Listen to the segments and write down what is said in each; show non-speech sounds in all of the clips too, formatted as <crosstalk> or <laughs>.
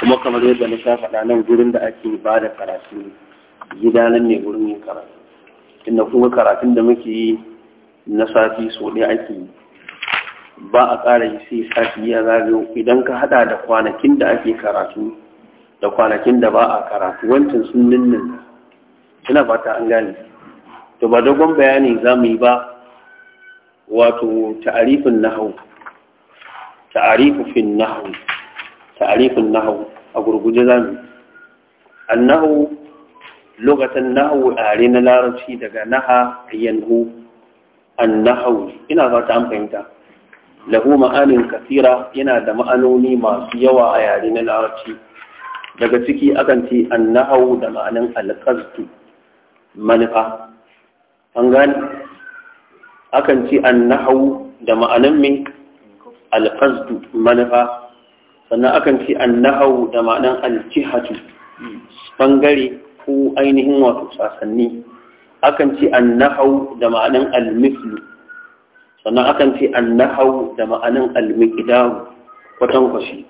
kuma kamar yadda na sha faɗa nan gurin da ake ba da karatu gida nan ne gurin yin karatu inda kuma karatun da muke yi na sati so ɗaya ake yi ba a ƙara yi sai sati ya zagayo idan ka haɗa da kwanakin da ake karatu da kwanakin da ba a karatu wancan sun ninnin ina fata an gane to ba dogon bayani za mu yi ba wato ta'arifin nahau ta'arifu fin nahau ta'arifin nahawu a gurguje zamu annahu lokacin nahawu are na larabci daga naha yanhu annahawu ina fata an fahimta lahu ma'anin kasira yana da ma'anoni masu yawa a yare na larabci daga ciki akan ce annahawu da ma'anin alqasdu manufa an gane akan ce annahawu da ma'anin mai alqasdu manufa sannan akan ce annahau da ma'anan aljihatu bangare ko ainihin wato sasanni akan ce annahau da ma'anan almiflu sannan akan ce annahau da ma'anan almiqdaru kwatan kwashi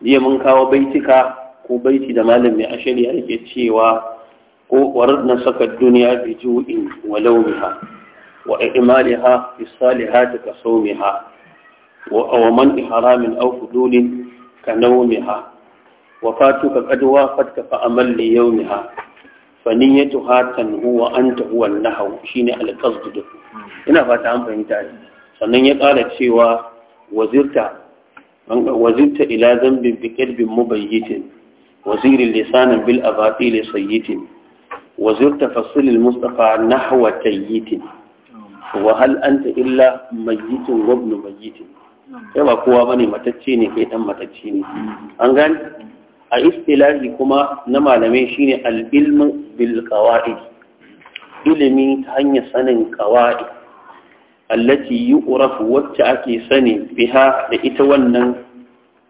jiya mun kawo baitika ko baiti da malamin ashari yake cewa ko na saka duniya bi ju'in wa lawmiha wa i'maliha fi salihati ka sawmiha wa awman ihramin auku fudulin ka naumiha wafatuka qad wafatka fa amal li yawmiha fa niyyatuha tanhuwa anta huwa an-nahw shine al-qasd ina fata an fahimta sannan ya ƙara cewa wazirta wazirta ila zambin bi qalbin mubayyitin وزير اللسان بالأباطيل صيت وزرت فصل المصطفى نحو تيت وهل أنت إلا ميت وابن ميت sai ba kowa bane matacce ne kai dan matacce ne an gani a istilahi kuma na malamai shine al-ilmu bil qawaid ilimi ta hanyar sanin qawaid allati yu'rafu wacce ake sani biha da ita wannan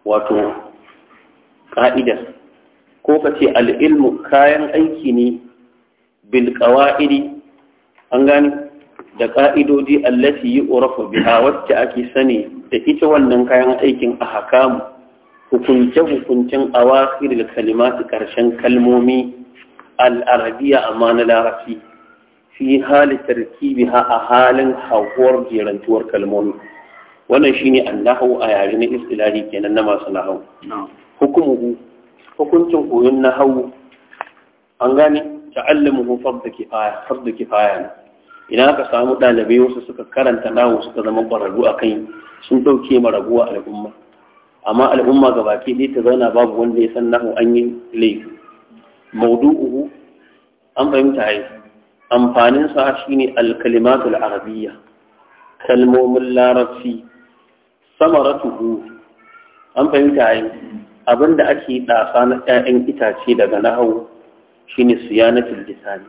wato ka'idar ko ka ce al'ilmu kayan aiki ne bil qawaid an gani da ƙa'idodi allati yi urafu biha wacce ake sani da ita wannan kayan aikin a hakamu hukunce-hukuncen a wakil kalimati ƙarshen kalmomi al'arabiya amma na larabci fi hali tarkibi a halin hauwar jerantuwar kalmomi wannan ne annahu a yare na istilari kenan na masu nahau hukumuhu hukuncin koyon nahau an gane ta'allamuhu fardu kifaya ne Ina ka samu ɗalibai wasu suka karanta nawo suka zama ƙwararru a kai sun ɗauke ma raguwa al'umma amma al'umma ga baki ɗaya ta zauna babu wanda ya san nahu an yi laifi maudu'uhu an fahimta amfanin sa shine alkalimatul arabiyya kalmomin larabci samaratuhu an fahimta yi abinda ake ɗasa na 'ya'yan itace daga nahawu shine siyanatul lisani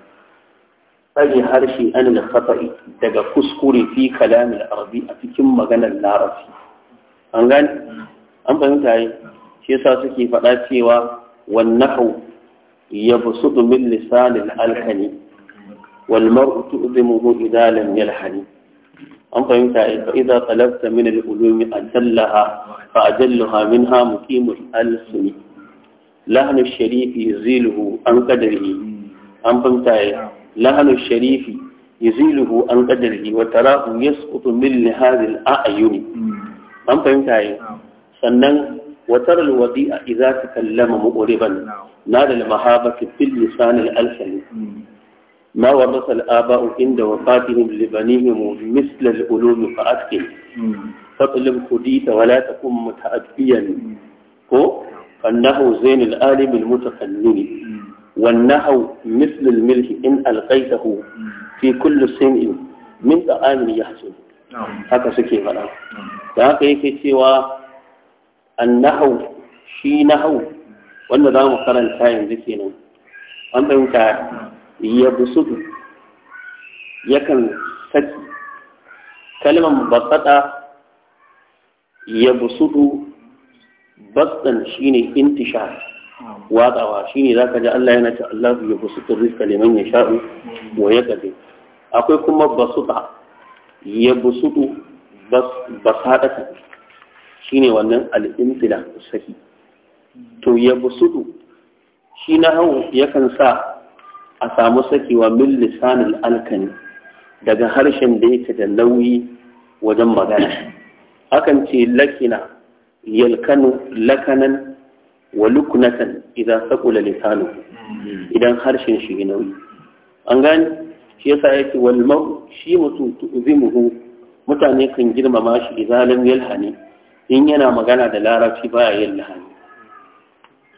أي هرشي أنا لخطأي دقا كسكوري في كلام العربي في كم غنى العربي أنغان أم بنتاي شي ساسكي فلاتي و والنحو يبسط من لسان الألحني والمرء تؤذمه إذا لم يلحن أم بنتاي فإذا طلبت من العلوم أجلها فأجلها منها مقيم الألسن لحن الشريف يزيله عن قدره أم بنتاي lahanu sharifi yaziluhu an qadarihi wa tarahu yasqutu min lihadhi al-a'yun hmm. an fahimta yi sannan watar alwadi'a idza takallama muqriban nada al-mahabati fil lisan al-alsali ما ورث الآباء عند وفاتهم لبنيهم مثل العلوم فأتقن فاطلب خديت ولا تكن متأدبيا هو أنه زين العالم المتفنن والنهو مثل الملح in ألقيته في كل سنء من طعام يحسن haka suke faɗa da haka yake cewa an nahau shi nahau wanda za mu karanta yanzu kenan an fahimta ya busudu yakan saki kalmar basata ya busudu bastan shine intishad. watsawa shine ka ji Allah yana ce Allah ya busutu rizqa liman sha'u wa yaqdir akwai kuma basuta ya busutu basadata shine wannan al saki. to ya busutu shi na hau yakan sa a samu sakewa min lisanin alkani daga harshen da yake da nauyi wajen magana akan ce lakina yalkanu lakanan wa luknatan idan sakula lisanu idan harshen shi nauyi an gani shi yasa yake wal mau shi mutum tu'zimuhu mutane kan girmama shi idan lam yalhani in yana magana da larabci baya yin lahani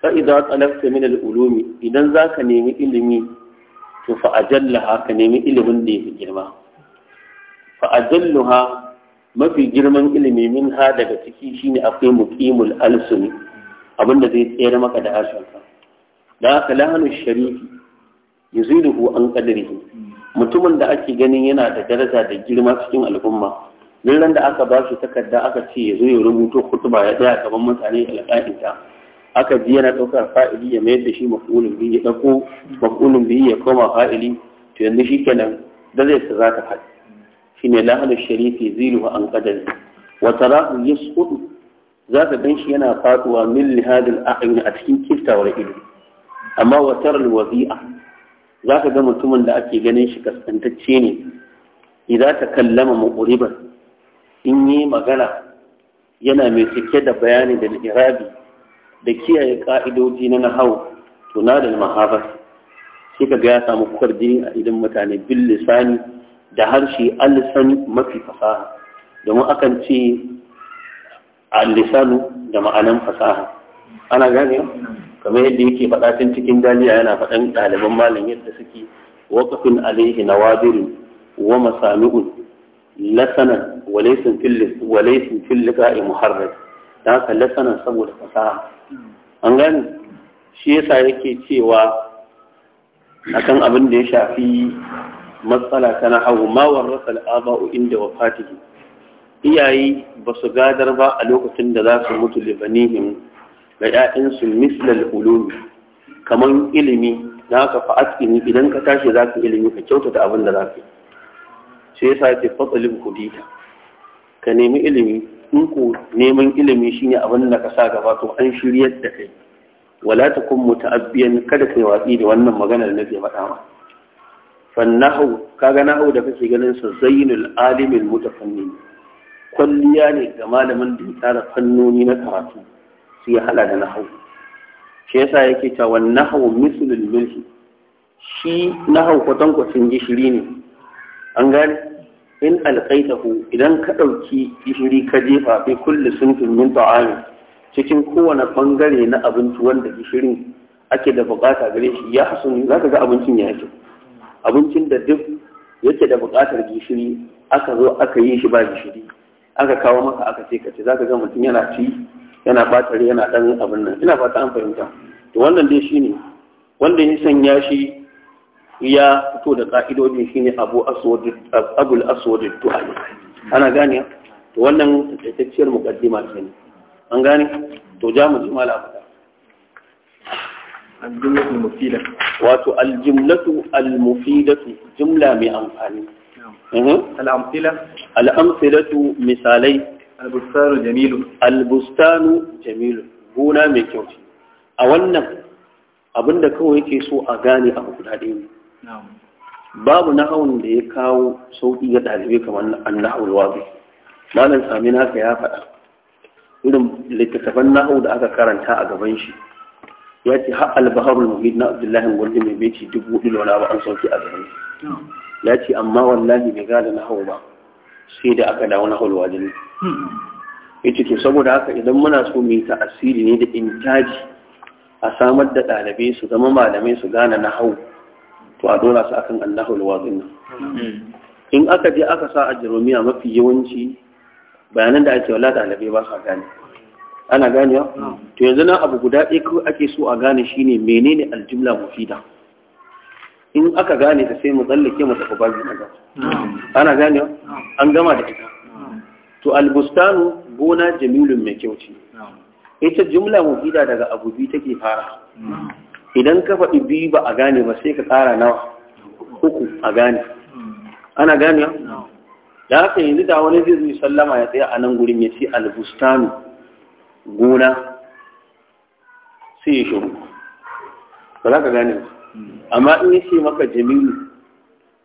fa idza talafta min al-ulumi idan zaka nemi ilimi to fa ajallaha ka nemi ilimin da yake girma fa ajalluha mafi girman ilimi min ha daga ciki shine akwai muqimul alsuni abinda zai tsere maka da harshenka da aka lahanu sharifi yuziduhu an qadrihi mutumin da ake ganin yana da daraja da girma cikin al'umma duk da aka ba shi takarda aka ce ya zo ya rubuto kutuba ya tsaya gaban mutane alƙa'inta aka ji yana ɗaukar fa'ili ya mayar da shi maf'ulun biyu ya ɗauko maf'ulun biyu ya koma fa'ili to yanzu shi kenan da zai su za ta faɗi shine lahanu sharifi zilu an qadari wa tarahu yasqutu za ka gan shi yana faduwa min lihadil a'yun a cikin kiftawar ido amma watar wazi'a. za ka ga mutumin da ake ganin shi kaskantacce ne idan ta kallama muqriban in yi magana yana mai cike da bayani da irabi da kiyaye ka'idoji na nahau to na da mahabar sai ka ga ya samu kwarjini a idan mutane bil lisani da harshe alisan mafi fasaha domin akan ce al-lisanu da ma'anan fasaha ana gane kamar yadda yake faɗa tun cikin daliya yana faɗan ɗaliban malam yadda suke waqafin Alayhi nawadirin wa masami'un lasanan walaysin fil walaysin fil liqa'i muharrar dan haka lasana saboda fasaha an gane shi yasa yake cewa akan abin da ya shafi matsala ta nahawu ma warrasa al-aba'u inda wafatihi iyaye ba su gadar ba a lokacin da za su mutu libanihim ga 'ya'yansu mislal ulumi kamar ilimi na haka fa'askini idan ka tashi za ka ilimi ka kyautata abin da za ka sai ya ce fatsalin kudi ka nemi ilimi in ku neman ilimi shine abin da ka sa gaba to an shiryar da kai wala ta kun muta'abbiyan kada kai watsi da wannan maganar na ke faɗa ma fannahu kaga nahu da kake ganin sa zainul alimul mutafannin kwalliya ne ga malamin da ya tsara fannoni na karatu su ya hala da nahau shi yasa yake cewa wan nahau mislul mulki shi nahau kwatankwacin gishiri ne an gane in alqaitahu idan ka ɗauki gishiri ka jefa fi kulli sunfin min ta'ami cikin kowane bangare na abinci wanda gishirin ake da bukata gare shi ya hasun zaka ga abincin ya abincin da duk yake da bukatar gishiri aka zo aka yi shi ba gishiri aka kawo maka aka ce ka zaka ga mutum yana ci yana batare yana dan abin nan ina fata an fahimta to wannan dai shine wanda ya sanya shi ya fito da ka'idodin shine Abu Aswad Abul Aswad Tuhani ana gane to wannan taitacciyar muqaddima ce an gane to ja mu al-mufidatu wato al-jumlatu al-mufidatu jumla mai amfani. Mhm. al'amfila al'amfilatu misalai albustanu jamilu albustanu jamilu gona mai kyau ce a wannan abinda kawai yake so a gane abu guda ɗaya ne babu nahawun da ya kawo sauƙi ga ɗalibai kamar an nahawul malam sami naka ya faɗa irin littattafan nahawu da aka karanta a gaban shi ya ce har albaharul muhid na abdullahi gwaldi mai beci dubu ɗilo na ba an sauƙi a gaban shi ya ce amma wallahi bai gada na hau ba sai da aka dawo na hulwa jini ya ce saboda haka idan muna so mai ta asiri ne da intaji a samar da ɗalibai su zama malamai su gane na hau to a dora su akan allahu alwazin nan in aka je aka sa a jiromiya mafi yawanci bayanan da ake wala ɗalibai ba sa gane ana gane hmm. to yanzu na abu guda ɗaya ake so a gane shine menene aljumla mufida in aka gane ta sai mu tsallake mu tafi babu na ana gane an gama da ita to albustanu gona jamilun mai kyau ce ita jumla mufida daga abu biyu take fara idan ka faɗi biyu ba a gane ba sai ka ƙara nawa uku a gane ana gane da haka yanzu da wani zai zai sallama ya tsaya a nan gurin ya ce albustanu gona sai ya shiru ba za ka gane ba amma in yake maka jamilu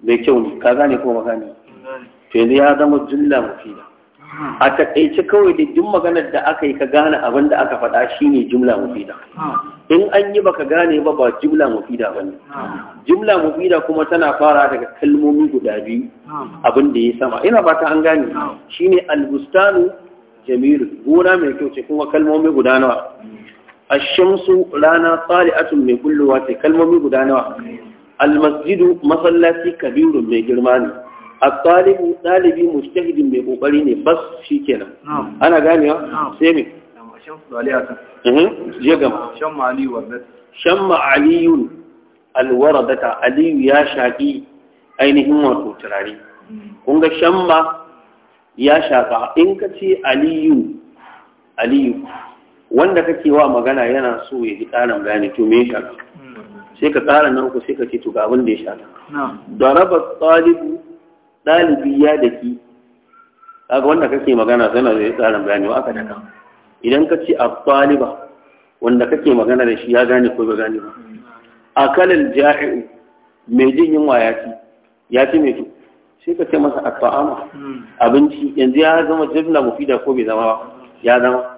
mai kyau ne ka gane ko magana to yanzu ya zama jumla mufida a takaice kawai da duk maganar da aka yi ka gane abin da aka faɗa shine jumla mufida in an yi baka gane ba ba jumla mufida ne jumla mufida kuma tana fara daga kalmomi guda biyu abin da ya sama ina fata an gane shine albustanu jamilu gona mai kyau ce kuma kalmomi guda nawa ashamsu rana tsari'atun mai kullowa ce kalmomi guda nawa almasjidu masallaci kabirun mai girma ne a ɗalibu ɗalibi mustahidin mai ƙoƙari ne bas shi kenan ana ganewa sai mai je gama shamma aliyun alwaradata aliyu ya shaƙi ainihin wato turare kun ga shamma ya shaƙa in ka ce aliyu aliyu wanda kake wa magana yana so ya ji ƙarin bayani to me ya sai ka ƙara nan ku sai ka ce to ga abin da ya shafa daraba talibu ɗalibi ya ki kaga wanda kake magana sana da tsarin bayani aka daka idan ka ce a taliba wanda kake magana da shi ya gane ko bai gane ba a kalin jai mai jin yunwa ya ci ya ci mai sai ka ce masa a hmm. abinci yanzu ya zama jumla mufida ko bai zama ya zama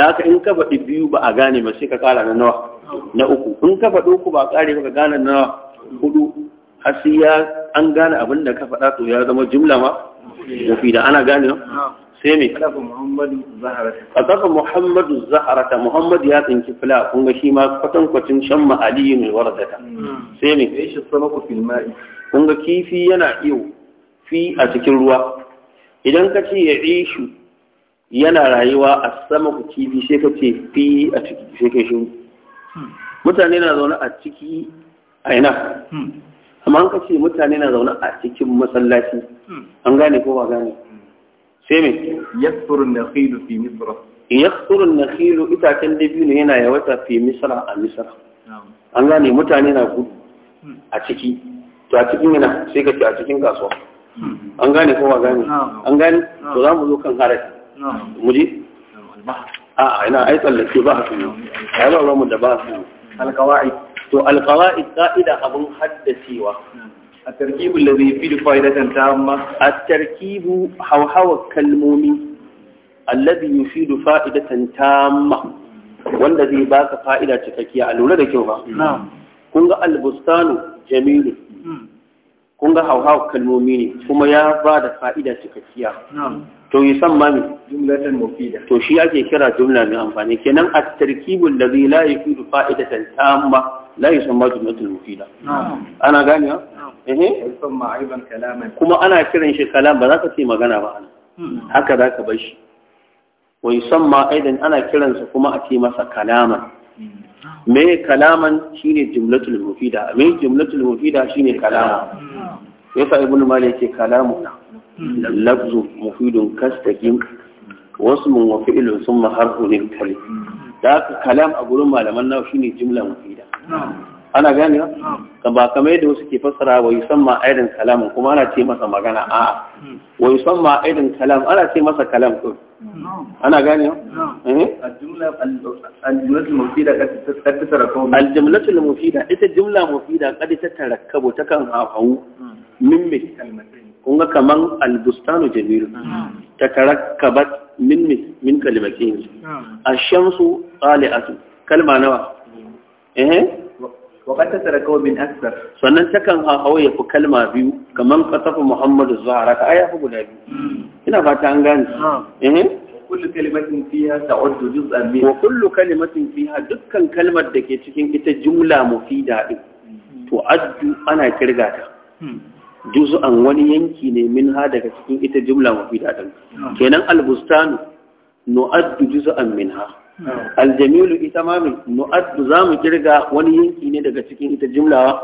da haka in ka faɗi biyu ba a gane ba sai ka ƙara na nawa na uku in ka faɗi uku ba a ƙare ba ka gane na nawa hudu har sai ya an gane abin da ka faɗa to ya zama jumla ma mafi da ana gane sai me kasafa muhammadu zaharata muhammadu ya tsinki fila kun ga shi ma kwatankwacin shan ma'aliyu mai warzata sai me kun ga kifi yana iyo fi a cikin ruwa idan ka ce ya ishu yana rayuwa a sama ku kifi sai ka ce fi a ciki sai ka shi mutane na zaune a ciki a ina amma an kace mutane na zaune a cikin masallaci an gane ko ba gane sai me yasfuru nakhilu fi misra yasfuru nakhilu itacen ne yana yawata fi misra a misra an gane mutane na gudu a ciki to a cikin yana sai ka ce a cikin kasuwa hmm. an gane ko ba gane an gane to za mu zo kan harafi muji? a'a ina ai tsallake ba su ne ya zo da ba su alkawa'id to alkawa'id ka'ida abin haddacewa a tarkibu da zai fi dukwa ya ta amma a tarkibu hauhawa kalmomi allazi yi fi dukwa ya ta amma wanda zai baka ka fa'ida cikakkiya a lura da kyau ba kun albustanu jamilu hmm. kunga ga kalmomi ne kuma ya ba da fa'ida cikakkiya to yi san ma ne jumlatan mufida to shi ake kira jumla mai amfani kenan at-tarkibul ladhi la yufidu fa'idatan tamma la yusamma jumlatan mufida ana gani ha eh, eh. yusamma aiban kalaman kuma ana kiran shi kalam ba za ka ce magana ba ana hmm. haka za ka bar shi wa yusamma aidan ana sa kuma a ce masa kalaman hmm. me kalaman shine jumlatul mufida me jumlatul mufida shine kalama hmm. yasa ibnu malik kalamu na? lafzu mufidun kastaqim wasmun wa fi'lun summa ne kare. da haka kalam a gurin malaman nawa shine jimla mufida ana gane ba ba kamar yadda wasu ke fassara wa yusamma aidan kalam kuma ana ce masa magana a wa yusamma aidan kalam ana ce masa kalam ko ana gane al-jumlatul mufida qad tatarakkabu al-jumlatul mufida ita jumla mufida qad tatarakkabu takan hawu min min kalmatin kun ga kaman albustanu jabiru ta tarakkabat min min kalimatin ash-shamsu su kalma nawa eh وقد تتركوا min أكثر sannan takan hawo ya fi kalma biyu kaman kasafa Muhammadu Zahra ka aya guda biyu hmm. ina fata an gane eh kullu kalimatin fiha ta'uddu juz'an min wa kullu kalimatin fiya dukkan kalmar da ke cikin ita jumla mufida din hmm. to addu ana kirga ta hmm. an wani yanki ne min ha daga cikin ita jumla mafi daɗin hmm. kenan albustanu nu'addu an min ha hmm. aljamilu ita ma min nu'addu za mu kirga wani yanki ne daga cikin ita jumla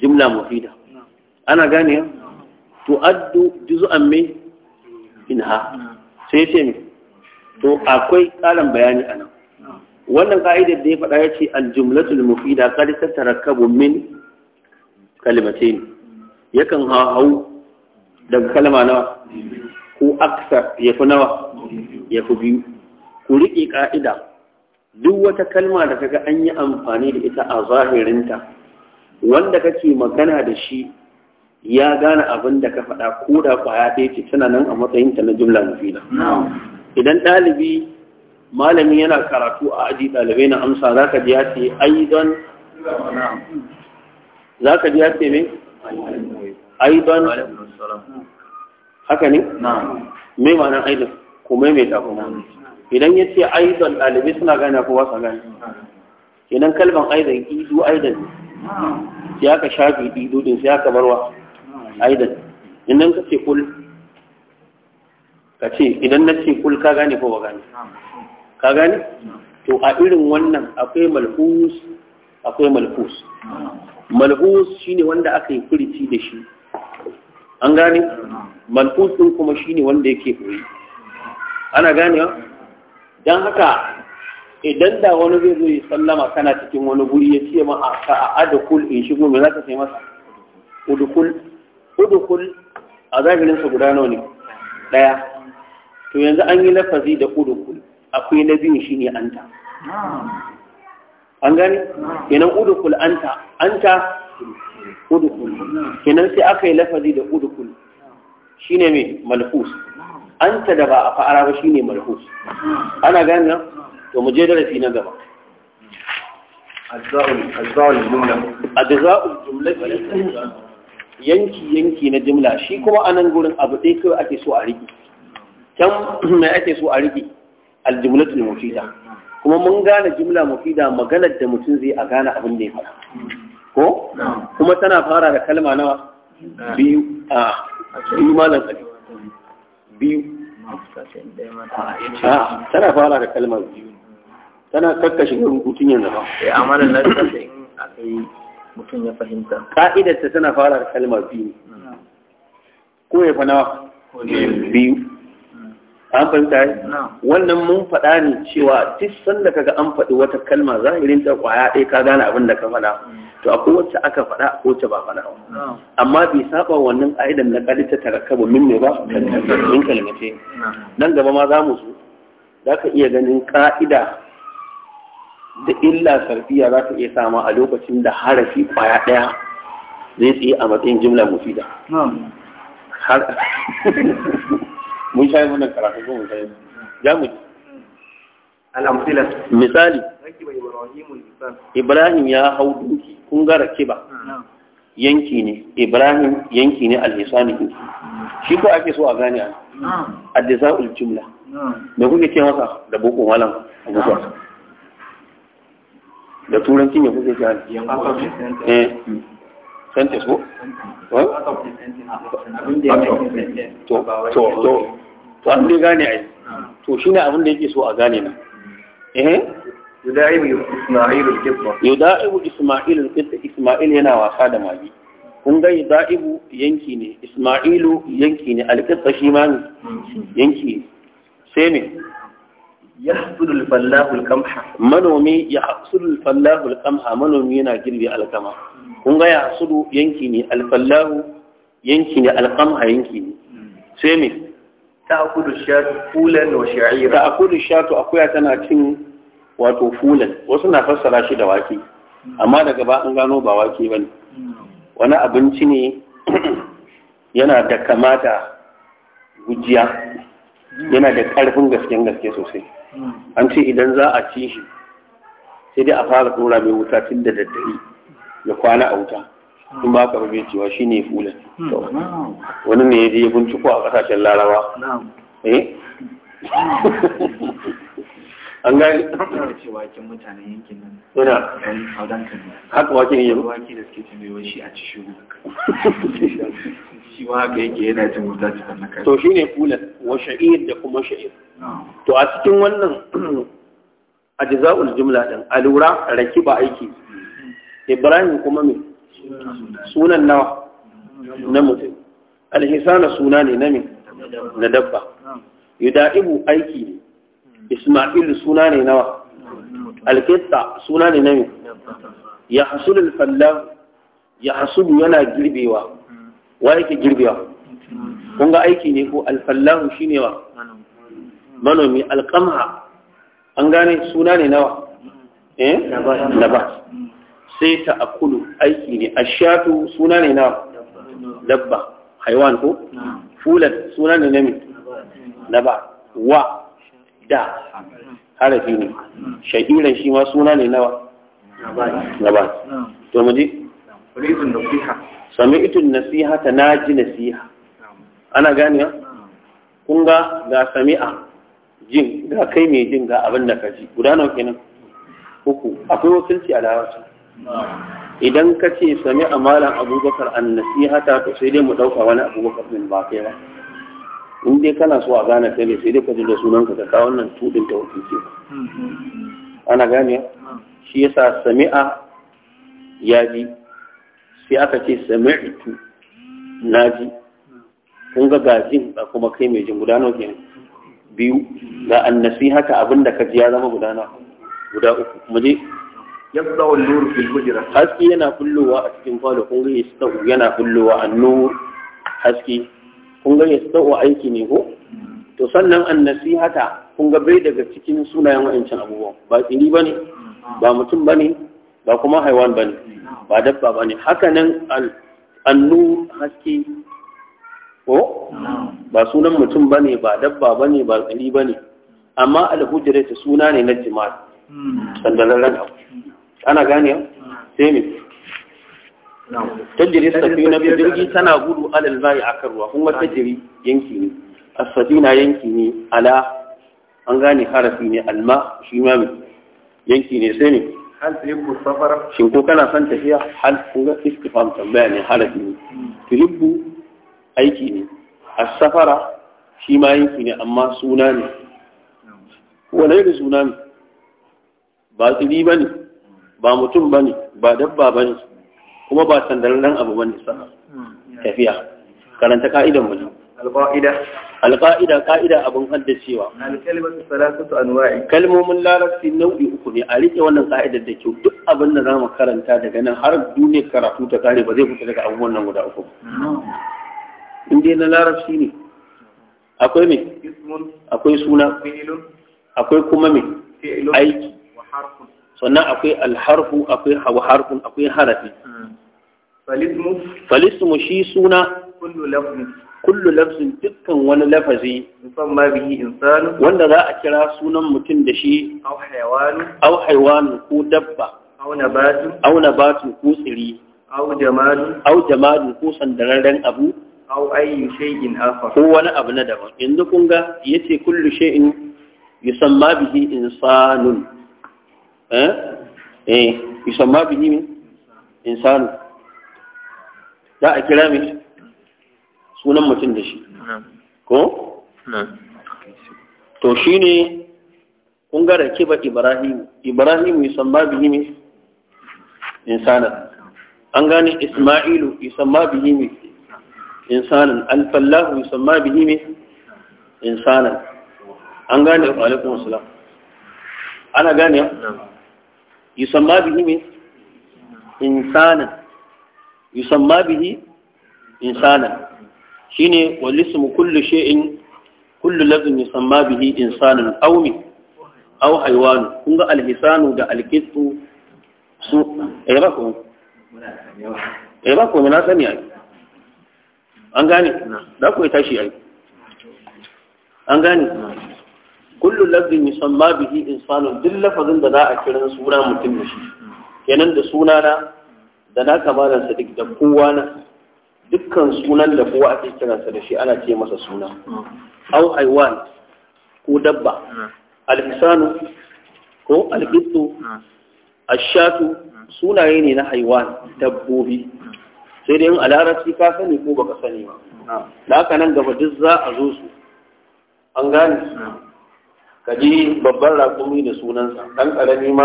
jumla mafi da hmm. ana gane ya tu'addu an min ha sai ce ne to akwai ƙarin bayani a nan wannan ka'idar da ya faɗa ya ce aljumlatul mufida qad tatarakabu min ne. yakan hau daga kalma nawa ko aksar ya fi nawa ya fi biyu ku riƙe ƙa'ida duk wata kalma da kaga an yi amfani da ita a zahirinta wanda kake magana da shi ya gane abin da ka faɗa ko da ƙwaya ɗaya ce tana nan a matsayinta na jumla mufina idan ɗalibi malami yana karatu a aji ɗalibai na amsa za ka ji ya ce aizon za ka ji ya ce mai aidan haka ne me ma'anar aidan mai maimaita kuma idan ya ce aidan ɗalibai suna gane kowa wasa gane idan kalban aidan ido aidan ya ka shafi idu din sai aka barwa aidan idan ka ce kul ka ce idan na ce kul ka gane kowa ba gane ka gane to a irin wannan akwai malhus akwai malhus malhus shine wanda aka yi furici da shi an gane malhus din kuma shine wanda yake koyi ana ganewa don haka idan da wani zai zo ya sallama kana cikin wani guri ya ce ma a adukul in shigo me zaka sai masa udukul udukul a zahirin sa guda nawa ne daya to yanzu an yi lafazi da udukul akwai na biyu shine anta an gani kenan udukul anta anta udukul kenan sai aka yi lafazi da udukul shine mai malhus anta da ba a fa'ara ba shine malhus ana gani nan to mu je darasi na gaba ajza'ul jumla ajza'ul jumla yanki yanki na jumla shi kuma anan gurin abu ɗaya kawai ake so a riƙe can mai ake so a riƙe aljumlatul mufida kuma mun gane jumla mufida maganar da mutum zai a gane abin da ya faɗa ko kuma tana fara da kalma nawa biyu a biyu malam ali biyu tana fara da kalma biyu tana kakkashe rubutun yanzu ba eh amma da in akai mutum ya fahimta ka'idar ta tana fara da kalma biyu ko ya fa nawa biyu an fahimta yi wannan mun faɗa ne cewa duk sanda kaga an faɗi wata kalma zahirin ta kwaya ɗaya ka gane abin da ka faɗa to akwai wacce aka faɗa a wacce ba faɗa amma bai saba wannan ƙa'idan na ƙari ta tarakkabu min ne ba min kalmace nan gaba ma za mu so za ka iya ganin ƙa'ida da illa sarfiya za ka iya sama a lokacin da harafi kwaya ɗaya zai tsaye a matsayin jimla mufida mun shayi wani karatu ko mun shayi ya mu al'amfila misali ibrahim ya hau duki kun gara kiba yanki ne ibrahim yanki ne ne shi ko ake so a gane a addisa'ul ulcimla da kuke ce masa da boko walan abubuwa da turanci ne kuke ce eh sentence ko to to to to an dai gane ai to shi ne abin da yake so a gane nan eh yudaibu isma'il al-qibla yudaibu isma'il isma'il yana wasa da magi kun ga yudaibu yanki ne isma'ilu yanki ne al-qibla shi ma yanki sai ne yahsulu al-fallahu al-qamha manomi yahsulu al-fallahu al-qamha manomi yana girbe alkama kun ga yahsulu yanki ne al-fallahu yanki ne al-qamha yanki ne sai ne ta'kulu shatu shatu akuya tana cin wato fulan wasu na fassara shi da wake amma daga ba an gano ba wake ba ne. wani abinci ne yana da kamata gujiya yana da karfin gasken gaske sosai an ce idan za a ci shi sai dai a fara tura mai wuta tun da daddare ya kwana a wuta in ba ka bai cewa shi ne fulan hmm. wani ne ya je binciko a kasashen larawa eh hmm. an gani cewa kin mutanen yankin nan yana haudan kan haka waken yi wake da suke tambaye shi a ci shugu <laughs> shi ma yake yana jin wuta cikin kan naka to shine fulan wa sha'ir da kuma sha'ir to a cikin wannan <clears throat> ajza'ul jumla din alura rakiba aiki hmm. ibrahim kuma me sunan nawa na mutum alhisana suna ne na na dabba yuda'ibu aiki ne isma'ilu suna ne nawa alkitta suna ne na me ya hasulul fallah ya hasulu yana girbewa wa yake girbewa Kunga aiki ne ko alfallahu ne wa manomi alkamha an gane suna ne nawa eh ba sai ta akulu aiki ne ashatu suna ne na dabba haiwan ko fulan suna ne na na ba wa da harafi ne shahiran shi ma suna ne nawa na ba to mu ji itin nasiha ta naji nasiha ana ganiya Kunga ga ga sami'a jin ga kai mai jin ga abin da ka ji guda nawa kenan uku akwai wakilci a larabci idan ka ce sami malam abubakar an nasihata to sai dai mu ɗauka wani abubakar min ba kai ba in dai kana so a gane kai ne sai dai ka ji da sunan ka ka wannan tudin ta ce ana gane shi yasa sami'a ya ji sai aka ce sami'tu na ji kun ga gajin da kuma kai mai jin gudanar ke biyu ga an nasihata abinda ka ji ya zama gudana guda uku mu je yabda an-nur fil hujra haske yana kullowa a cikin falo kun ga yastau yana kullowa an-nur haske kun ga yastau aiki ne ko to sannan an-nasihata kun ga bai daga cikin sunayen wa'ancin abubuwan ba tsini bane ba mutum ba ne, ba kuma haiwan ne, ba dabba ba ne. haka nan an-nur haske ko ba sunan mutum ba ne, ba dabba ba ne, ba tsini bane amma al-hujra ta suna ne na jima'i sandalallan abu ana gane sai ne tajiri safina bi jirgi tana gudu alal bayi kan ruwa kuma tajiri yanki ne as na yanki ne ala an gane harafi ne alma shi ma yanki ne sai ne hal tuhibbu safara shin ko kana son tafiya hal kun ga istifham tambaya ne harafi ne tuhibbu aiki ne as shi ma yanki ne amma suna ne wala yake suna ne ba tsiri ba ne ba mutum ba ne ba dabba ba ne kuma ba nan abu ba ne sana tafiya karanta ka'idan mu alƙa'ida alƙa'ida ƙa'ida abin haddacewa cewa. anwa'i kalmomin larabci nau'i uku ne a rike wannan ka'idar da kyau duk abin da zamu karanta daga nan har duniyar karatu ta kare ba zai fita daga abubuwan nan guda uku in dai na larabci ne akwai me akwai suna akwai kuma me aiki sannan akwai alharfu akwai harfun akwai harafi falismu shi suna kullu lafzin dukkan wani lafazi musamman bihi insanu wanda za a kira sunan mutum da shi au haywanu ko dabba au nabatu ko tsiri au jamadu ko sandararren abu au ayyu shay'in afa. ko wani abu na daban yanzu kun ga yace kullu shay'in yusamma bihi insanun Eh? eh yusamma bihi min insanu za a kira mai sunan mutum da shi ko to shine kun ga rakiba ibrahim ibrahim yusamma bihi min insana an gane isma'ilu yusamma bihi min insanan alfallahu yusamma bihi min insanan an gane alaikum assalam ana gane yusamma bihi me insanan yusamma bihi insanan shine walismu kullu shay'in kullu lafzin yusamma bihi insana. aw min aw haywan kun ga alhisanu da alqitu su eh ba ko eh ba ko na sani ai an gane da ku tashi ai an gane kullu lafzin yusamma bihi insanun duk lafazin da za a kira suna mutum da shi kenan da suna na da na kamalan sadiq da kowa na dukkan sunan da kowa ake kiransa da shi ana ce masa suna au haiwan ko dabba alhisanu ko alqittu ashatu sunaye ne na haiwan dabbobi sai dai in a larabci ka sani ko baka sani ba da haka nan gaba duk za a zo su an gane ka ji babban raƙumi da sunansa ɗan ƙarami ma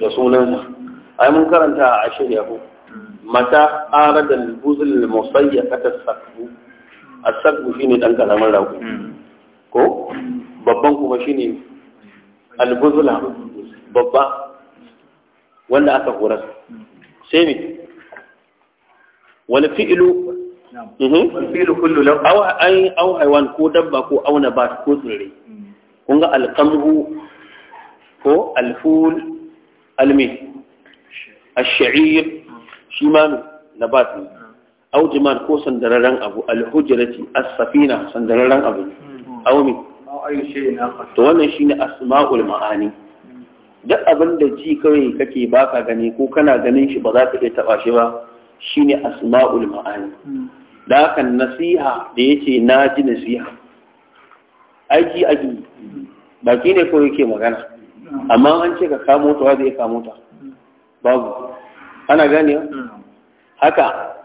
da sunansa ai mun karanta a shirya ko mata ƙara da buzul musayya kata sakku a sakku shi ne ɗan ƙaramin raƙumi ko babban kuma shi ne albuzula babba wanda aka horar sai ne wani fi'ilu wani fi'ilu kullu lau au haiwan ko dabba ko auna ba ko tsirrai kun ga alqamhu ko alful almi ash-sha'ir shi ma nabat ne aujiman ko sandararren abu alhujrati as-safina sandararren abu hmm. aumi to wannan shi ne asma'ul ma'ani duk abin da ji kawai kake baka gani ko kana ganin shi ba za ka iya taba shi ba shine asma'ul ma'ani hmm. da haka nasiha da yace na ji nasiha aiki a baki ne ko yake magana amma an ce ka kamo ta zai kamo ta babu ana gane haka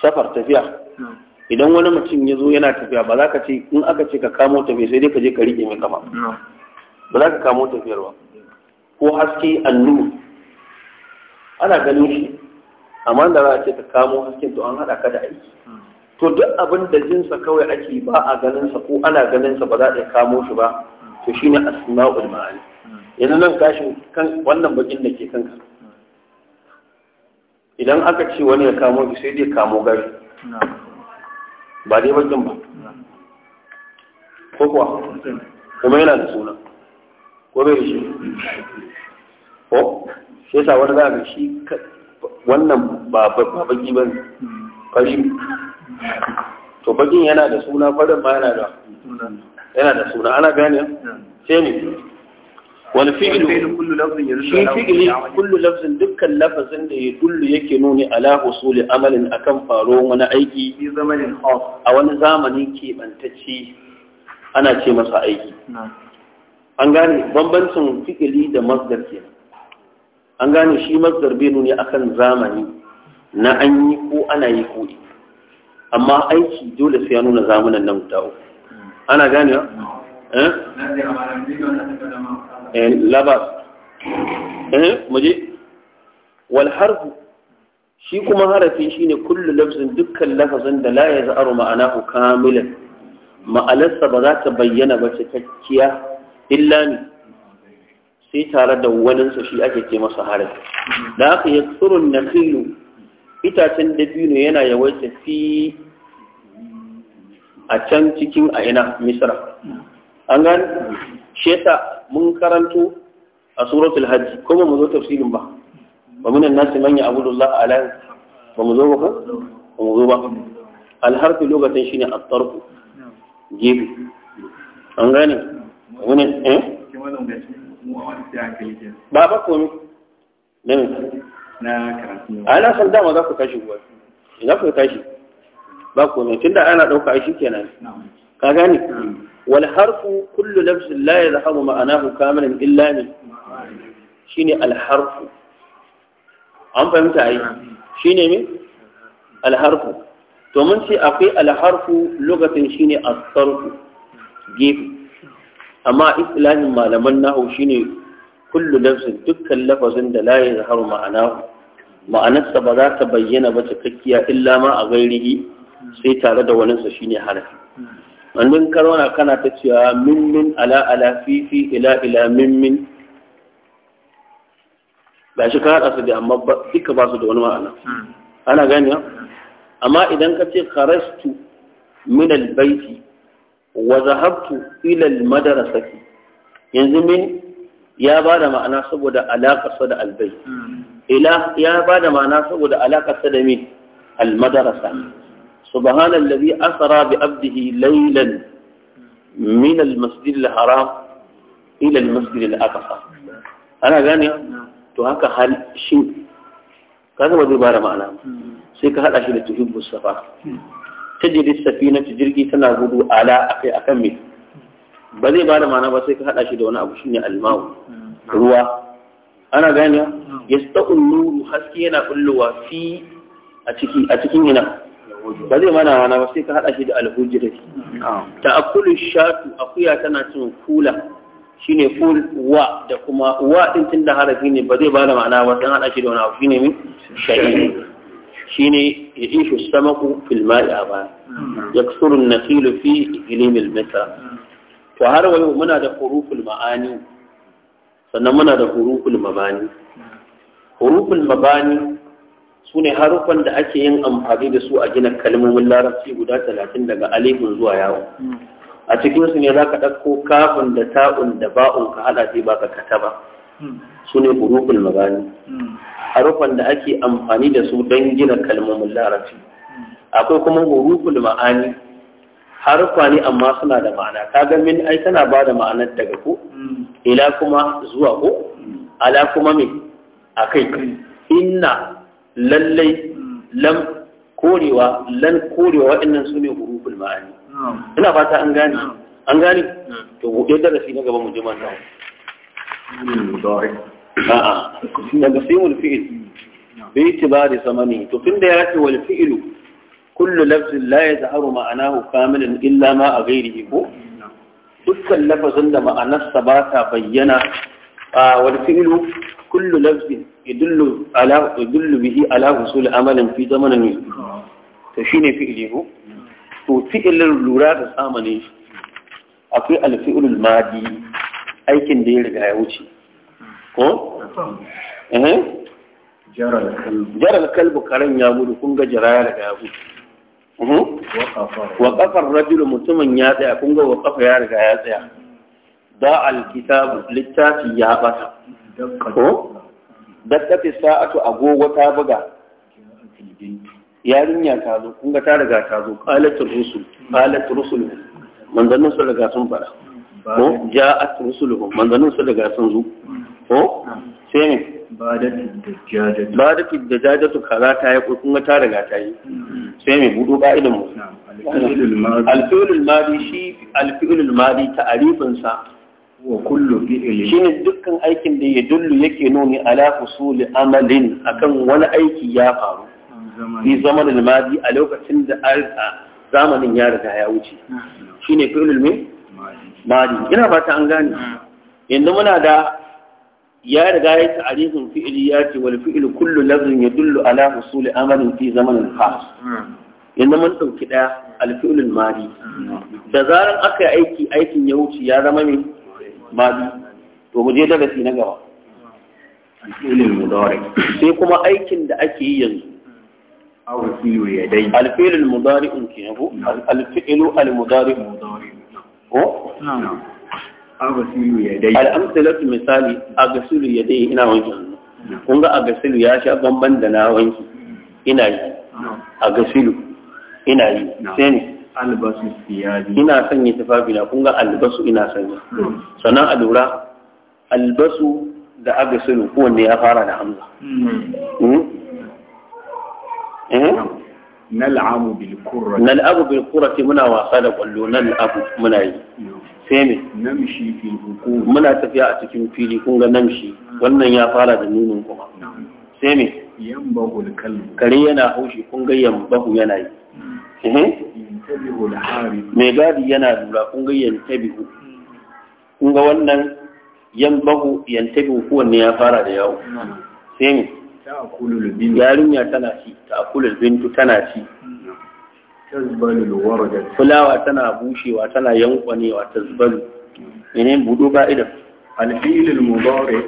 safar tafiya idan wani mutum ya zo yana tafiya ba za ka ce in aka ce ka kamo tafiya sai dai ka je ka riƙe mai kama ba za ka kamo tafiyar ba ko haske annu ana ganin shi amma da za a ce ka kamo hasken to an haɗa ka da aiki to duk abin da jinsa kawai ake ba a ganinsa ko ana ganinsa ba za a kamo shi ba to shine asma'ul ma'ani yanzu nan gashin kan wannan bakin da ke kanka idan aka ce wani ya kamo shi sai dai kamo gari. ba dai bakin ba ko kuwa kuma yana da suna ko bai da shi ko sai sa wani za ka shi wannan ba baki ba ne to bakin yana da suna farin ma yana da yana da suna ana gane sai ne wani fi'lu shi fi'li kullu lafzin dukkan lafazin da ya dullu yake nuni ala husuli amalin akan faro wani aiki a wani zamani keɓantacce ana ce masa aiki an gane bambancin fi'ili da mazgar kenan an gane shi mazgar bai nuni akan zamani na an yi ko ana yi ko amma aiki dole sai ya nuna zamanin nan guda uku ana gane ya? Eh? eh labas eh muje wal shi kuma harafi shine kullu lafzin dukkan lafazin da la ma'ana ku kamilan ma'alarsa ba za ta bayyana ba cikakkiya illa ne sai tare da waninsa shi ake ce masa harafi da aka yi tsurun na filu itacen dabino yana yawaita fi a can cikin a ina misra an gani sheta mun karanto a suratul hajji kuma mu zo tafsirin ba ba minan nasi manya abudullah ala ba mu zo ba ko ba mu zo ba alharfi lokacin shine at-tarfu gefe an gane eh? wani eh ba ba komai ne na a na san dama za ku tashi kuwa za ku tashi ba ku ne da ana ɗauka a shi kenan ka gane wal harfu kullu lafzin la yadhhabu ma'anahu kamilan illa min shine al harfu an fahimta ai shine me al harfu to mun ce akwai alharfu lokacin lugatin shine as-sarfu gefe amma islahin malaman nahu shi ne. kullu lafzin dukkan lafazin da la yazharu ma'anahu ma'anarsa ba za ta bayyana ba cikakkiya illa ma a gairihi sai tare da waninsa shine harafi wannan karwana kana ta cewa mimmin ala ala fi ila ila mimmin... min ba shi ka su da amma duka ba su da wani ma'ana ana gani ya amma idan ka ce kharastu min albaiti wa zahabtu ila almadrasati yanzu min ya ba da ma'ana saboda alaƙarsa da albai ila ya ba da ma'ana saboda alaƙarsa da min almadarasa subhanan labi asara bi abdihi lailan min almasjid haram ila almasjid al-aqsa ana gane to haka hal shi kaga ba zai ba da ma'ana sai ka hada shi da tuhibbu safa tajri safinatu jirgi tana gudu ala akai akan mai ba zai ba da ma'ana ba sai ka haɗa shi da wani abu shine alma'u ruwa ana gani ya sta'un nuru haske yana kullowa fi a ciki a cikin ina ba zai mana mana ba sai ka haɗa shi da alhujira ta akulu shatu akuya tana cin kula shine kul wa da kuma wa din tun da harafi ne ba zai ba da ma'ana ba sai haɗa shi da wani abu shine min shahidi shine ya ishu samaku fil ma'i a baya yaksuru an-nasilu fi ilimil mitra to har wayo muna da huruful ma'ani sannan muna da huruful mabani huruful mabani su ne harufan da ake yin amfani da su a gina kalmomin larabci guda talatin daga alifin zuwa yawo hmm. a cikin su ne za ka ɗauko kafin da ta'un da ba'un ka haɗa sai baka kata ba hmm. su ne huruful mabani hmm. harufan da ake amfani da su don gina kalmomin larabci akwai kuma huruful ma'ani harufa ne amma suna da ma'ana kaga min ai tana ba da ma'anar daga ku ila kuma zuwa ku ala kuma me akai inna lallai lam korewa lan korewa waɗannan su ne hurufin ma'ani ina fata an gane an gane to gobe darasi na gaba mu je mata a'a daga sai mu fi'il bi itibari samani to tunda ya ce wal fi'ilu kullu lafzin la yazharu ma'anahu kamilan illa ma a ghairihi ko dukkan lafazin da ma'anarsa ba ta bayyana a wal fi'lu kullu lafzin yadullu ala bihi ala husul amalin fi zamanin to shine fi'li ko to fi'ilin lura da samane akwai alfi'ilul madi aikin da ya riga ya wuce ko eh jaral kalbu karen ya gudu kun ga jara ya riga ya wuce Mhm. wa kafar rajulu mutumin ya tsaya kun ga wa kafa ya riga ya tsaya da alkitabu littafi ya bata ko dakkafi sa'atu agogo ta buga yarinya ta zo kun ga ta riga ta zo qalat rusul qalat rusul manzannin su riga sun fara ko ja'at rusuluhum manzannin su riga sun zo ko sai ne ba da jajatu kaza ta yi kuma ta daga ta yi sai mai budu ka'idan mu madi shi alfi'ulul madi ta'arifin sa wa kullu fi'lin shine dukkan aikin da ya dullu yake nuni ala husuli amalin akan wani aiki ya faru fi zamanin madi a lokacin da zamanin ya riga ya wuce shine fi'lul madi ina ba ta an gane yanzu muna da ya riga ya ta'arifin fi'ili ya ce wal fi'il kullu lafzin yadullu ala husuli amalin fi zamanin khas yanzu mun dauki daya al fi'ilul madi da zaran aka yi aiki aikin ya wuce ya zama mai madi to mu je darasi na gaba fi'ilul mudari sai kuma aikin da ake yi yanzu aw fi'lu yadayn al fi'ilul mudari kenan ko al fi'ilul mudari ko na'am agasilu ya dai al'amsalatu misali ya dai ina wanke kun ga agasilu ya sha bamban da na wanki, ina yi agasilu ina yi sai ne albasu siyadi ina sanya tufafi na kun ga albasu ina sanya sannan a lura albasu da agasilu kowanne ya fara da hamza mm. hmm? eh? nal'abu bil kurra nal'abu bil kurra muna wasa da kwallo nal'abu muna yi sai me namshi fi hukum muna tafiya a cikin fili kun ga namshi wannan ya fara da nunin kuma sai me yambahul kalbu kare yana haushi kun ga yambahu yana yi Me hmm. gadi yana lura kun ga yantabihu kun ga wannan yambahu yantabihu kowanne ya fara da yawo sai me yarinya tana ci ta ta'kulul bintu tana ci fulawa tana bushewa tana yankwanewa tazbalu menene budo ka'idan alfilul mudari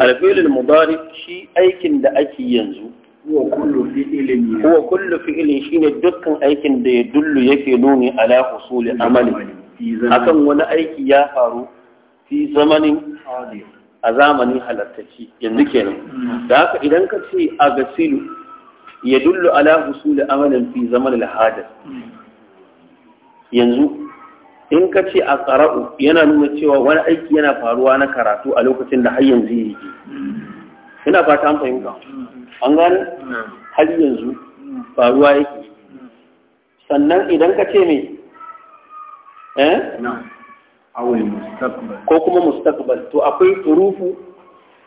alfilul Mubari shi aikin da ake yanzu huwa kullu fi'ilin huwa kullu fi'ilin shine dukkan aikin da ya dullu yake nuni ala husuli amali akan wani aiki ya faru fi zamanin a zamanin halartacci yanzu kenan da haka idan ka ce a gasilu ya dullu ala da amalin fi zaman al yanzu in ka ce a tsara'u yana nuna cewa wani aiki yana faruwa na karatu a lokacin da har yanzu yake ina fata an fahimta an gane har yanzu faruwa yake sannan idan ka ce me eh ko kuma mustaqbal to akwai turufu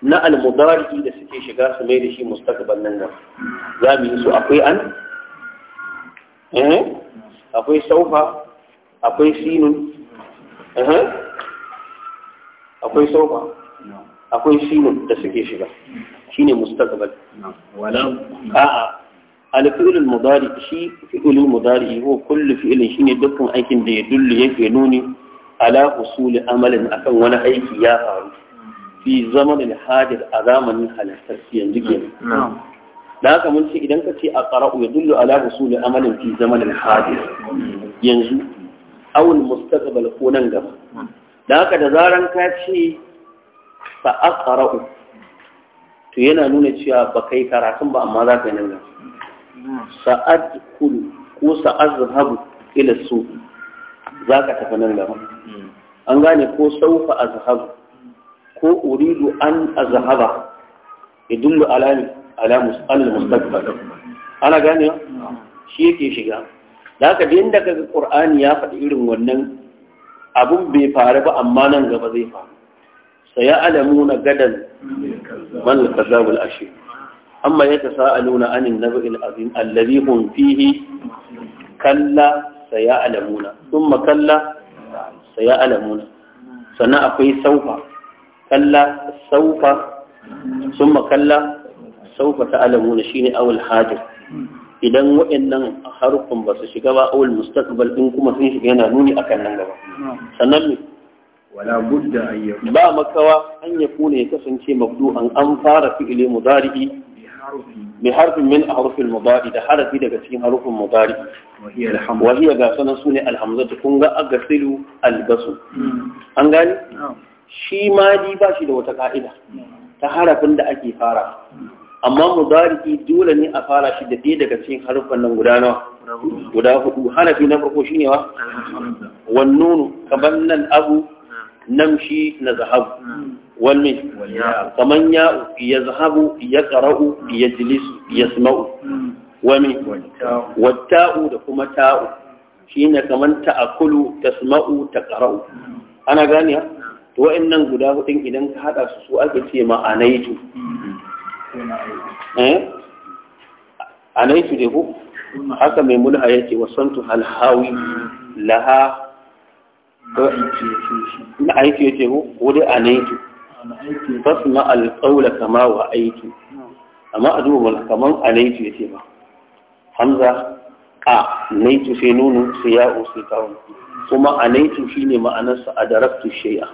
na al al-mudari da suke shiga su mai da shi mustaqbal nan nan za mu yi su akwai an eh? akwai saufa akwai sinun eh? akwai saufa akwai sinun da suke shiga shine mustaqbal wala a'a الفعل المضارع شيء فعل المضارع هو كل فعل شيء dukkan aikin da ya dulle yake nuni ala husuli amalin akan wani aiki ya faru fi zamanin hadir a zamanin halartarsi yanzu ke da haka mun ce idan ka ce a ƙara'u ya dullu ala husuli amalin fi zamanin hadir yanzu awul mustaqbal ko nan gaba da haka da zaran ka ce fa ƙara'u. to yana nuna cewa ba kai karatun ba amma za ka yi nan gaba sa'ad kulu ko sa'ad zahabu ila su za ka tafi nan gaba an gane ko saufa azhabu ko uridu an azhaba idun da alamus al-mustaqbal ana gane shi yake shiga da haka din da kaga qur'ani ya faɗi irin wannan abun bai faru ba amma nan gaba zai faru a غدا Amma الكذاب الأشير أما يتساءلون عن النبأ العظيم الذي هم Kalla كلا alamuna ثم kalla. saya alamuna sannan akwai saufa kalla saufa sun kalla saufa ta alamuna shine awul hadir idan waɗannan harufin ba su shiga ba awul mustaqbal din kuma sun shiga yana nuni akan nan gaba sannan wala budda an ba makawa an ya kuna ya kasance mabdu'an an fara fi'ile mudari'i bi harfin min a harfin mudari da harafi daga cikin harfin mudari wahiya ga sanan su ne alhamzatu kun ga agasilu albasu an gani shi madi ba shi da wata ka'ida ta harafin da ake fara amma mudariki dole ne a fara shi da ɗaya daga cikin harfan nan guda nawa guda hudu harafi na farko shine wa wannan kamar nan abu namshi na zahabu wani kaman ya ya zahabu ya qara'u ya jilisu ya sima'u? wani watta'u da kuma ta'u shi shine kaman ta'akulu ta taqra'u hmm. ana gani ha hmm. to nan guda hudun idan ka haɗa su su ake ce ma anaitu hmm. eh anaitu da ku haka mai mulha yace wasantu hal hawi laha na aiki ya ce ko dai a naiki na alƙaula kama wa aiki amma a duba mana kaman a naiki ya ce ba hamza a naitu sai nunu sai ya'u sai kawun kuma a naitu shi ne ma'anarsa a daraktu shai'a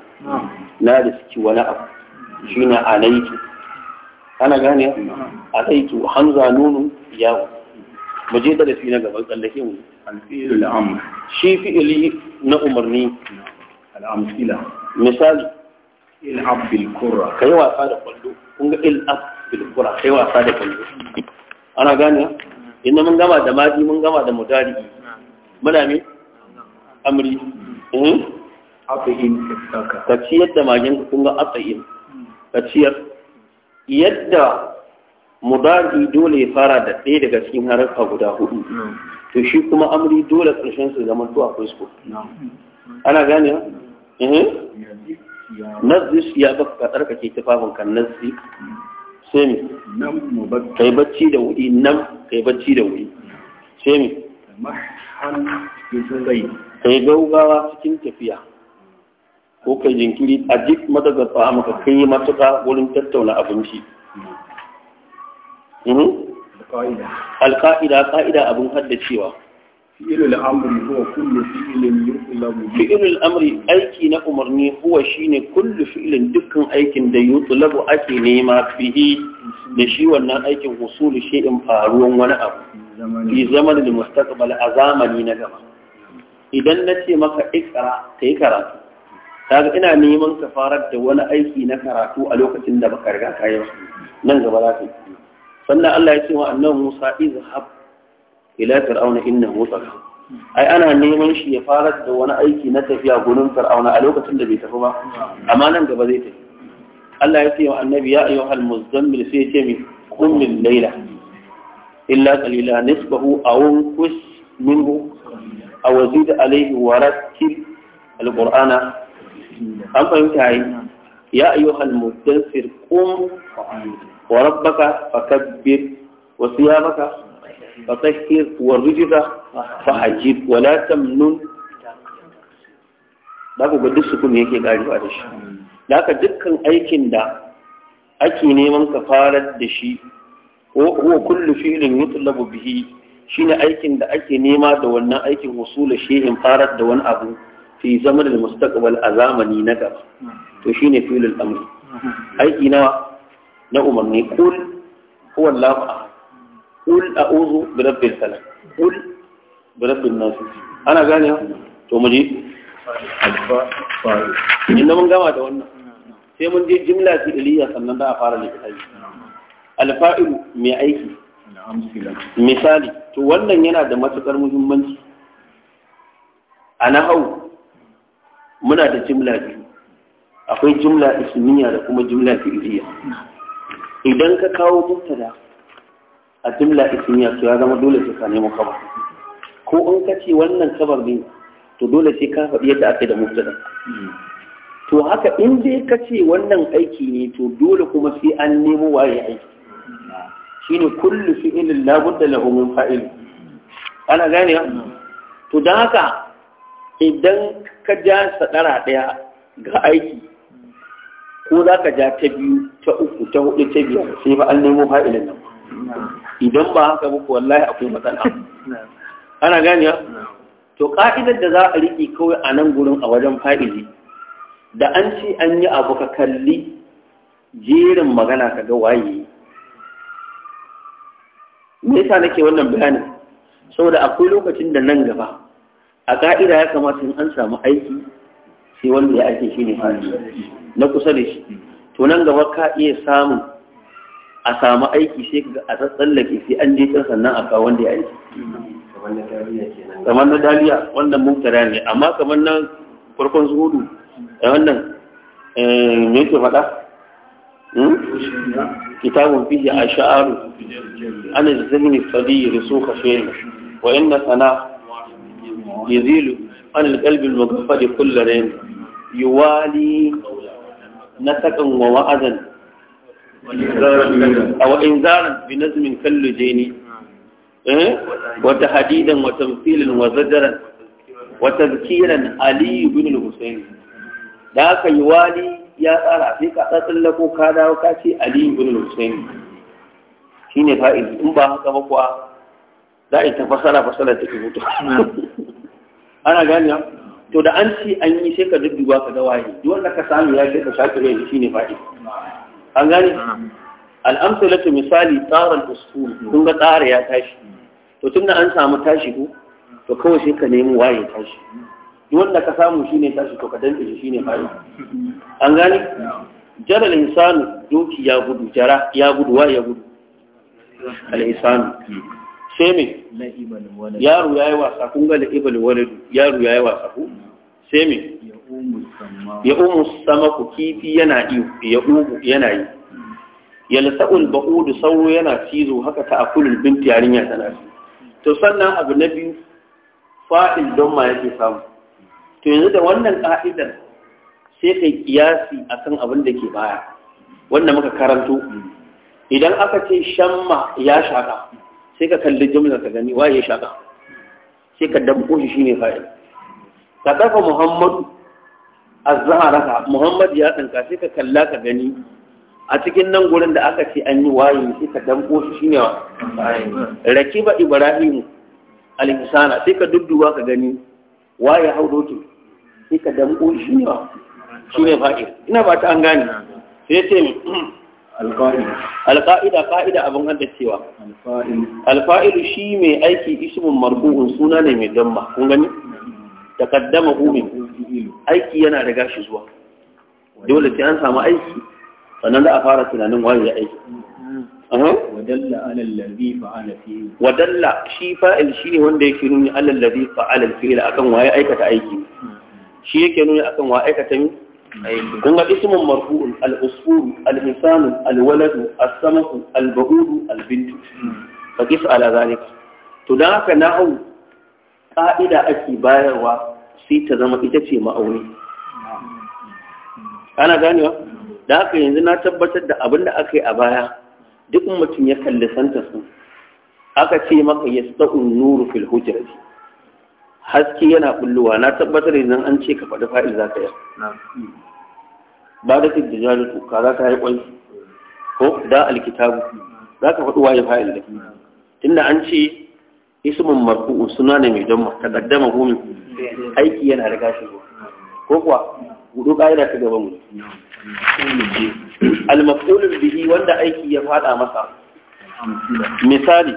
na da suke wani abu shi ne a naitu ana gane a naitu hamza nunu ya'u mu je da na gaban tsallake mu alfi'il al'amr shi fi'ili na umarni al'amsila misali il'ab bil kurra kai wasa da kwallo kun ga il'ab bil kurra kai wasa da kwallo ana gane inda mun gama da maji mun gama da mudari muna me amri eh uhm? afin ka ciyar da magin ka kun ga asayin ka ciyar yadda mudari dole ya fara da ɗaya daga cikin harfa guda hudu hmm. to shi kuma amri dole ƙarshen su zama to akwai su ana gane ha eh? nazis ya ba ka tsarkake tufafin kan nazi sai mi kai bacci da wuri nan kai bacci da wuri sai mi kai gaugawa cikin tafiya ko kai jinkiri a jik madagaswa maka kai matuka wurin tattauna abinci alƙa'ida ƙa'ida abin haddacewa fi'ilul amri aiki na umarni huwa shine kullu fi'ilin dukkan aikin da labu ake nema fihi da shi wannan aikin shi shay'in faruwan wani abu fi zamanin mustaqbal a zamani na gaba idan na ce maka ta yi karatu ga ina neman ka farar da wani aiki na karatu a lokacin da baka riga ka yi nan gaba za ka yi sannan Allah ya ce wa annabi Musa izhab ila fir'auna innahu tagha ai ana neman shi ya fara da wani aiki na tafiya gurin fir'auna a lokacin da bai tafi ba amma nan gaba zai tafi Allah ya ce wa annabi ya ayyuhal muzammil sai ya ce mi qum min layla illa qalila nisbahu aw kus minhu aw zid alayhi wa rattil alqur'ana an fahimta yi ya ayyuhal mudaththir qum wa rabbaka fakabbir wa siyamaka wa rijza fahajib ga duk sukun yake karewa da shi da haka dukkan aikin da ake neman ka farar da shi huwa kullu fi'lin yutlabu bihi shine aikin da ake nema da wannan aikin shi in farar da wani abu fi zaman da mustaqbal a zamani na gaba to shine fi'lul amr aiki nawa na umarni kul huwa lafa kul a uzu birabbin falaq kul birabbin nasu ana gane to mu je inda mun gama da wannan sai mun je jimla Iliya sannan za a fara littafi alfa'il mai aiki misali to wannan yana da matukar muhimmanci a hau muna da jimla biyu akwai jimla isminiya da kuma jimla Iliya. idan ka kawo mubtada a jumla ismiya to ya zama dole sai ka nemo kabar ko in ka ce wannan kabar ne to dole sai ka faɗi yadda aka yi da mubtada to haka in dai ka ce wannan aiki ne to dole kuma sai an nemo waye aiki shine kullu fi'ilin la budda lahu min fa'il ana gane to dan haka idan ka ja sadara daya ga aiki ko za ka ja ta biyu ta uku ta hudu ta biyar sai fa an nemo fa'ilan nan idan ba haka ba wallahi akwai matsala ana gani to ka'idar da za a riƙe kawai a nan gurin a wajen fa'ili da an ce an yi abu ka kalli jerin magana ka ga waye me yasa nake wannan bayanin saboda akwai lokacin da nan gaba a ka'ida ya kamata in an samu aiki sai wanda ya ake shi ne fa'ili na kusa da shi to nan gaba ka iya samun a samu aiki sai ka a tsallake sai an je can sannan a kawo wanda ya aiki kamar na daliya wannan tara ne amma kamar na farkon zuhudu da eh, wannan eh, me ke faɗa hmm? kitabun fiye a sha'aru ana zirni fadi risu kafin wa inna sana yazilu an alƙalbin magafa da kullare yuwali نسكا ووعدا أو إنذارا بنظم كاللجين وتحديدا وتمثيلا وزجرا وتذكيرا علي بن الحسين ذاك يوالي ya tsara sai ka tsallako ka dawo ka ce ali ibn al-husayn shine fa'il in ba haka ba kuwa za a yi ta fasara fasara ta rubutu ana gani to da an ci an yi sai ka dudduba ka ga waye wanda ka samu ya ga shafi shi ne fa'i an gane al'amsalatu misali tsarin usul kun ga tsara ya tashi to tunda an samu tashi ko to kawai sai ka nemi waye tashi Duk wanda ka samu shi ne tashi to ka danta shi ne fa'i an gane jaral insanu doki ya gudu jara ya gudu wa ya gudu al insanu sai me yaro ya yi wasa kun ga la'ibal waladu yaro ya yi wasa ku sai me ya umu sama ku kifi yana ya umu yana yi ya lasa'ul ba'udu sauro yana cizo haka ta akulul binti yarinya tana to sannan abu na biyu fa'il don ma yake samu to yanzu da wannan ka'idar sai kai kiyasi akan abin da ke baya wanda muka karanto idan aka ce shamma ya shaka sai ka kalli jumla ka gani waye shaka sai ka dabbo shi shine fa'il ka dafa muhammadu ka muhammad ya tsanka sai ka kalla ka gani a cikin nan gurin da aka ce an yi waye sai ka dabbo shi shine rakiba ibrahim al-insana sai ka dudduwa ka gani waye haudoto sai ka dabbo shi ne shine fa'il ina ba ta an gane sai ce alƙa'ida ƙa'ida abin cewa alfa'ilu shi mai aiki ismin marfu'un suna ne mai damma kun gani takaddama umin aiki yana da gashi zuwa dole sai an samu aiki sannan za a fara tunanin waye ya aiki wadalla shi fa'il shi ne wanda yake nuni alallazi fa'alal fi'ila akan waye aikata aiki hmm. shi yake nuni akan waye aikata mi kun ga ismun marfu'un al-usfuru al-insanu al-waladu as-samaku al-bahudu al-bintu fa kif ala zalik to dan haka qa'ida ake bayarwa sai ta zama ita ce ma'auni ana ganewa dan haka yanzu na tabbatar da abin da aka yi a baya duk mutum ya kalli santa su aka ce maka yasta'un nuru fil hujrati haske yana bullowa na tabbatar idan an ce ka faɗi fa'il za ka yi ba da kin da to kaza ka yi kwai ko da alkitabu za ka faɗi waye fa'il da Inda an ce ismun marfu'un suna ne mai damma taqaddama gumi aiki yana da shi ko kuwa hudu ƙa'ida ta gaban mu al bihi wanda aiki ya fada masa misali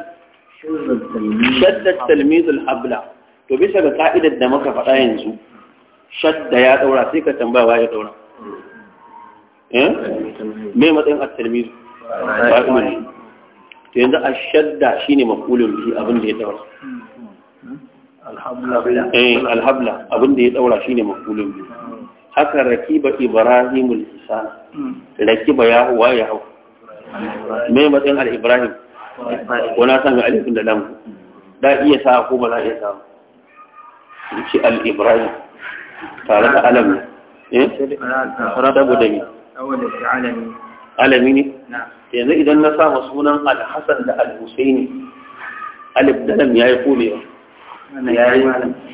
shaddat talmizul habla to bisa ga ka'idar da muka faɗa yanzu shadda ya ɗaura sai ka tambaya ya ɗaura eh? me matsayin at-talmizu to yanzu a shadda shine maqulun bihi abinda da ya ɗaura eh, alhabla abinda ya ɗaura shine maqulun bihi haka rakiba ibrahimul hisan rakiba ya huwa ya hau me matsayin al-ibrahim wani san ga alifin da lam da iya sa ko ba na iya sa ci al-ibrahim tare da alami eh saboda me alami ne yanzu idan na sama sunan al-hasan da al-husaini alif da lam yayi Ya yi?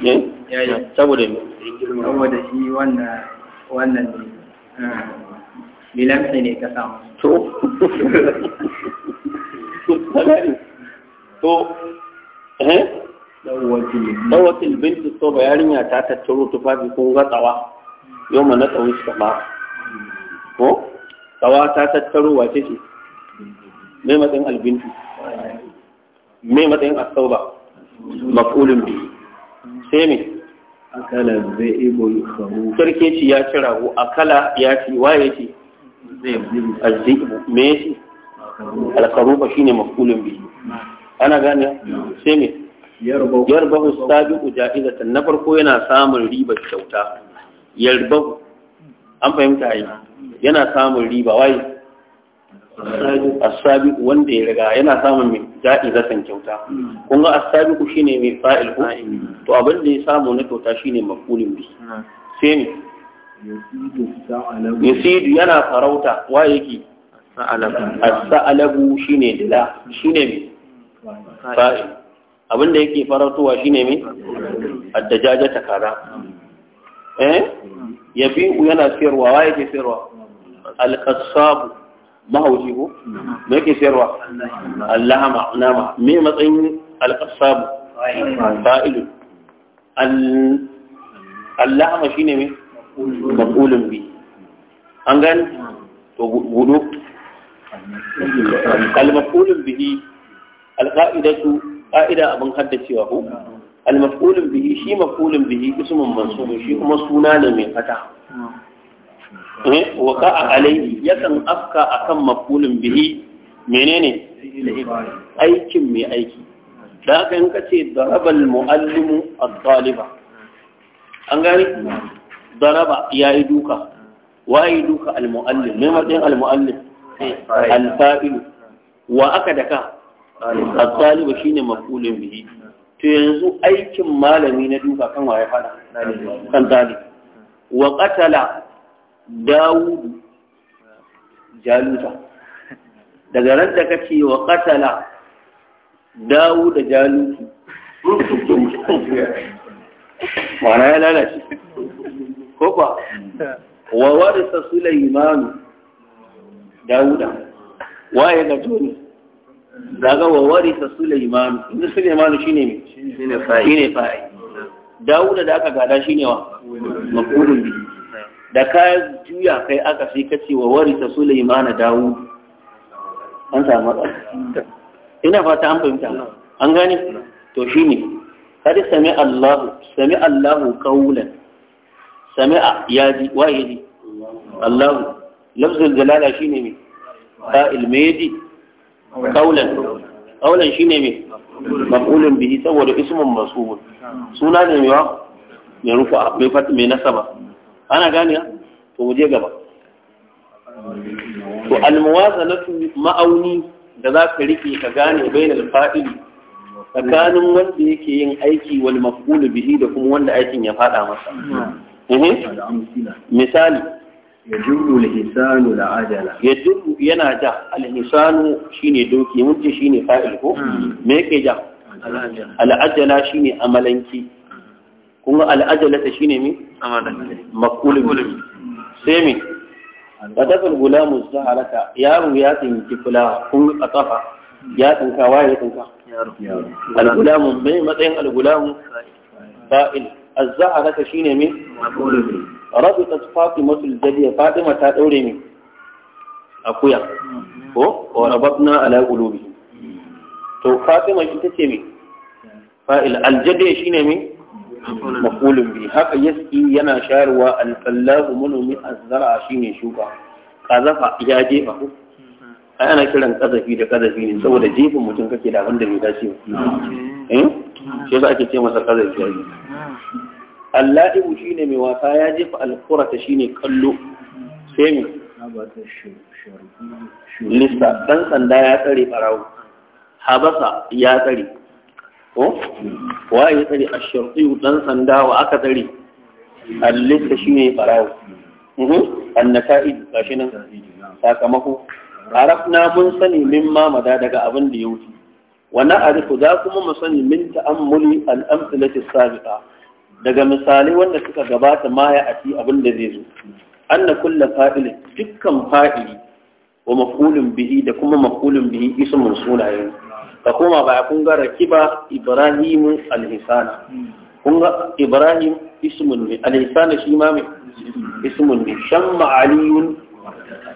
Eh? yayi saboda me saboda shi wannan wannan ne bilamsa eh, ne ka samu to <laughs> to eh? dawatil binti so yarinya ta tattaro tufafi kun gatsawa tsawa yau ma na tsawon shi ba ko tsawa ta tattaro wace ce mai matsayin albintu mai matsayin asauba maf'ulun bi sai me akala zai ibo yukaru sarki ci ya ci rago akala ya ci waye ci zai ibo me ya ci alkaruba ne maf'ulun bi ana gane sai me yarbahu sabiqu ja'izatan na farko yana samun ribar kyauta yarbahu an fahimta yi yana samun riba wai as-sabiqu wanda ya riga yana samun mai ja'izatan kyauta hmm. kun ga as-sabiqu shine mai fa'il ko to abin da ya samu na kyauta shine mafulin bi hmm. sai ne yasidu yana farauta wai yake as-sa'alabu shine dila shine mai fa'il abin da yake farautowa shine me addajaja ta kaza eh ya fi yana sayarwa wa yake sayarwa alqassabu mahauji ko me yake sayarwa allahama nama me matsayin alqassabu fa'ilu allahama shine me maqulun bi an gani to gudu al maqulun bihi al qa'idatu ƙa'ida abin haddacewa ko al-maf'ulun bihi shi maf'ulun bihi ismun mansub shi kuma suna ne mai fata eh wa qa'a alayhi yakan afka akan maf'ulun bihi menene aikin mai aiki da haka in kace daraba al-muallimu at-taliba an gani daraba yayi duka wayi duka al-muallim me matsayin al-muallim al-fa'ilu wa aka daka at-talibu shine maf'ulun bihi to yanzu aikin malami na duka kan waye fada kan talib wa qatala Dawudu jaluta daga ran da kace wa qatala dawud jalutu ma'ana ya lalace ko ba wa warisa sulaiman dawuda waye ga tuni zaga wa warisa Sulaiman inda Sulaiman shine ne shine fa'i ne fa'i Dawuda da aka gada shine wa maqulun bi da ka juya kai aka sai kace wa warisa Sulaiman Dawud an samu ina fata an fahimta an gane to shine kada sami Allah sami Allah qawlan sami'a ji wa yaji Allah lafzul jalala shine me fa'il me yaji kaulan kaulan shine me maf'ulun bihi saboda ismun mansubun suna ne mewa mai rufa mai fat mai nasaba ana gane to mu je gaba to almuwazanatu ma'auni da za ka rike ka gane bainal fa'ili tsakanin wanda yake yin aiki wal maf'ulu bihi da kuma wanda aikin ya fada masa misali yajibu alhisanu la ajala yajibu yana ja alhisanu shine doki mun shine fa'il ko me yake ja al'ajala shine amalanki kun ga al'ajala ta shine mi makulun sai mi wadafar gulamu zaharata yaro ya tsinki fulawa kun a kafa ya tsinka waye ya tsinka al mai matsayin al'gulamun, gulamu fa'il az-zaharata shine mi makulun rabitat masu jadiya fatima ta daure ne akuya ko wa rabatna ala qulubi to fatima ita ce me fa'il aljadiya shine me maqulun bi haka yaski yana shayarwa an sallahu munumi shi shine shuka kazafa ya jefa ko ai ana kiran kazafi da kazafi ne saboda jefin mutum kake da abin da bai dace ba eh shi yasa ake ce masa kazafi Alla'ibu shi ne mai wasa ya jefa alkurata shi ne kallo sai lista ɗan sanda ya tsare ɓarawo habasa ya tsare ko wa ya tsare a sharɗiyu ɗan sanda wa aka tsare allista shi ne ɓarawo mhm. annata'id ga shi nan sakamako arafna mun sani min mamada daga abin da ya wuce wa na'arifu za kuma mu sani min ta'ammuli al'amsu amsalati sabiqa daga misali wanda suka gabata ma ya ati abin da zai zo an na kulla fa'il dukkan fa'ili wa maf'ulun bihi da kuma maf'ulun bihi ismun sunaye ka koma ba kun ga rakiba ibrahim alhisana kun ga ibrahim ismun ne alhisana shi ma mai ismun ne Shan aliyun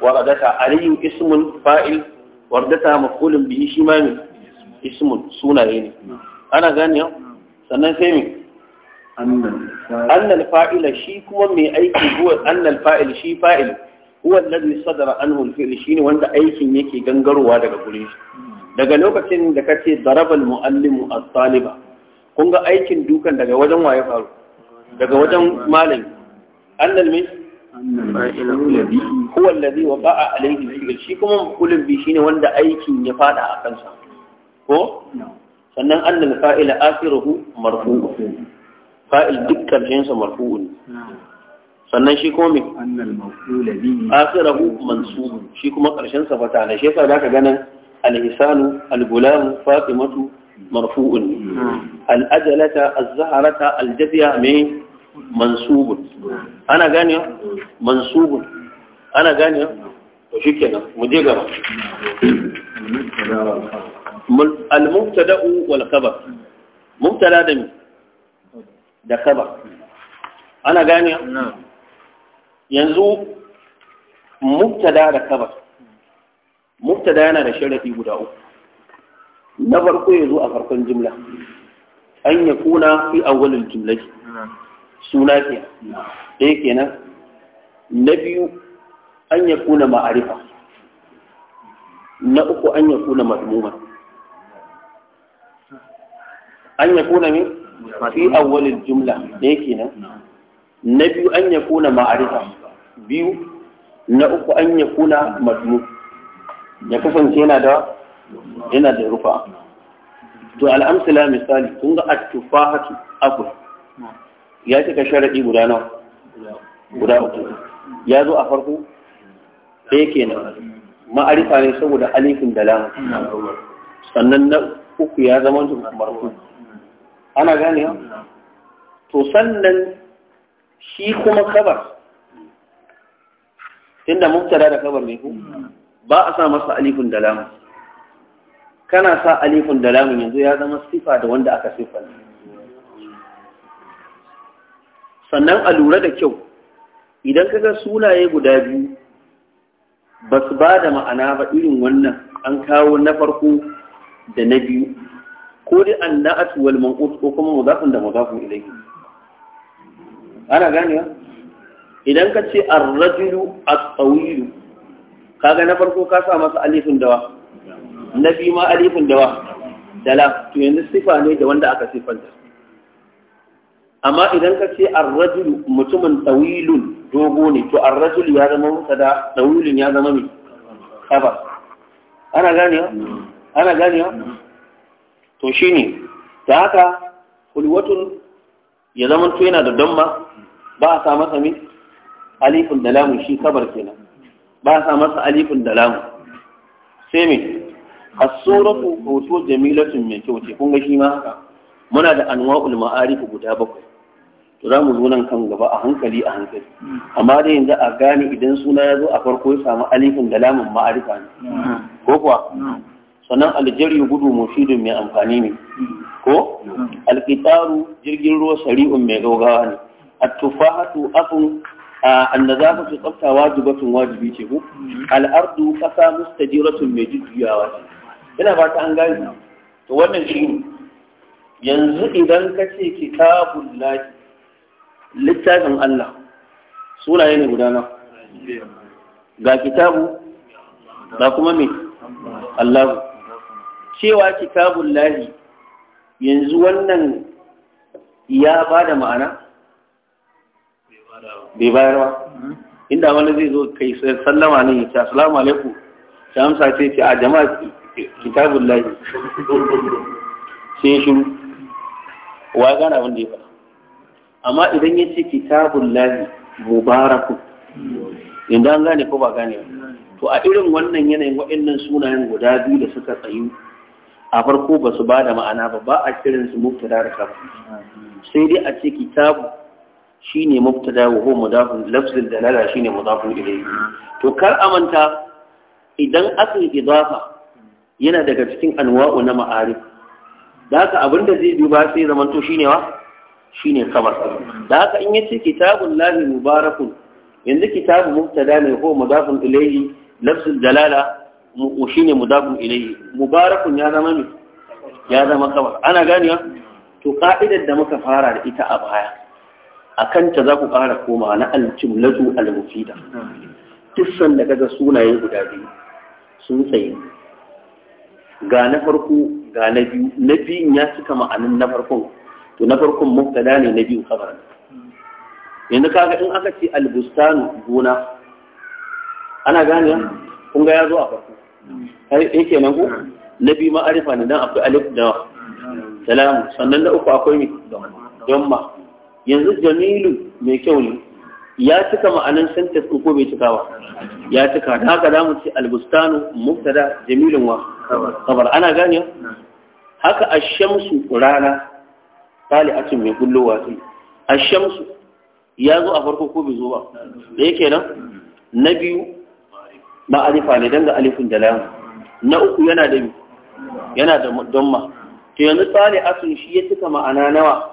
wardata aliyu ismun fa'il wardata maf'ulun bihi shi ma mai ismun sunaye ne ana gane sannan sai mai annal fa'ila shi kuma mai aiki huwa annal fa'il shi fa'il huwa alladhi sadara anhu al-fi'l shine wanda aikin yake gangarowa daga gure shi daga lokacin da kace darabal muallimu as-taliba kun ga aikin dukan daga wajen waye faru daga wajen malami annal min huwa alladhi waqa'a alayhi al-fi'l shi kuma maqulun bi shine wanda aikin ya fada a kansa ko sannan annal fa'ila akhiruhu marfu' fa'il duk karshensa marfu'u ne sannan shi kuma me annal maf'ul bihi akhirahu mansub shi kuma karshen sa fata ne shi yasa zaka ganin al-hisanu al-gulam fatimatu marfu'un al-ajalata az-zaharata al-jabiya me mansubun ana gane mansubun ana gane to shikenan mu je gaba al-mubtada wal khabar mubtada da me da kaba, ana gane yanzu mubtada da kaba, mubtada yana da sharadi guda uku na farko yazo a farkon jimla an ya kuna fi awwalil jumlati suna ke ɗaya kenan na biyu an ya kuna ma'arifa na uku an ya kuna madmuma an ya kuna min fi awwalil jumla ne kenan na biyu an ya kuna ma'arifa biyu na uku an ya kuna madmu ya kasance yana da yana da rufa to al'amsala misali kun ga at-tufahatu aqul ya cika sharadi guda nawa guda uku ya zo a farko ɗaya kenan ma'arifa ne saboda alifin da lamu sannan na uku ya zama marfu ana gane to sannan shi kuma kabar tunda mubtada da kabar mai ku ba a sa masa alifin da lamun kana sa alifin da lamun yanzu ya zama sifa da wanda aka sifa sannan a lura da kyau idan kaga sunaye guda biyu ba su ba da ma'ana ba irin wannan an kawo na farko da na biyu ko dai a wal manƙus ko kuma mazafin da mazafin ilai. ana ganewa idan ka ce arrajilu a at ka ga na farko ka sa masa alifin dawa na biyu ma alifin dawa dala to yanzu sifa ne da wanda aka sifanta amma idan ka ce arrajilu mutumin tsawilun dogo ne to arrajilu ya zama da tsawilun ya zama mai khabar ana ganewa ana ganewa to shi ne, da haka kulwatun ya zama to yana da damma ba a sa masa min alifin da lamun shi kabar kenan ba a sa masa alifin da lamun sai me as-suratu hoto jamilatun mai kyau ce kun ga shi ma haka muna da anwa'ul ma'arifu guda bakwai to za mu zo nan kan gaba a hankali a hankali amma dai yanzu a gane idan suna ya zo a farko ya samu alifin da lamun ma'arifa ne mm. ko kuwa mm. sannan aljari gudu mufidun mai amfani ne ko alkitaru jirgin ruwa shari'un mai gaugawa ne at-tufahatu afun annazafatu tsafta wajibatun wajibi ce ko al-ardu qasa mustajiratun mai jujjuyawa ce ina ba ta an gani to wannan shi ne yanzu idan ka ce kitabun lahi littafin Allah sunaye ne gudana. ga kitabu ga kuma me Allah cewa kitabun lahi yanzu wannan ya ba da ma'ana? bai bayarwa inda wani zai zo kai sallama ne ta salamu alaikum ta amsa ce ce a jama'a kitabun lahi sai shiru wa gana wanda ya faɗa amma idan ya ce kitabun lahi mubaraku inda an gane ko ba gane to a irin wannan yanayin waɗannan sunayen guda biyu da suka tsayu a farko ba su ba da ma'ana ba ba a kirin su muftada da kafa sai dai a ce kitabu shine muftada wa huwa da lafzul shi shine mudafin ilai to kar amanta idan asin idafa yana daga cikin anwa'u na ma'ari da haka abin da zai duba sai zaman to shine wa ne kamar da haka in yace kitabun lahi mubarakun yanzu kitabu muftada ne ko mudafun ilayhi lafzul dalala shi ne mudabu ilayhi mubarakun ya zama mai ya zama kabar ana ganiya to ka'idar da muka fara da ita a baya a kanta za ku ƙara koma na al-jumlatu al-mufida tissan da kaga sunaye guda biyu sun tsaye ga na farko ga na biyu na biyun ya cika ma'anin na farkon to na farkon mubtada ne na biyu khabar yanzu kaga in aka ce al-bustanu gona ana gane kun ga ya zo a farko yake eh nan ku hmm. na biyu ma'arifa ne dan akwai alif da salamu sannan na uku akwai ne yanzu jamilu mai kyau ne ya cika ma'anan sentence ko bai cika ba ya cika da haka za mu ce albustanu mubtada jamilun wa kabar ana gane hmm. haka shamsu rana tali atin mai kullu wasi ashamsu ya zo a farko ko bai zo ba da hmm. yake nan na biyu ba alifa ne danga alifin da lam na uku yana da yana da damma to yanzu tsari asun shi ya cika ma'ana nawa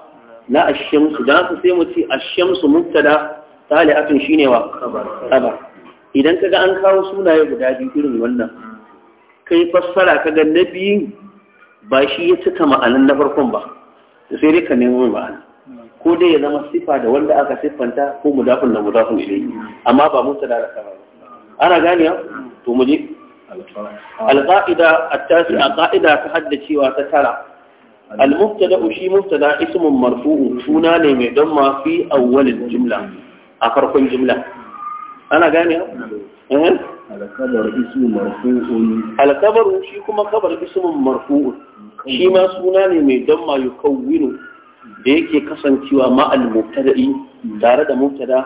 na ashamsu dan su sai mu ci ashamsu mubtada tsari asun shine wa khabar idan kaga an kawo sunaye guda biyu irin wannan kai fassara kaga na biyu ba shi ya cika ma'anan na farkon ba sai dai ka nemo ma'ana ko dai ya zama sifa da wanda aka siffanta ko mudafin da mudafin ilayhi amma ba mubtada da ba. ana ganiya to mu je alqaida at-tasi'a qaida ta haddacewa ta tara al-mubtada shi mubtada ismun marfu'u suna ne mai don ma fi awwal jumla a farkon jumla ana ganiya eh al-khabar ismun marfu'un al-khabar shi kuma khabar ismun marfu'un shi ma suna ne mai don ma yukawwinu da yake kasancewa ma al-mubtada'i tare da mubtada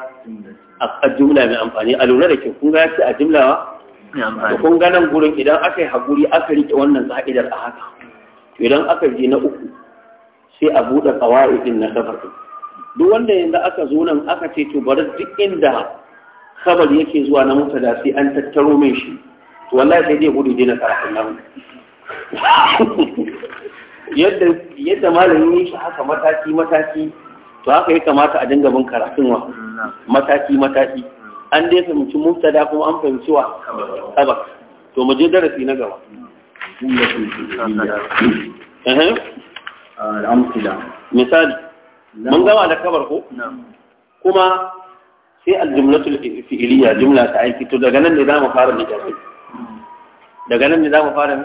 a jumla mai amfani a lura da ke kun ga a jumlawa da kun ga nan gurin idan aka yi haƙuri aka rike wannan za'idar a haka To idan aka je na uku sai a buɗe ƙawa'idin na safar duk wanda yanzu aka zo nan aka ce to bari duk inda khabar yake zuwa na da sai an tattaro min shi to wallahi sai zai gudu dina karatun nan <laughs> yadda yadda malamin shi haka mataki mataki to haka ya kamata a dinga bin karatun wa mataki mataki an dai fahimci mubtada kuma an fahimci wa sabak to mu je darasi na gaba misali mun gama da kabar ko kuma sai aljumlatul fi'liya jumla ta aiki to daga nan ne za mu fara ne daga nan ne za mu fara ne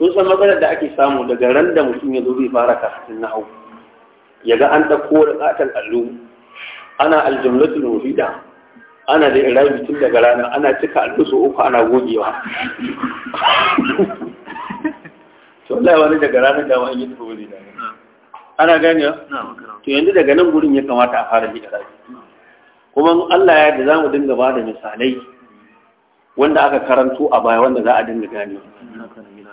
kun san matsalar da ake samu daga ran da mutum ya zo zai fara karatun na hau ya ga an ɗauko da ƙaton allo ana aljumlatul mufida ana da irabi tun daga rana ana cika allo su uku ana gogewa <laughs> to Allah wani daga ranar da yi tafi wuri da ana gani to yanzu daga nan gurin ya kamata a fara bida rabi kuma Allah ya da mu dinga ba da misalai wanda aka karanto a baya wanda za a dinga gani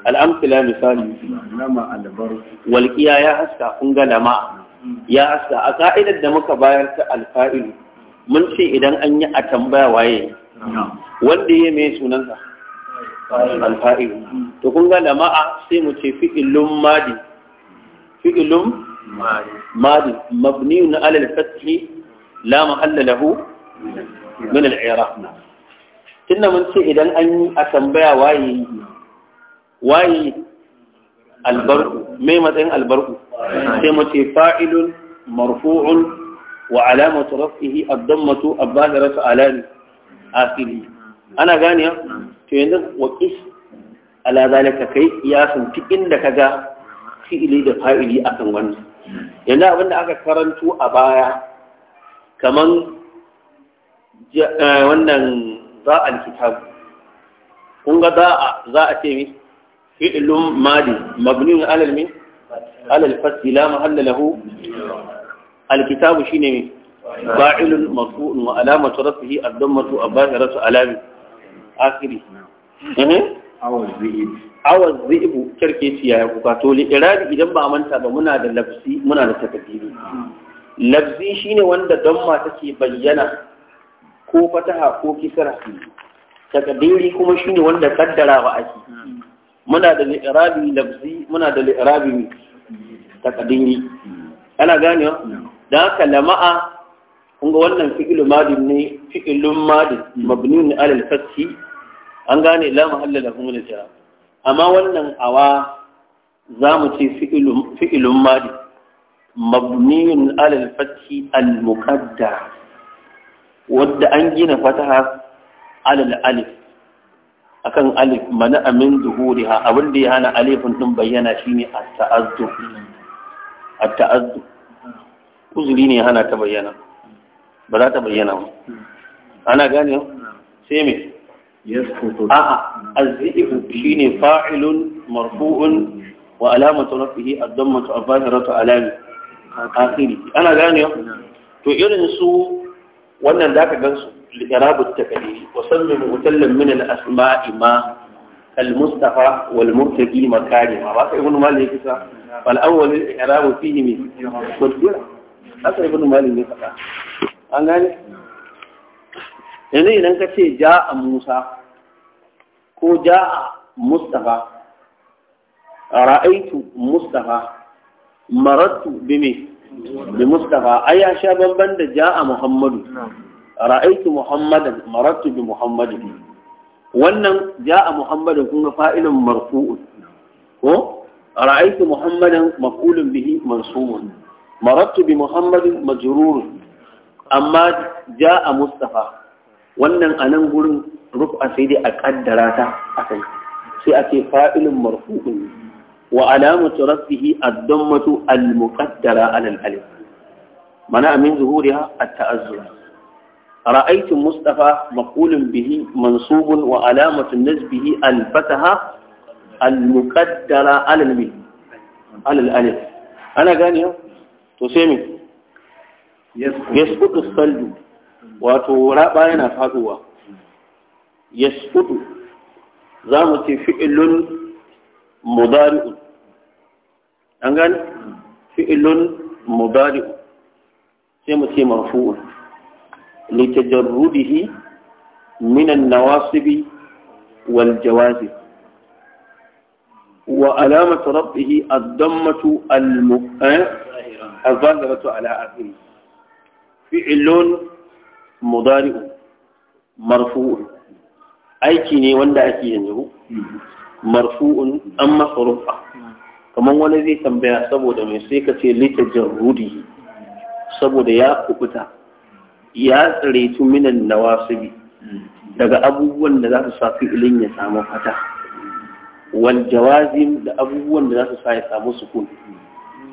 al'amfila misali walƙiya ya haska kun ga lama ya asa a ka'idar da muka bayar ta alfa'ilu mun ce idan an yi a tambaya waye wanda ya mai sunansa alfa'ilu to kun ga lama'a sai mu ce fi'ilun madi fi'ilun madi mabni na alal fathi la mahalla lahu min al tunda mun ce idan an yi a tambaya waye waye albarku mai matsayin albarku sai mace fa'ilun marfu'un wa alamatu rafihi ad-dammatu abadara alami fili ana gane ya to yanzu waƙis ala zalika kai kiyasin duk inda ga fi'ili da fa'ili kan wannan yanzu abinda aka karantu a baya kaman eh, wannan za kitab kun ga za a ce mi فعل ماضي مبني على المين على الفتح لا محل له الكتاب شيني فاعل مرفوع وعلامة رفعه الضمة الظاهرة علامة آخره أو الذئب أو الذئب كركيتي يا كاتولي إرادي إذا ما أمنت بمنا لفظي منا لتكديري لفظي شنو وند ضمة تكي بينا ko fataha ko kisra takdiri kuma shine wanda kaddara wa muna da li'irabi lafzi muna da li'irabi takadiri ana gane wa? da haka lama'a kun ga wannan fi'ilu madin ne fi'ilun madin hmm. mabnun alal fathi an gane la mahalla lahu min al amma wannan awa za mu ce fi'ilun madin mabnun alal fathi al muqaddar wadda an gina fataha alal alif akan alif mana amin zuhuriha abin da ya hana alifin din bayyana shine at-ta'azzu at-ta'azzu uzuri ne hana ta bayyana ba za ta bayyana ba ana gane sai me yasqutu a'a az-zibu shine fa'ilun marfu'un wa alamatu rafihi ad-dammatu al-zahiratu alami akhiri ana gane to irin su wannan zaka gansu لإراب التكاليف وصمم مغتلا من الأسماء ما المصطفى والمرتقي مكارم هذا ابن مالك كسا فالأول الإعراب فيه من مدبرة هذا ابن مالك كسا أنا yanzu idan ka ce ja a musa ko ja a mustafa ra'aitu mustafa marattu bi me bi mustafa ai ya sha bamban da ja a muhammadu ra'aitu muhammadan marattu bi muhammadin wannan ja'a muhammadan kun ga fa'ilun marfu'un ko ra'aitu muhammadan maqulun bihi mansubun marattu bi muhammadin majrurun amma ja'a mustafa wannan anan gurin rufa sai dai a kaddara ta akai sai ake fa'ilun marfu'un wa alamatu rafihi ad-dammatu al-muqaddara ala al-alif mana min zuhuriha at-ta'azzur رأيت مصطفى مقول به منصوب وعلامة نسبه الفتحة المقدرة على المي على الألف أنا قاني تسمي يسقط الصلب وتوراء باينا فاتوا يسقط زامة فعل مضارع أنا قاني فعل مضارع سيما مرفوع لتجرده من النواصب والجوازب وعلامة ربه الضمة الظاهرة على آخره فعل مضارع مرفوع aiki ne wanda ake yanzu marfu'un an kamar wani zai tambaya saboda mai sai ka ce lita rudi saboda ya kubuta ya tsare tu minan nawasibi daga abubuwan da za su sa fi'ilin ya samu fata wal jawazim da abubuwan da za su sa ya samu sukun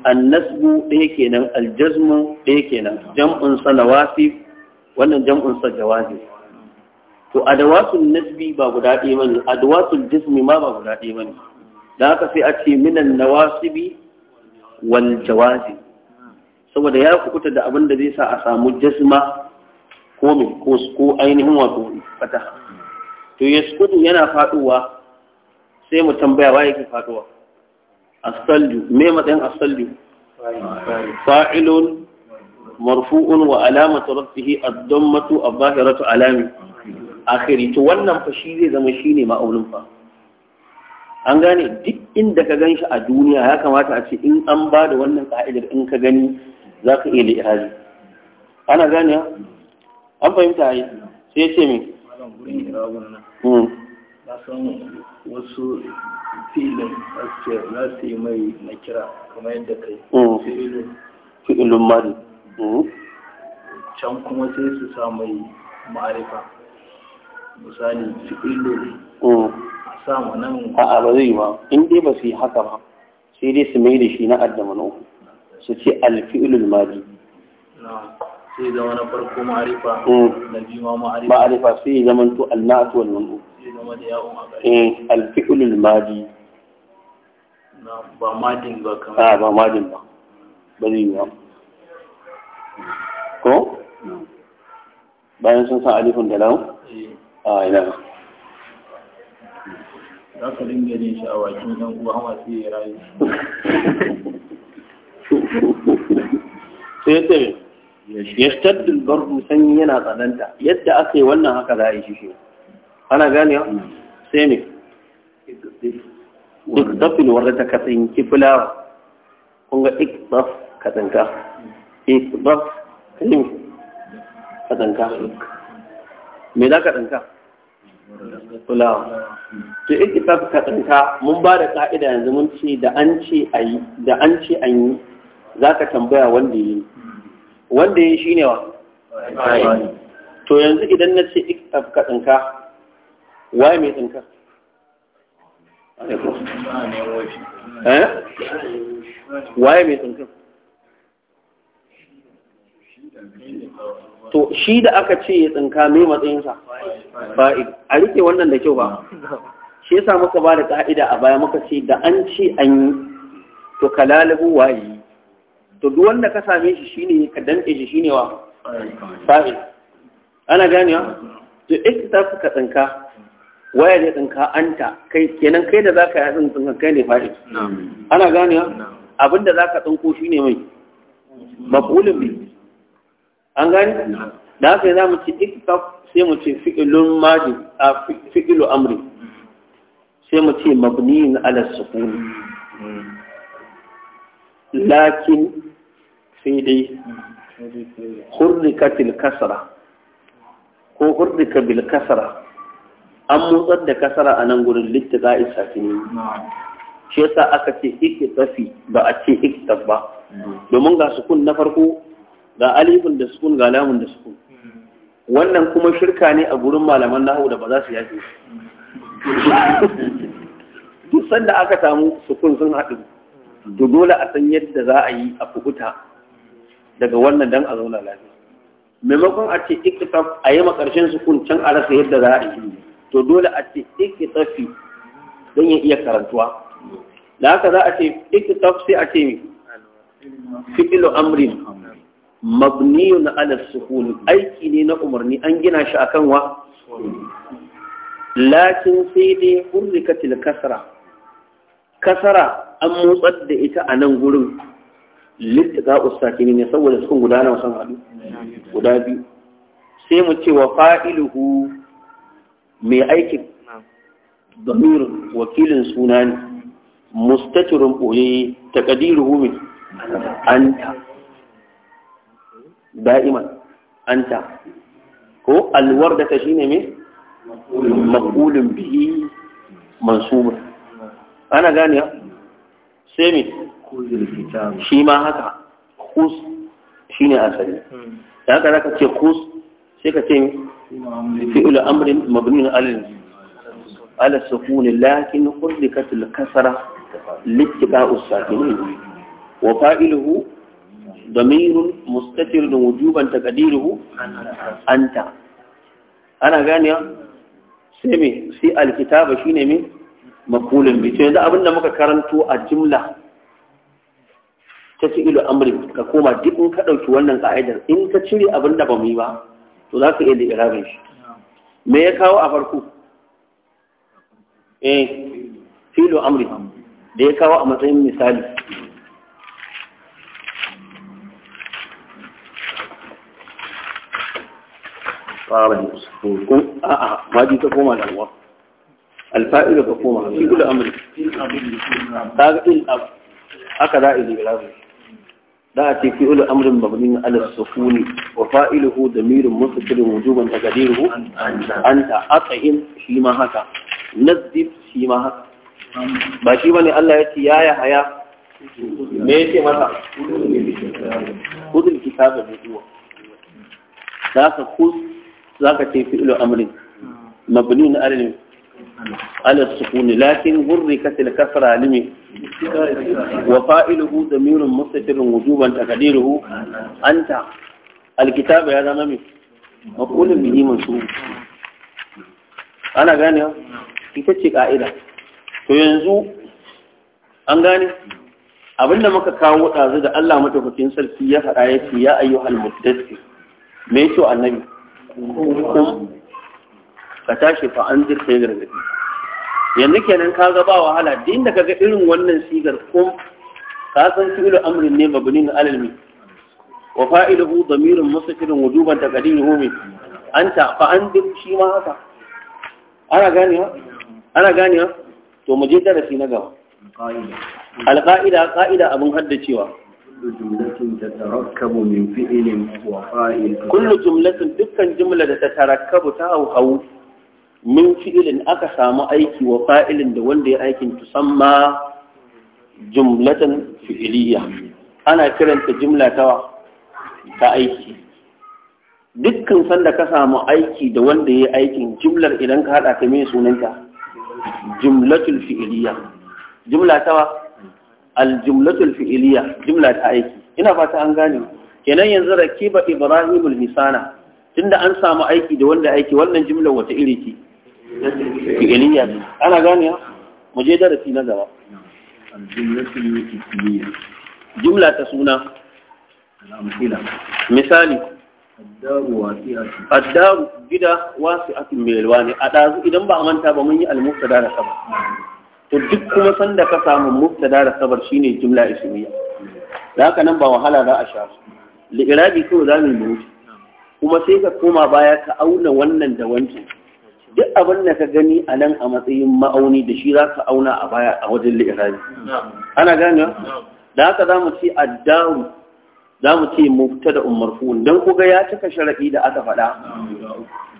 annasbu ɗaya kenan aljazmu ɗaya kenan jam'un sa nawasib wannan jam'un sa jawazim to adawatul nasbi ba guda ɗaya bane adawatul jazmi ma ba guda ɗaya bane da haka sai a ce minan nawasibi wal jawazim saboda ya kukuta da abin da zai sa a samu jazma ko min ko ainihin wato fata to yasqutu yana faduwa sai mu tambaya wa yake faduwa as me matsayin as fa'ilun marfu'un wa alamatu a ad-dammatu adh-dhahiratu alami akhiri to wannan fa shi zai zama shine ma'aunin fa an gane duk inda ka ganshi a duniya ya kamata a ce in an ba da wannan ka'idar in ka gani za ka iya li'irazi ana gane an fahimta yi sai ya ce mi hmm. wasu filin aske za su yi mai na kira kamar yadda kai hmm. fi'ilun mari hmm. can kuma sai su sa mai ma'arifa misali a sa ma nan a'a ba zai ba in dai ba su yi haka ba sai dai su mai da shi na addama na uku su ce alfi'ilul mari sai zama farko ma'arifa mm. na biyu ma'arifa sai zama to annas wal sai zama da eh al madi ba madin ba kamar a ah, ba madin ba ba zai ko bayan sun san alifun da lau? Eh. a ah, ina za ka dinga jin shi a wakin kuma sai ya rayu <laughs> sai ya yashtaddu al-bardu sanyi yana tsananta yadda aka yi wannan haka za a yi shi ana gane sai ne iktafil wanda ta katsinki fulawa kun ga iktaf katsinka iktaf kalim katsinka me za ka tsinka to iktaf katsinka mun ba da ka'ida yanzu mun ce da an ce a yi da an ce an yi za ka tambaya wanda yi wanda ya shi ne wa to yanzu idan na ce iktaf ka tsinka wa mai tsinka eh? waye mai tsinka to shi da aka ce ya tsinka mai matsayinsa fa'id a rike wannan da kyau ba shi yasa muka ba da ka'ida a baya muka ce da an ce an yi to kalalabu waye to duk wanda ka same shi shine ka danke shi shine wa fa'il ana ganewa to ta fuka tsinka waya ne tsinka anta kai kenan kai da zaka yi tsinka kai ne fa'il ana ganewa abinda zaka tsinko shine mai maqulun bi an gani da haka za mu ci iktitaf sai mu ce fi'ilun madi a fi'ilu amri sai mu ce mabniyin ala sukun mm. lakin sai dai hurrika til kasara ko hurrika bil kasara an motsar da kasara a nan gurin littika isa ne shi yasa aka ce tafi ba a ce ike ba domin ga sukun na farko ga alifin da sukun ga lamun da sukun wannan kuma shirka ne a gurin malaman nahu da ba za su yaje? duk sanda aka samu sukun sun haɗu to dole a san yadda za a yi a fukuta daga wannan dan a zauna lafiya maimakon a ce Ikitaf a yi makarshen sukun can a rasa yadda za a yi to dole a ce Ikitafi don ya iya karantuwa da haka za a ce Ikitaf sai a ce fi'ilu amrin mabniyun ala sukuni aiki ne na umarni an gina shi akan wa lakin sai dai hurrikatil kasara kasara an motsar da ita a nan gurin littida ustakini ne saboda sukun gudana wasan hadu guda biyu sai mu ce wa fa'iluhu mai aikin damirin wakilin suna ne mustaturin ɓoye ta ƙadiru hume anta da'iman anta ko alwar da ta shi ne mai makulin bihi mansubin ana gani sai mai shi ma haka Kus shi ne asali hmm. da haka za ka ce Kus? sai ka ce fi'ul amrin mabnin alal ala sukuni lakin kullikat al kasra littiqa usakinin wa fa'iluhu ضمير مستتر وجوبا Sai me sai Al-kitaba سي الكتاب شيني من مقول بيتو abinda muka لما a الجملة ta ci ilo amri ka koma duk in ka ɗauki wannan ka'idar in ka cire abin da ba mu yi ba to za ka iya da irabin shi me ya kawo a farko eh Filo amri da ya kawo a matsayin misali a'a ma ka koma da uwa alfa'ilu ka koma filu amri ta ga ilabu. abu haka za a yi da irabin da a ce fi'ul amrin mabnin ala sukuni wa fa'iluhu damirun mustaqbilun wujuban taqdiruhu anta at'im shi ma haka nazzib shi ma haka ba shi bane Allah ya ce ya ya haya me yake masa kudul kitaba bi duwa ka kus zaka ce fi'ul amrin mabnin ala على السكون لكن غركت الكسرة لمن وفائله ضمير مستتر وجوبا تقديره أنت الكتاب هذا ممي مقول به منصوب أنا غاني ita ce ka'ida to yanzu an gane abinda muka kawo ɗazu da Allah madaukakin sarki ya faɗa ya ce ya ayyuhal muddassir me yake annabi ka tashi fa an zir sai gargadi yanzu kenan ka ga ba wahala din da kaga irin wannan sigar ko ka san fi'lu amrin ne mabni na alalmi. mi wa fa'iluhu damirun mustatirun wujuban taqdiruhu min anta fa an shi ma haka ana ganewa ana ganewa to mu je darasi na gaba alqa'ida qa'ida abun haddacewa كل جملة تتركب من فعل وفاعل كل جملة دكان جملة تتركب تاو min fi'ilin aka samu aiki wa fa'ilin da wanda ya aikin tusamma jumlatan fi'iliya ana kiranta jumla ta ta aiki dukkan sanda ka samu aiki da wanda ya aikin jumlar idan ka hada ka mai sunanta jumlatul fi'iliya jumla ta al jumlatul fi'iliya jumla ta aiki ina fata an gane kenan yanzu rakiba ibrahimul misana tunda an samu aiki da wanda aiki wannan jumlar wata iri ce fi'iliya ne ana ya? mu je darasi na gaba jumla ta suna misali addaru gida wasu atin belwa ne a ɗazu idan ba a manta ba mun yi almuftada da sabar to duk kuma sanda ka samu muftada da sabar shine jumla ismiya da haka nan ba wahala za a sha su li'irabi kawai za mu yi kuma sai ka koma baya ka auna wannan da wancan duk abin da ka gani a nan a matsayin ma'auni da shi za ka auna a baya a wajen li'irari. ana gane da haka za mu ce addaru za mu ce mufta da umarfun don kuga ya cika sharaɗi da aka faɗa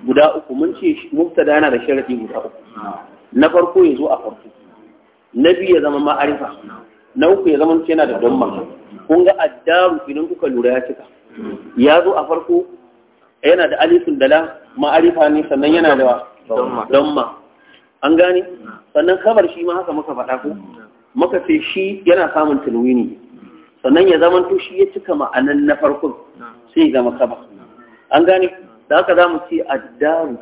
guda uku mun ce mufta da yana da sharaɗi guda uku na farko ya zo a farko na biyu ya zama ma'arifa na uku ya zama yana da damma kun ga addaru idan kuka lura ya cika ya zo a farko yana da alifin dala ma'arifa ne sannan yana da ma. an gane sannan kabar shi ma haka muka faɗa ko muka ce shi yana samun tilwini sannan ya zama to shi ya cika ma'anan na farkon sai ya zama kabar an gane da haka za mu ce addaru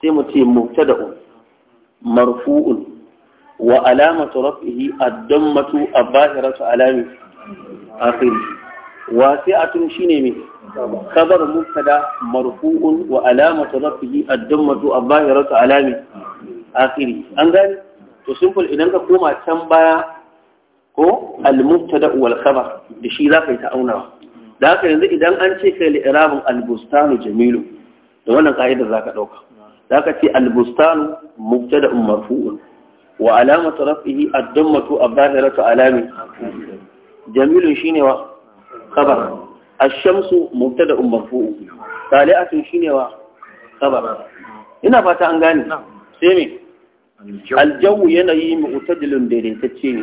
sai mu ce da un marfu'un wa alamatu raf'ihi matu a abahiratu alami akhiri shi shine mai. خبر مبتدا مرفوع وعلامة رفعه الدمة الظاهرة علامة آخره أن قال تسمى إذن كما تنبا ko al-mubtada wal khabar da shi zaka yi ta aunawa da haka yanzu idan an ce kai li'irabin al-bustanu jamilu da wannan ka'ida zaka dauka zaka ce al-bustanu mubtada marfu'un wa alamatu raf'ihi shine wa ashamsu mubtada um marfu salihatun shine wa khabar ina fata an gane sai aljawu yanayi mu'tadilun daidaitacce ne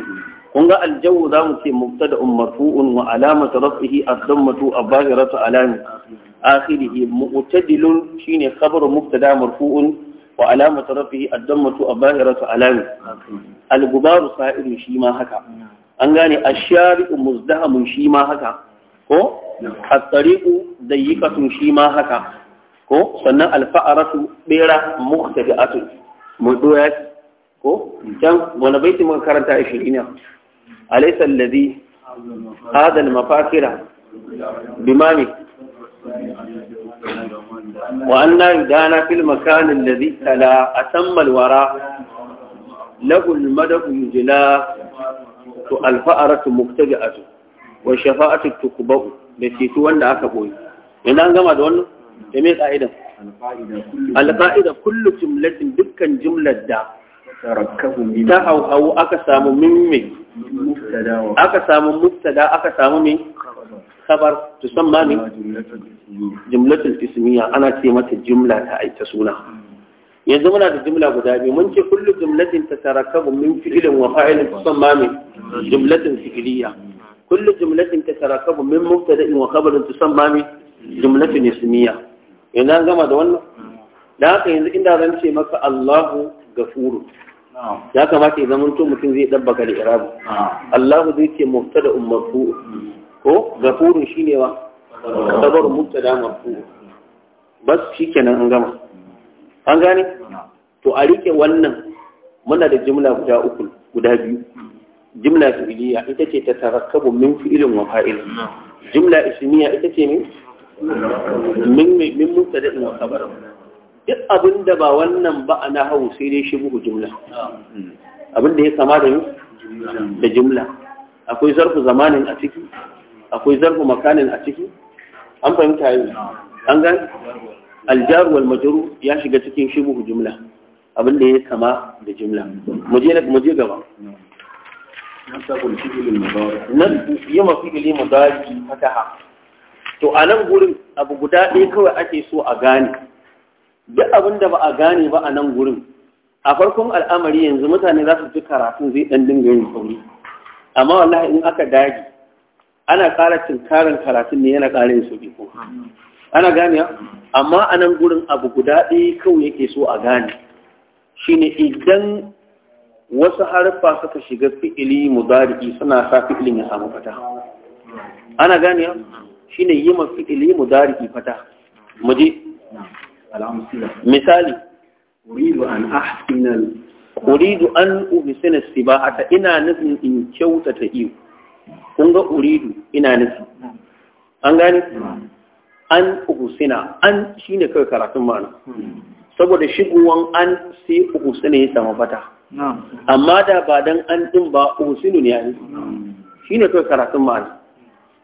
kun ga aljawu za mu ce mubtada um marfu'un wa alamatu raf'ihi ad-dammatu abahiratu alami akhirihi mu'tadilun shine khabaru mubtada marfu'un wa alamatu raf'ihi ad-dammatu abahiratu alami al-gubaru sa'irun shi ma haka an gane ashari'u muzdahamun shi ma haka ko at da dayyikatun shi ma haka ko sannan al bera muhtadi'atun mu doya ko can wani baiti muka karanta a ne alaysa alladhi hadha al-mafakira bimami وأن يدانا في المكان الذي تلا أتم الورى له المدى يجلى الفأرة مبتدئة والشفاءة تكبأ da ceto wanda aka boye yanzu an gama da wannan da mai ka'idan alƙa'ida kullum jumlatin dukkan jumlar da ta hauhawu aka samu mimme aka samu mubtada aka samu mai kabar tusamma ne jumlatul ismiya ana ce mata jimla ta aita suna yanzu muna da jimla guda biyu mun ce kullu jumlatin tatarakabu min fi'ilin wa fa'ilin tusamma ne jumlatin fi'iliya kullu jumlatin tatarakabu min mubtada'in wa khabarin tusamma min jumlatin ismiya yanzu an gama da wannan da haka yanzu inda zan ce maka Allahu gafuru ya kamata ya zamanto mutum zai dabbaka da irabu Allahu zai ce mubtada'un marfu ko Gafuru shine wa khabarun mubtada marfu bas shikenan an gama an gane to a rike wannan muna da jumla guda uku guda biyu jimla fi'iliya ita ce ta tarakkabu min fi'ilin wa fa'il jimla ismiya ita ce min? min min mubtada'in wa khabar duk abin da ba wannan ba ana hawo sai dai shi buhu jimla abin da ya kama da da jimla akwai zarfu zamanin a ciki akwai zarfu makanin a ciki an fahimta yi an gan aljaru wal majru ya shiga cikin shi buhu jimla abin da ya kama da jimla mu je gaba nan yama fi'ili mudari fataha to a nan gurin abu guda ɗaya kawai ake so a gane duk abin da ba a gane ba a nan gurin a farkon al'amari yanzu mutane za su fi karatun zai ɗan dinga yin sauri amma wallahi in aka dage ana ƙara tunkarin karatun ne yana ƙara yin sauƙi ko ana gane amma a nan gurin abu guda ɗaya kawai yake so a gane shine idan wasu harfa suka shiga fi'ili mudari'i suna sa fi'ilin ya samu fata ana gane shine yi ma fi'ili mudari'i fata muje misali uridu an ahsina uridu an uhsina a ina nufin in kyautata iyo kun ga uridu ina nufi an gane an uhsina an shine kai karatun ma'ana hmm. saboda shigowan an sai uhsina ya samu fata amma da ba dan an din ba usinu ne yayi shine kawai karatun ma'ana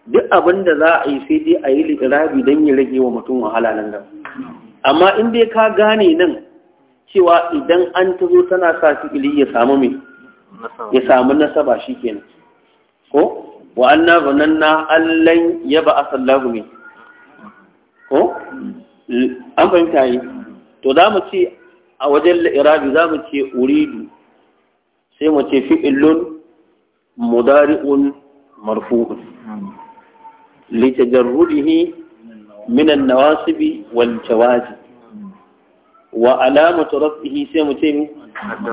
duk abin da za a yi sai dai a yi liƙa-rabi don ya rage wa mutum wahala nan da. amma in dai ka gane nan cewa idan an tazo tana sa ili ya samu mai ya samu nasaba shi kenan ko wa anna zananna allan ya ba asallahu mai ko an fahimta yi to za mu ce a wajen la'irabi za mu ce uridu sai mu ce fi'illun mudari'un marfu'un lita min minan nawasibi wal jawazib wa alamatu rafihi sai mu ce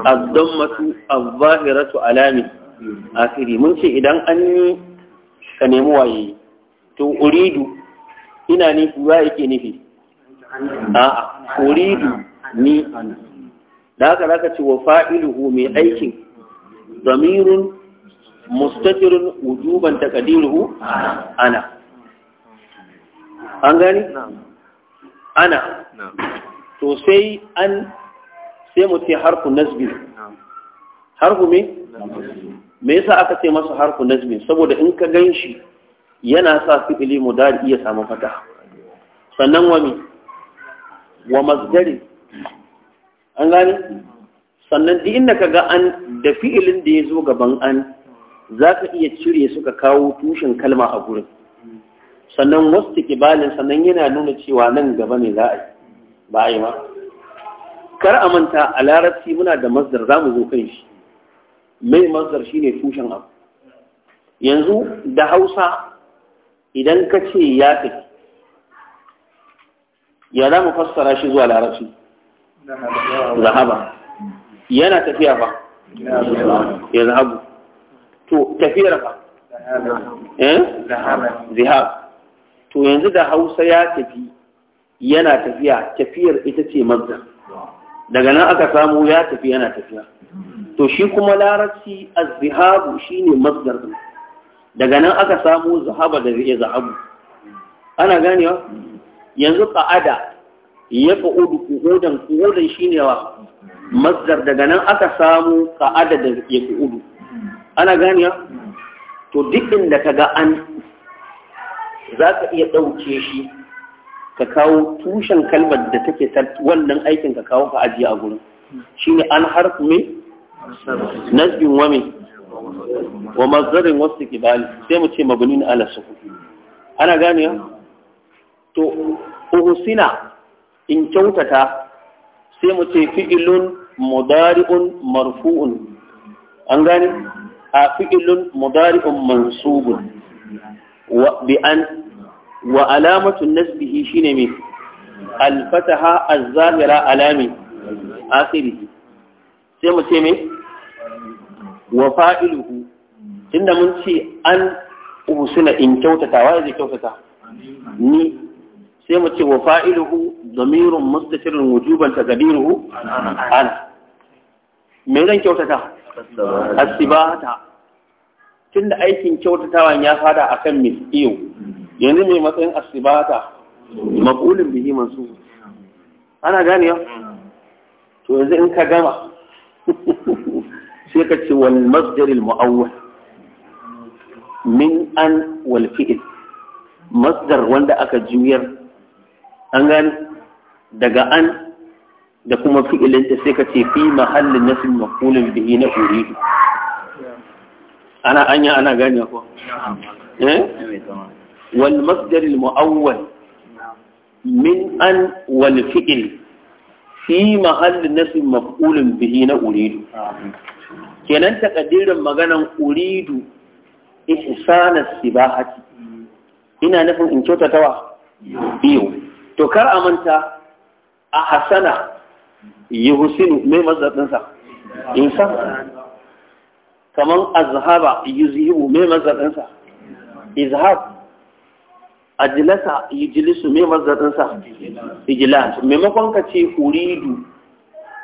ad-dammatu adh su alami firi mun ce idan an yi ka nemi waye to uridu ina nufi wa yake nufi a'a uridu ni ana da haka ka ce wa fa'iluhu mai aikin damirun mustatirun wujuban taqdiruhu ana an gani ana to sai an sai mu ce harfu nasbi harfu me me yasa aka ce masa harfu nazmi saboda in ka ganshi yana sa fi'ili mudari iya samu fata sannan Wani, wa masdari an gani sannan duk inda ka ga an da fi'ilin da ya zo gaban an za ka iya cire suka kawo tushen kalma a gurin sannan wasu kibalin sannan yana nuna cewa nan gaba ne za a yi ba a yi ma kar a manta a larabci muna da masdar za mu zo kan shi mai masdar shi ne tushen abu yanzu da hausa idan ka ce ya tafi ya za mu fassara shi zuwa larabci zahaba yana tafiya fa ya zahabu to tafiyar fa eh zahab to yanzu da Hausa ya tafi yana tafiya tafiyar ita ce mazda daga nan aka samu ya tafi yana tafiya to shi kuma larabci az-zihabu shine mazdar din daga nan aka samu zahaba da zai zahabu ana ganewa yanzu ka'ada ya ƙa'udu ƙudan ƙudan shi ne wa masdar daga nan aka samu ka adadin ya ƙa'udu ana ya to duk inda ka ga an za ka iya ɗauke shi ka kawo tushen kalmar da take wannan aikin ka kawo ka ajiye a gurin shi ne an harfi mai nasbin wa wa mazarin wasu kibali sai mu ce mabuni na ala suku ana ganiya to uhusina in kyautata sai mu ce fi'ilun mudari'un marfu'un an gani a fi'ilun mudari'un mansubun wa bi an wa alamatun nasbihi shine me alfataha az-zahira alami akhirih sai mu ce me wa fa'iluhu tunda mun ce an usuna in kyautata wa zai kyautata ni sai mu ce wa fa'iluhu damirun mustafirin wujuban gabiruhu ana me zan kyautata asibata tunda aikin kyautatawan ya fada akan misiyu yanzu mai matsayin asibata makulin bihi masu ana ya to yanzu in ka gama <laughs> sai ka ce wal masdar al min an wal fi'l masdar wanda aka juyar an gani daga an da kuma fi'ilinta sai ka ce fi mahallin nasin makulin bihi na uridu ana anya ana gani ko eh wal masdar al muawwal min an wal fi'il fi mahallin nasin makulin bihi na uridu kenan takaddirin maganan uridu ihsana sibahati ina nufin in kyautatawa biyu to kar a manta a hasana yi husinu mai mazaɗinsa sa kamar azhaba yi zihu mai mazaɗinsa izhab jilasa yi jilisu mai mazaɗinsa ijilas maimakon ka ce uridu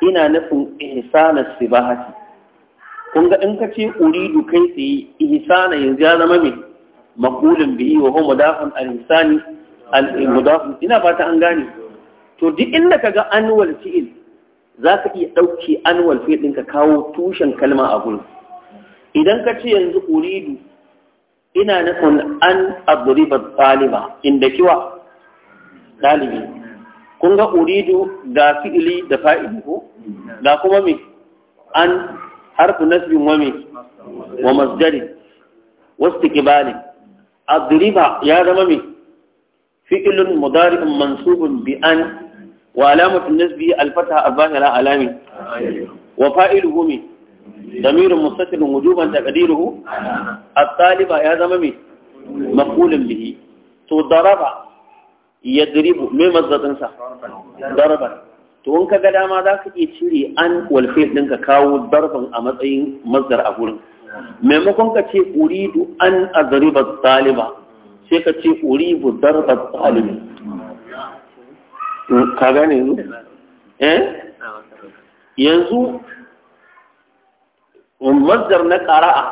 ina nufin ihsana sibahati kun ga in ka ce uridu kai tsaye ihsana yanzu ya zama mai makulin biyi wa homo dafin al-ihsani al-mudaf ina ba ta an gane to duk inda kaga annual fi'il ka iya dauke annual fi'il ka kawo tushen kalma a gurin idan ka ce yanzu uridu ina nufin an adriba taliba inda kiwa ɗalibi. kun ga uridu ga fi'ili da fa'ili ko ga kuma me an harfu nasbin wa me wa masdari wastiqbali adriba ya zama me fi'ilun mudari'un mansubun bi an wa alamatun nasbi alfata abahira alami wa fa'iluhu min damirun mustatirun wujuban taqdiruhu at ya zama min maqulun bihi to to in ka ga dama za ka iya cire an walfil din ka kawo darban a matsayin mazdar a gurin maimakon ka ce uridu an azriba taliba sai ka ce uribu darba talimi ka gane yanzu eh yanzu mazdar na ƙara'a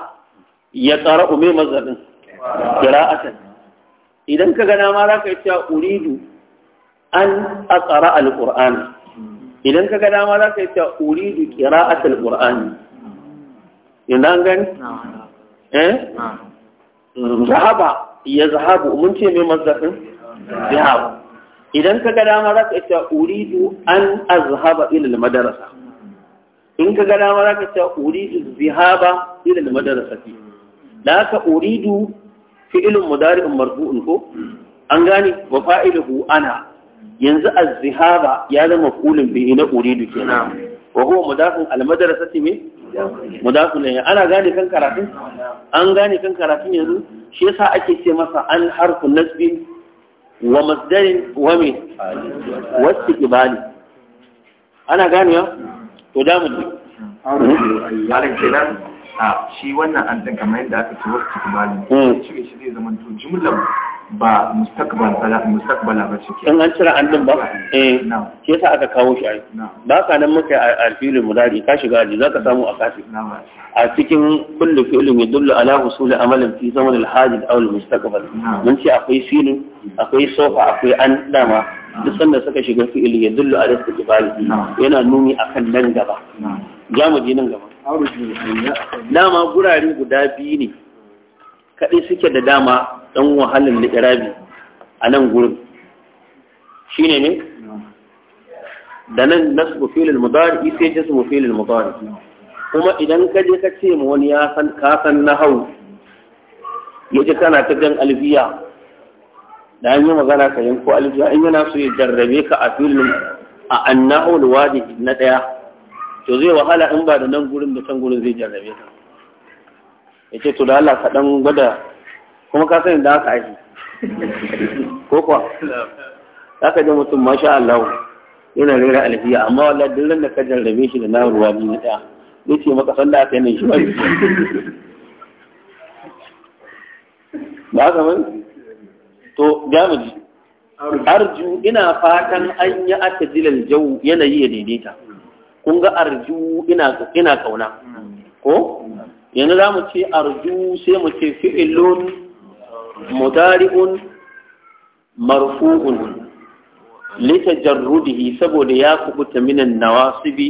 ya qara'u mai mazdar din qira'atan idan ka gana ma za ka yi cewa uridu an aqra Alƙur'ani. idan ka gana ma za ka yi cewa uridu qira'at alqur'ani yanzu an gani eh zahaba ya zahabu mun ce mai mazdafin zahabu idan ka ga dama za ka ce uridu an azhaba ila madarasa in ka ga dama za ka ce uridu zihaba ila madarasa fi da haka uridu in mudari'un in ko an gane wa fa'ilu ana yanzu az-zihaba ya zama kulun bihi na uridu kenan wa huwa mudafun almadrasati me mudafun ne ana gane kan karatun an gane kan karatun yanzu shi yasa ake ce masa an harfu nasbi wa masdarin wa me wa istiqbali ana gane wa to da mu yaran kenan a shi wannan an din kamar yadda aka ce wasu istiqbali hmm. shi zai zama to jumlar ba mustaqbal mustaqbala ba shi ke. an cire an din ba eh Ke sa aka kawo shi ai ba ka nan muka alfilu mudari ka shiga aji zaka samu a kafi a cikin kullu fi'lin yadullu ala husul amalin fi zaman al-hadid aw al mun ce akwai filin akwai sofa akwai an dama duk sanda suka shiga ya yadullu ala istiqbal yana nuni akan nan gaba za mu je nan gaba dama gurare guda biyu ne kaɗai suke da dama ɗan wahalin liƙirabi a nan gurin shi ne ne da nan nasbu filin mudari sai jismu filin mudari kuma idan ka je ka ce ma wani ya san ka san hau. ya ji kana ta jan albiya da an yi magana ka yanko albiya in yana so ya jarrabe ka a filin a annahu alwadi na ɗaya to zai wahala in ba da nan gurin da can gurin zai jarrabe ka ya ce to da Allah ka dan gwada kuma ka sani da haka aiki ko kuwa za ka ji mutum masha Allah yana rera alfiya amma wallah duk da ka jarrabe shi da na ruwa biyu na ɗaya zai ce maka sanda aka yanayin shi bari ba ka bane to jami'i arju ina fatan an yi atajilal jau yanayi ya daidaita kun ga arju ina ina kauna ko yanzu za mu ce arju sai mu ce fi'ilun mudari'un marfu'un litajarrudihi saboda ya kubuta minan nawasibi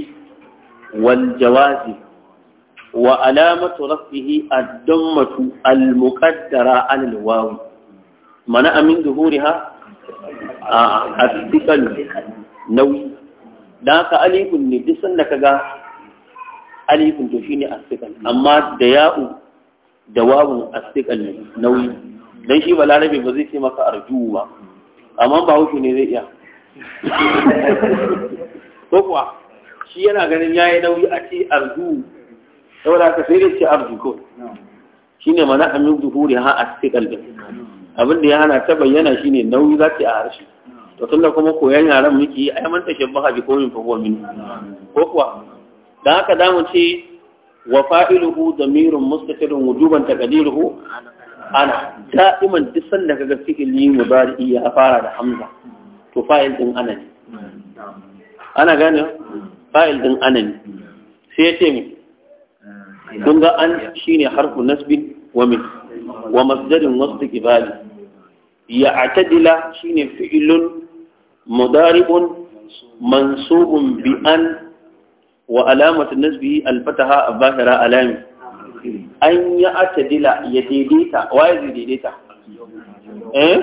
wal waljawazi. wa alamatu rafihi ad-dammatu al-muqaddara 'ala al-waw mana amin zuhuriha a at-tikal da ka alifun ne duk sanda ga. alifin to shine astikal amma da ya'u da wawun astikal ne nauyi dan shi balarabe ba zai ce maka arju ba amma ba haushi ne zai iya ko kuwa shi yana ganin yayi nauyi a ce arjuwu saboda ka sai dai ce arju ko shine mana amin zuhuri ha astikal din abin da ya hana ta bayyana shine nauyi zaki a harshe to tunda kuma koyan yaran muke ai man tashabbaha bi qawmin fa huwa min ko kuwa da haka za mu ce wa fa'iluhu damirun mustatirun wujuban taqdiruhu ana da'iman duk sanda kaga fi'ili mudari ya fara da hamza to fa'il ɗin ana ne ana gane fa'il ɗin ana ne sai ya ce mi kun ga an shine harfu nasbin wa min wa masdarin wasu ibali ya atadila shine fi'ilun mudari'un mansubun bi an wa alamatu nasbi alfataha abahira alami an ya atadila ya daidaita waye zai daidaita eh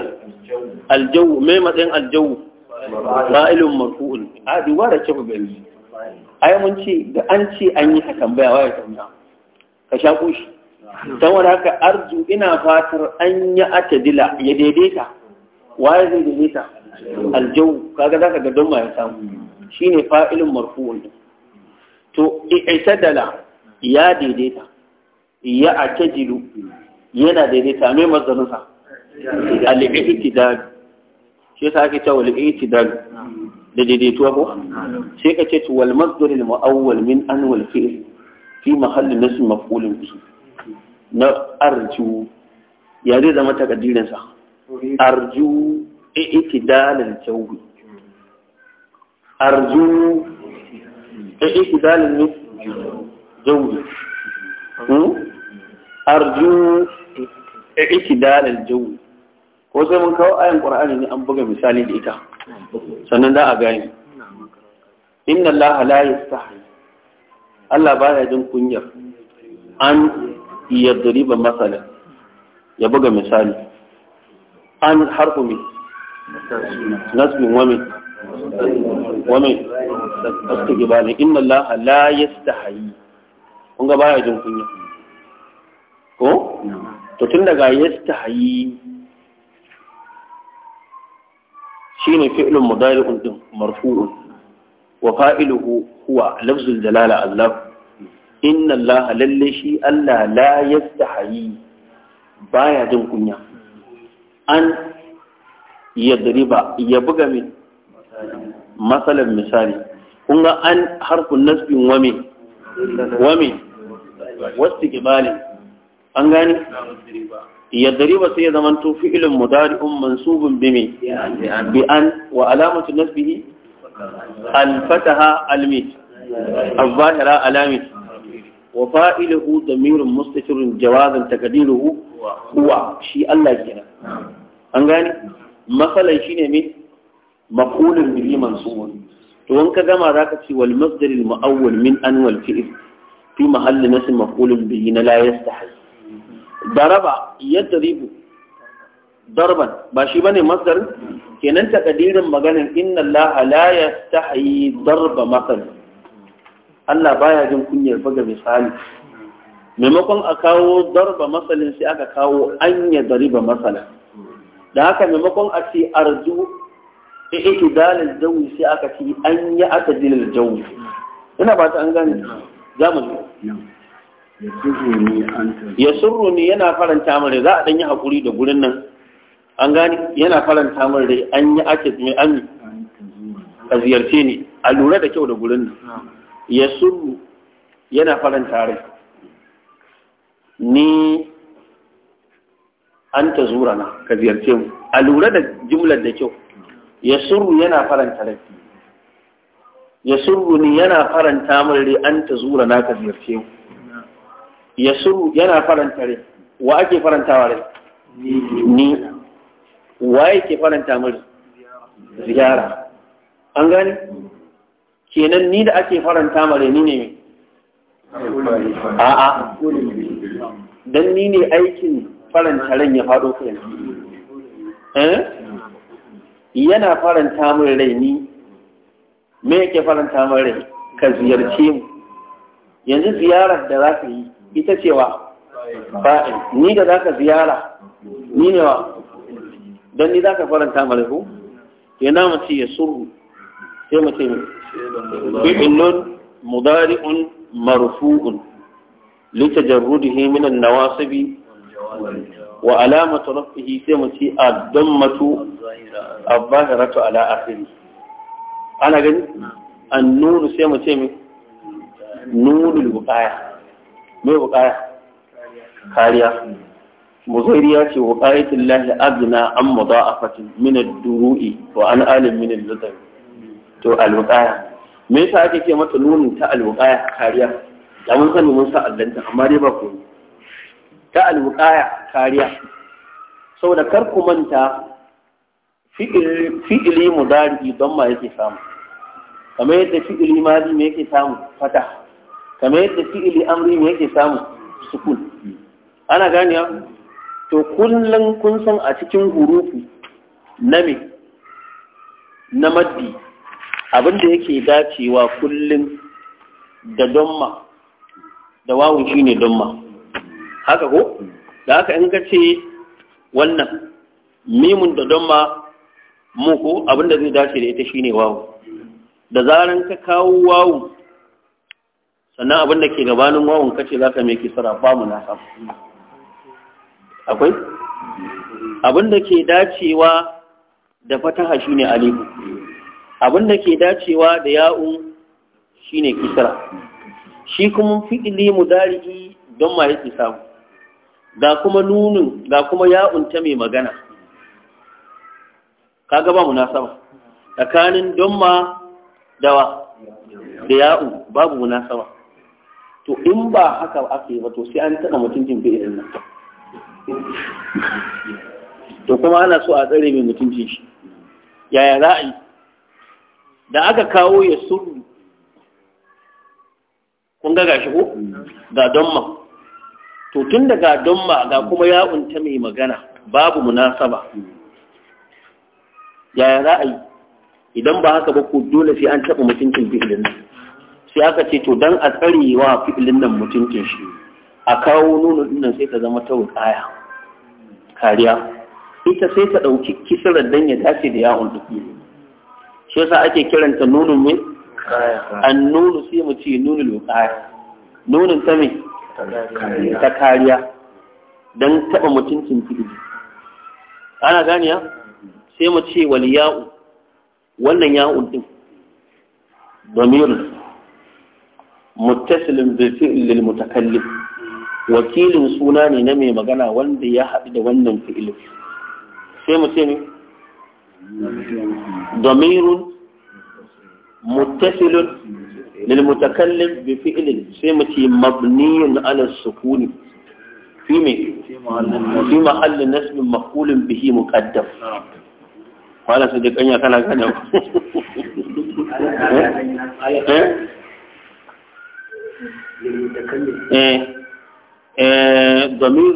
aljawu mai matsayin aljawu fa'ilun marfu'un a duba da ce bai ai mun ce da an ce an yi ka tambaya waye tambaya ka sha kushi dan wani haka arju ina fatar an ya atadila ya daidaita waye zai daidaita aljawu kaga zaka ga don ma ya samu shine fa'ilun marfu'un to i'tadala ya daidaita ya atajilu yana daidaita mai mazdarin sa al-i'tidal shi yasa ake cewa al-i'tidal da daidaituwa ko sai ka ce to wal masdar al mu'awwal min an wal fi'l fi mahalli nasb maf'ul bihi na arju ya zai zama takaddirin sa arju i'tidal al jawi arju ايه إدال جوي أرجو اعتدال الجو ko sai mun kawo ayan qur'ani ne an buga misali da ita sannan za a gani inna allah la yastahi allah baya jin kunyar an yadriba matsala. ya buga misali an harfu mi nasbin wa min wani aska giba ne inna Allah la yastahi kun ga baya jin kunya ko to tun daga yastahi shine fi'lun mudari'un din marfu'un wa fa'iluhu huwa lafzul dalala Allah inna Allah lalle shi Allah la yastahi baya jin kunya an yadriba ya buga min masalan misali kun ga an harfin nasbin wame wame wasu gibalin an gani Yadda riba sai ya zama to fi'ilin mudari'un mansubun bime bi an wa alamatu nasbihi alfataha almi al-zahira alami wa da damirun mustatirun jawazan takadiruhu huwa shi Allah kenan an gani masalan shine me maqulun bihi mansubun to in ka gama zaka ce wal masdar al muawwal min an wal fi'l fi mahalli nasb makulin bihi na la yastahi daraba yadribu darban ba shi bane masdar kenan takadirin maganin inna allaha la yastahi darba masal Allah baya jin kunyar buga misali maimakon a kawo darba masalin sai aka kawo anya dariba masala da haka maimakon a ce arju dalil jawi sai aka ci an yi dalil jawi ina ba ta an gane zamani ya surru ne yana faranta mare za a dan yi hakuri da gurin nan an gane yana faranta mare an yi aka mai an a ziyarce ni, a lura da kyau da gurin nan ya surru yana faranta rai ni an ta zura na ka ziyarce mu a lura da jimlar da kyau ya surru yana faranta rafi ya surru ni yana faranta min rai an ta zura na ka ziyarce ku ya surru yana faranta rai wa ake farantawa rai ni wa yake faranta min ziyara an gani. kenan ni da ake faranta mare ni ne a'a Don ni ne aikin faranta ran ya faɗo kai eh yana faranta min rai ni me yake faranta min rai ka ziyarce mu yanzu ziyarar da za ka yi ita cewa ba'in ni da za ka ziyara ni ne wa don ni za ka faranta min rai ko na mace ya suru sai mace mai fi'ilun mudari'un marfu'un litajarrudihi min an-nawasibi wa alamatu rafihi sai mu ci ad-dammatu az-zahiratu ala akhiri ana gani an-nuru sai mu ce nurul buqaya me buqaya kariya muzairi ya ce wa qayatul lahi abna am mudaafatin min ad-duru'i wa an alim min al-ladab to al-buqaya me yasa ake ce mata nunin ta al-buqaya kariya da mun sani mun sa allanta amma dai ba komai ta alwuqaya kariya da kar ku manta fi'ili mudari don ma yake samu kamar yadda fi'ili madi mai yake samu fata kamar yadda fi'ili amri me yake samu sukun ana gani to kullum kun san a cikin hurufu na me na maddi abinda yake dacewa kullum da donma da wawun shine donma haka ko da haka in ka ce wannan mimun da don ma muku, abinda zai dace da ita shine wawu da zaran ka kawo wawu sannan abinda ke gabanin wawun ka ce za ka mai kisara ba mu sam akwai abinda ke dacewa da fataha shine alihu abinda ke dacewa da ya'un shine kisara shi kuma fi'ili mudari'i don ma yake samu ga kuma nunin ga kuma ya'un ta mai magana kaga ba munasaba tsakanin damma dawa da ya'un babu munasaba to in ba haka ake ba to sai an taɓa mutuncin fi'ilin nan to kuma ana so a tsare mai mutuncin shi yaya za a yi da aka kawo ya suru kun ga shi ko ga don man to tun daga don ma ga kuma ya'un ta mai magana babu munasaba yaya za a yi idan ba haka ba ku dole sai an taɓa mutuncin fi'ilin nan sai aka ce to dan a tsarewa fi'ilin nan mutuncin shi a kawo nuna dinnan sai ta zama ta wukaya kariya ita sai ta ɗauki kisirar dan ya dace da yawon duki shi yasa ake kiranta nunun mai an nunu sai mu ce nunul wukaya nunun ta mai ta kariya don taɓa mutuncin kirji ana ganiya sai mu ce wal ya'u wannan ya'u ɗin domin mutasilin bil fi'l wakilin suna ne na mai magana wanda ya haɗu da wannan fi'ilin sai mu ce ne domin متصل للمتكلم بفعل سمتي مبني على السكون في في محل نسب مفعول به مقدم قال صديق أن يكون هذا ضمير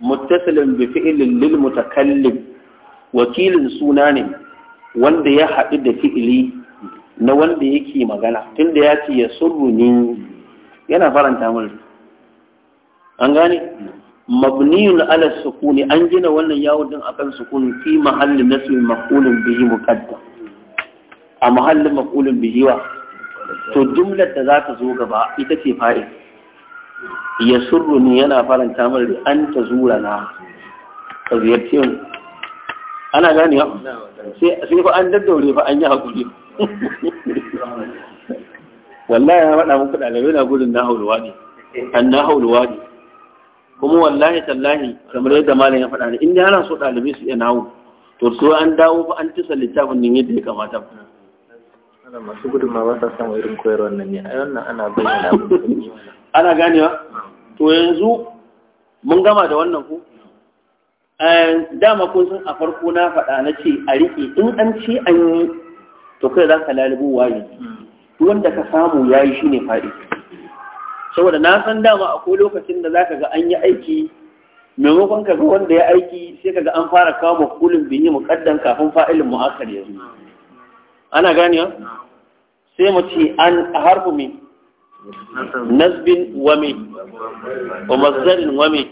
متصل بفعل للمتكلم وكيل سنان wanda ya حقيقة فعلي na wanda yake magana tunda ya ce ya surru ni yana faranta mul an gane mabniyun ala sukuni an gina wannan yawo din akan sukuni fi mahalli nasmi maqulun bihi muqaddam a mahallin maqulun bihi wa to jumlar da za zo gaba ita ce fa'i ya surruni yana faranta min an ta zura na ka ziyarce ana ganewa sai fa an daddaure fa an yi hakuri. wallahi ya faɗa muku ɗalibai na gudun na hau luwaɗi, an na hau luwaɗi, kuma wallahi tallahi kamar yadda malam ya faɗa ne in ana so ɗalibai su iya nawo to so an dawo fa an tisa littafin nan yadda ya kamata masu gudun ma ba sa son irin koyarwar nan ne ai wannan ana bayyana ana ganewa to yanzu mun gama da wannan ku eh, dama kun san a farko na faɗa na ce a riƙe in an ce an yi to kai za ka lalibu waye duk wanda ka samu yayi shine faɗi saboda na san dama akwai lokacin da zaka ga an yi aiki maimakon ka ga wanda ya aiki sai ka ga an fara kawo makulin bin yi muƙaddan kafin fa'ilin mu'akkar ya zo ana gane sai mu ce an harfu mi. nasbin wa me wa mazdarin wa me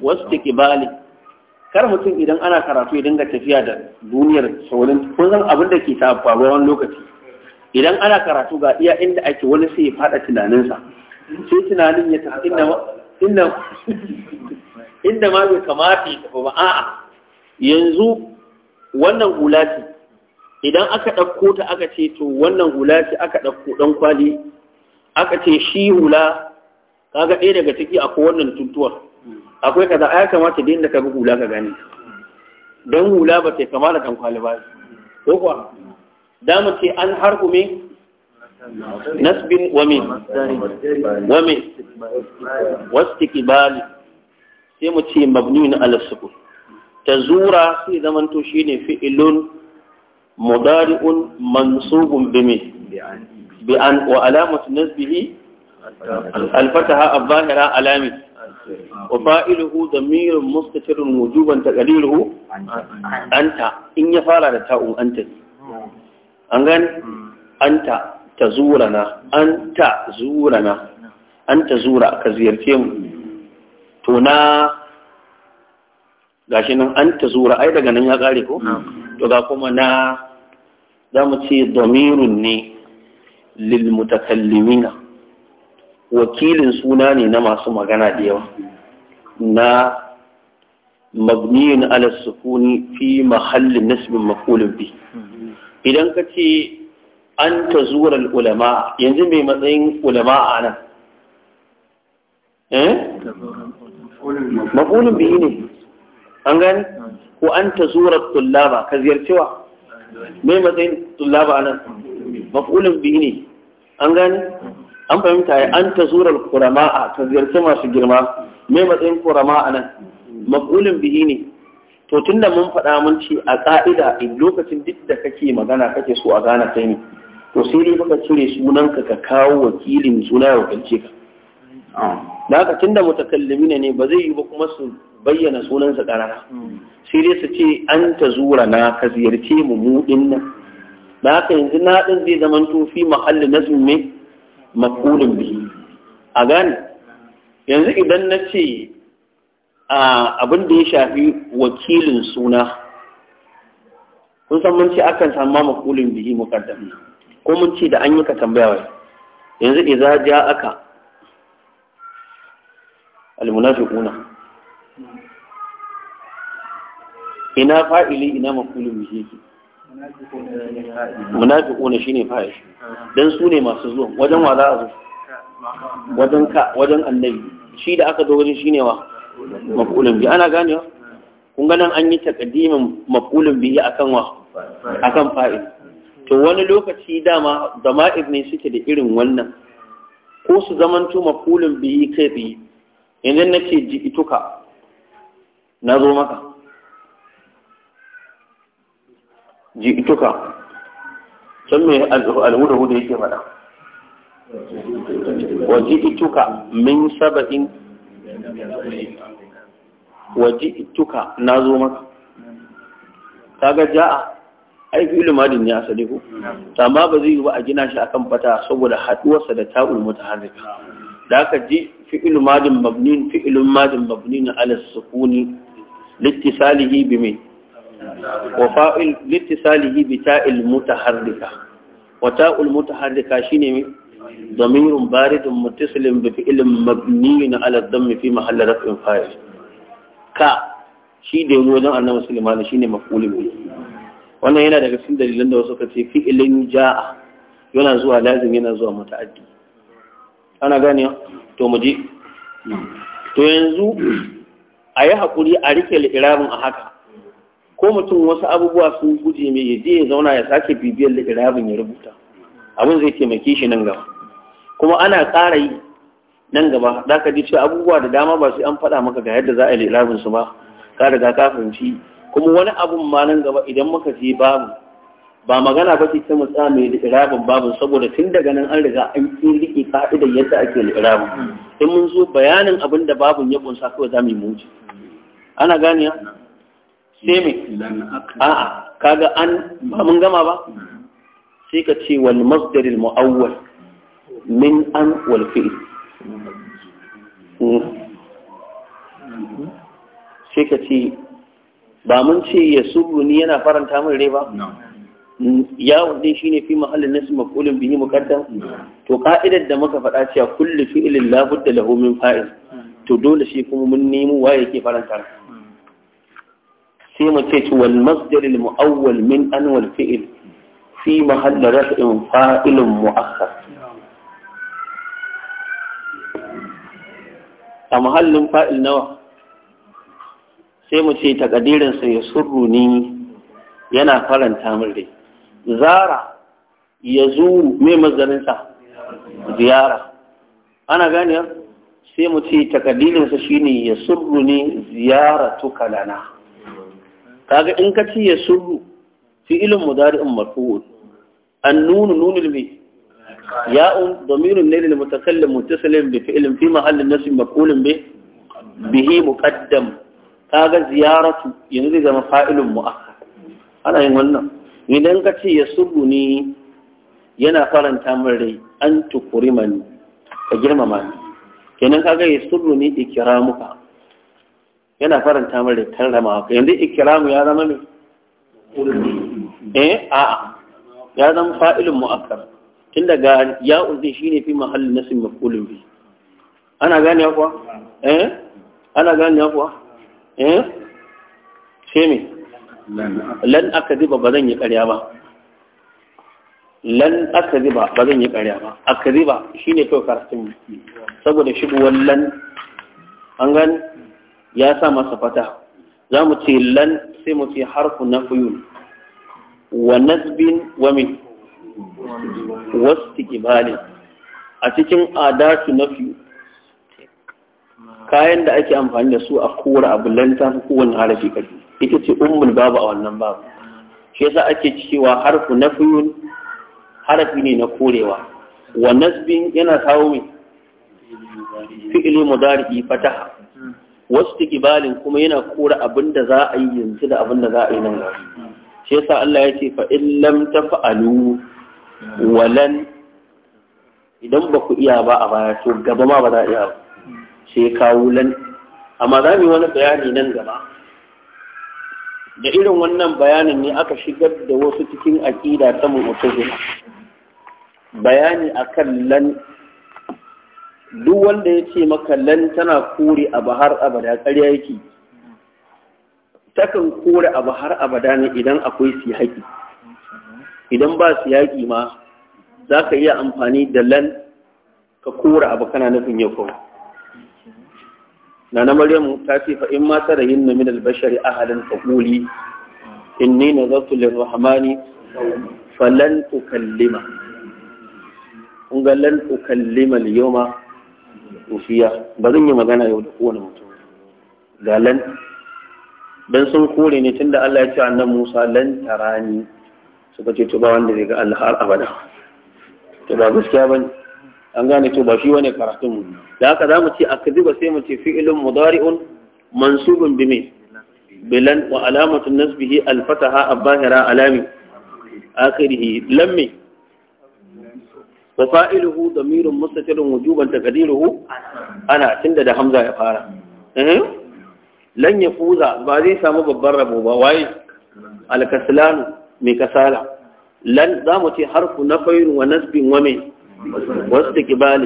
wasu kar mutum idan ana karatu ya dinga tafiya da duniyar saurin kun san abin da ke faruwa wani lokaci idan ana karatu ga iya inda ake wani sai ya fada tunaninsa sai tunanin ya tafi inda inda inda ma bai kamata ya tafi ba a'a yanzu wannan hula ce idan aka ɗauko ta aka ce to wannan hula ce aka ɗauko ɗan kwali aka ce shi hula kaga ɗaya daga ciki akwai wannan tuntuwar akwai kaza ya kamata da inda ka bi hula ka gani. don hula ba ta kama da kan kwali ba ko kuwa da mu ce an harku me nasbin wa me wa me sai mu ce na ala sukun tazura sai zaman to shine fi'ilun mudari'un mansubun bimi bi an wa alamatu nasbihi al-fataha al وفائله ضمير مستتر وجوبا تقديره أنت إن يفعل لتاء أنت أنغن أنت تزورنا أنت زورنا أنت زورا كزيرتهم تنا gashi nan an ta zura ai daga nan ya kare ko to ga kuma na za mu ce domirun ne lil mutakallimina wakilin suna ne na masu magana da yawa na mabniyun ala sukuni fi mahallin nasibin makulun bi idan ka ce an ta zuwar ulama yanzu mai matsayin ulama a nan eh? makulun biyu ne an gani ko an ta zuwar tullaba ka ziyarcewa mai matsayin tullaba a nan makulun biyu ne an gani an fahimta ya an ta zurar kurama'a ta ziyarci masu girma mai matsayin kurama a nan Maƙulin bihi ne to tun da mun faɗa mun ce a ƙa'ida in lokacin duk da kake magana kake so a gana kai ne to sai dai baka cire sunanka ka kawo wakilin suna ya wakilce ka da haka da mutakallimina ne ba zai yi ba kuma su bayyana sunansa ƙarara sai dai su ce an ta zura na ka ziyarce mu mu nan da haka yanzu na ɗin zai zama tufi mahallin nazmi mafulin bihi a gane yanzu idan na ce abin da ya shafi wakilin suna kun san mun ce akan samu mafulin bihi muqaddam ko mun ce da an yi ka tambaya wai yanzu idza ja aka almunafiquna ina fa'ili ina mafulin bihi yake munafiquna shine fahish dan su ne masu zuwa wajen wa za a zo wajen ka wajen annabi shi da aka zo wajen shine wa maf'ulun bi ana gane kun ga nan an yi takaddimin maf'ulun bi akan wa akan fa'il to wani lokaci dama dama'ir ne suke da irin wannan ko su zamanto maf'ulun bi kai tsaye idan nace ji ituka na zo maka ji'tuka san me alhuda huda yake faɗa wa ji'tuka min saba'in wa ji'tuka nazo maka kaga ja'a ai fi ilmadin ya asali ko ma ba zai yi ba a gina shi akan fata saboda haduwarsa da ta'ul mutaharrika da aka ji fi ilmadin mabnin fi ilmadin mabnin ala sukuni littisalihi bi mai وفاء لاتصاله بتاء المتحركة وتاء المتحركة شيني ضمير بارد متصل بفعل مبني على الضم في محل رفع فاعل كا shi da yanzu wajen annabi sulaiman shine maf'ul bihi wannan yana daga cikin dalilan da wasu kace fi'ilin ja'a yana zuwa lazim yana zuwa muta'addi ana gane to mu ji to yanzu a yi haƙuri a rike li'irabin a haka ko mutum wasu abubuwa sun guje mai ya je ya zauna ya sake bibiyar littafin ya rubuta abin zai taimake shi nan gaba kuma ana ƙara yi nan gaba za ka ji abubuwa da dama ba sai an faɗa maka ga yadda za a yi littafin su ba ka riga ka fahimci kuma wani abun ma nan gaba idan muka je babu ba magana ba ce ta mutsa mai irabin babu saboda tun daga nan an riga an yi riƙe ka'idar yadda ake liƙirabin in mun zo bayanin abin da babun ya ƙunsa kawai za mu yi muji ana gane sai me a'a kaga an ba mun gama ba sai ka ce wal masdar al muawwal min an wal fi'l hmm. sai ka ce ba mun ce ya ni yana faranta min rai ba hmm, yawon shi shine fi mahallin nasu makulin bihi muqaddam to ka'idar da muka faɗa cewa kullu fi'lin labudda lahumin fa'il hmm. to dole shi kuma mun nemo waye yake faranta sai mu ce ci wal masdar muawwal min an wal fi'l fi mahall raf'in fa'ilun mu'akhkhar a mahallin fa'il nawa sai mu ce takadirin sa yasurru ni yana faranta min rai zara yazuru me mazdarin sa ziyara ana ganiyar? sai mu ce takadirin sa shine yasurru ni ziyaratuka lana kaga in ka ci ya surru fi'ilun mudari'un marfu'un an nunu nunul ya ya'un damirun ne lil mutakallim muttasilin bi fi'ilin fi mahallin nasi maf'ulun bi bihi muqaddam kaga ziyaratu yanzu zai zama fa'ilun mu'akkar ana yin wannan idan ka ce ya surru ni yana faranta min rai an tukurima ka girmama ni kenan kaga ya surru ni ikramuka yana faranta mai da karrama haka yanzu ikiramu ya zama ne eh a'a ya zama fa'ilun mu'akkar tun daga ya shi shine fi mahallin nasin maf'ulun bi ana gane kuwa eh ana gane kuwa eh sai me lan akadiba ba zan yi ƙarya ba lan akadiba ba zan yi ƙarya ba akadiba shine kawai karatun saboda shigowar lan an gane ya sa masa fata za mu ce lan sai mu ce harfu na fuyun wa nasbin wa min wasu kibalin a cikin adatu na fiyu kayan da ake amfani da su a kowar abu lanta ta fi kowane harafi ƙarfi ita ce umul babu a wannan babu shi yasa ake cewa harfu na fuyun harafi ne na korewa wa nasbin yana kawo mai fi'ili mudari'i fataha wasu ibalin kuma yana kora abin da za a yi yanzu da abin da za a yi nan gari shi yasa Allah ya ce fa in lam tafa'alu walan idan ba ku iya ba a baya to gaba ma ba za a iya ba sai kawo lan amma za mu yi wani bayani nan gaba da irin wannan bayanin ne aka shigar da wasu cikin aƙida ta mu'tazila bayani akan lan duk wanda ya ce maka lan tana kore abu har abada ƙarya yake takan kore abu har abada ne idan akwai siyaki idan ba siyaki ma za ka iya amfani da lan ka kore abu kana nufin ya kore na na maryamu ta ce fa in mata da yin min albashari in fa na inni nazartu rahmani falan ukallima kun lan ukallima al-yawma ufiya ba zan yi magana yau da kowane mutum Ga lan don sun kore ne tunda Allah ya ce annan Musa lan tarani suka ce to ba wanda zai ga Allah har abada to ba gaskiya bane an gane to ba shi wane karatun mu da haka zamu ce akdiba sai mu ce fi'lun mudari'un mansubun bi bilan wa alamatu nasbihi al-fataha ha Abahira alami akhirih lamme وفائله ضمير مستتر وجوبا تقديره انا تند ده حمزه يا فارا لن يفوز بعدي سامو ببر ربو بواي الكسلان من كسالا لن دامتي حرف نفي ونسب ومن واستقبال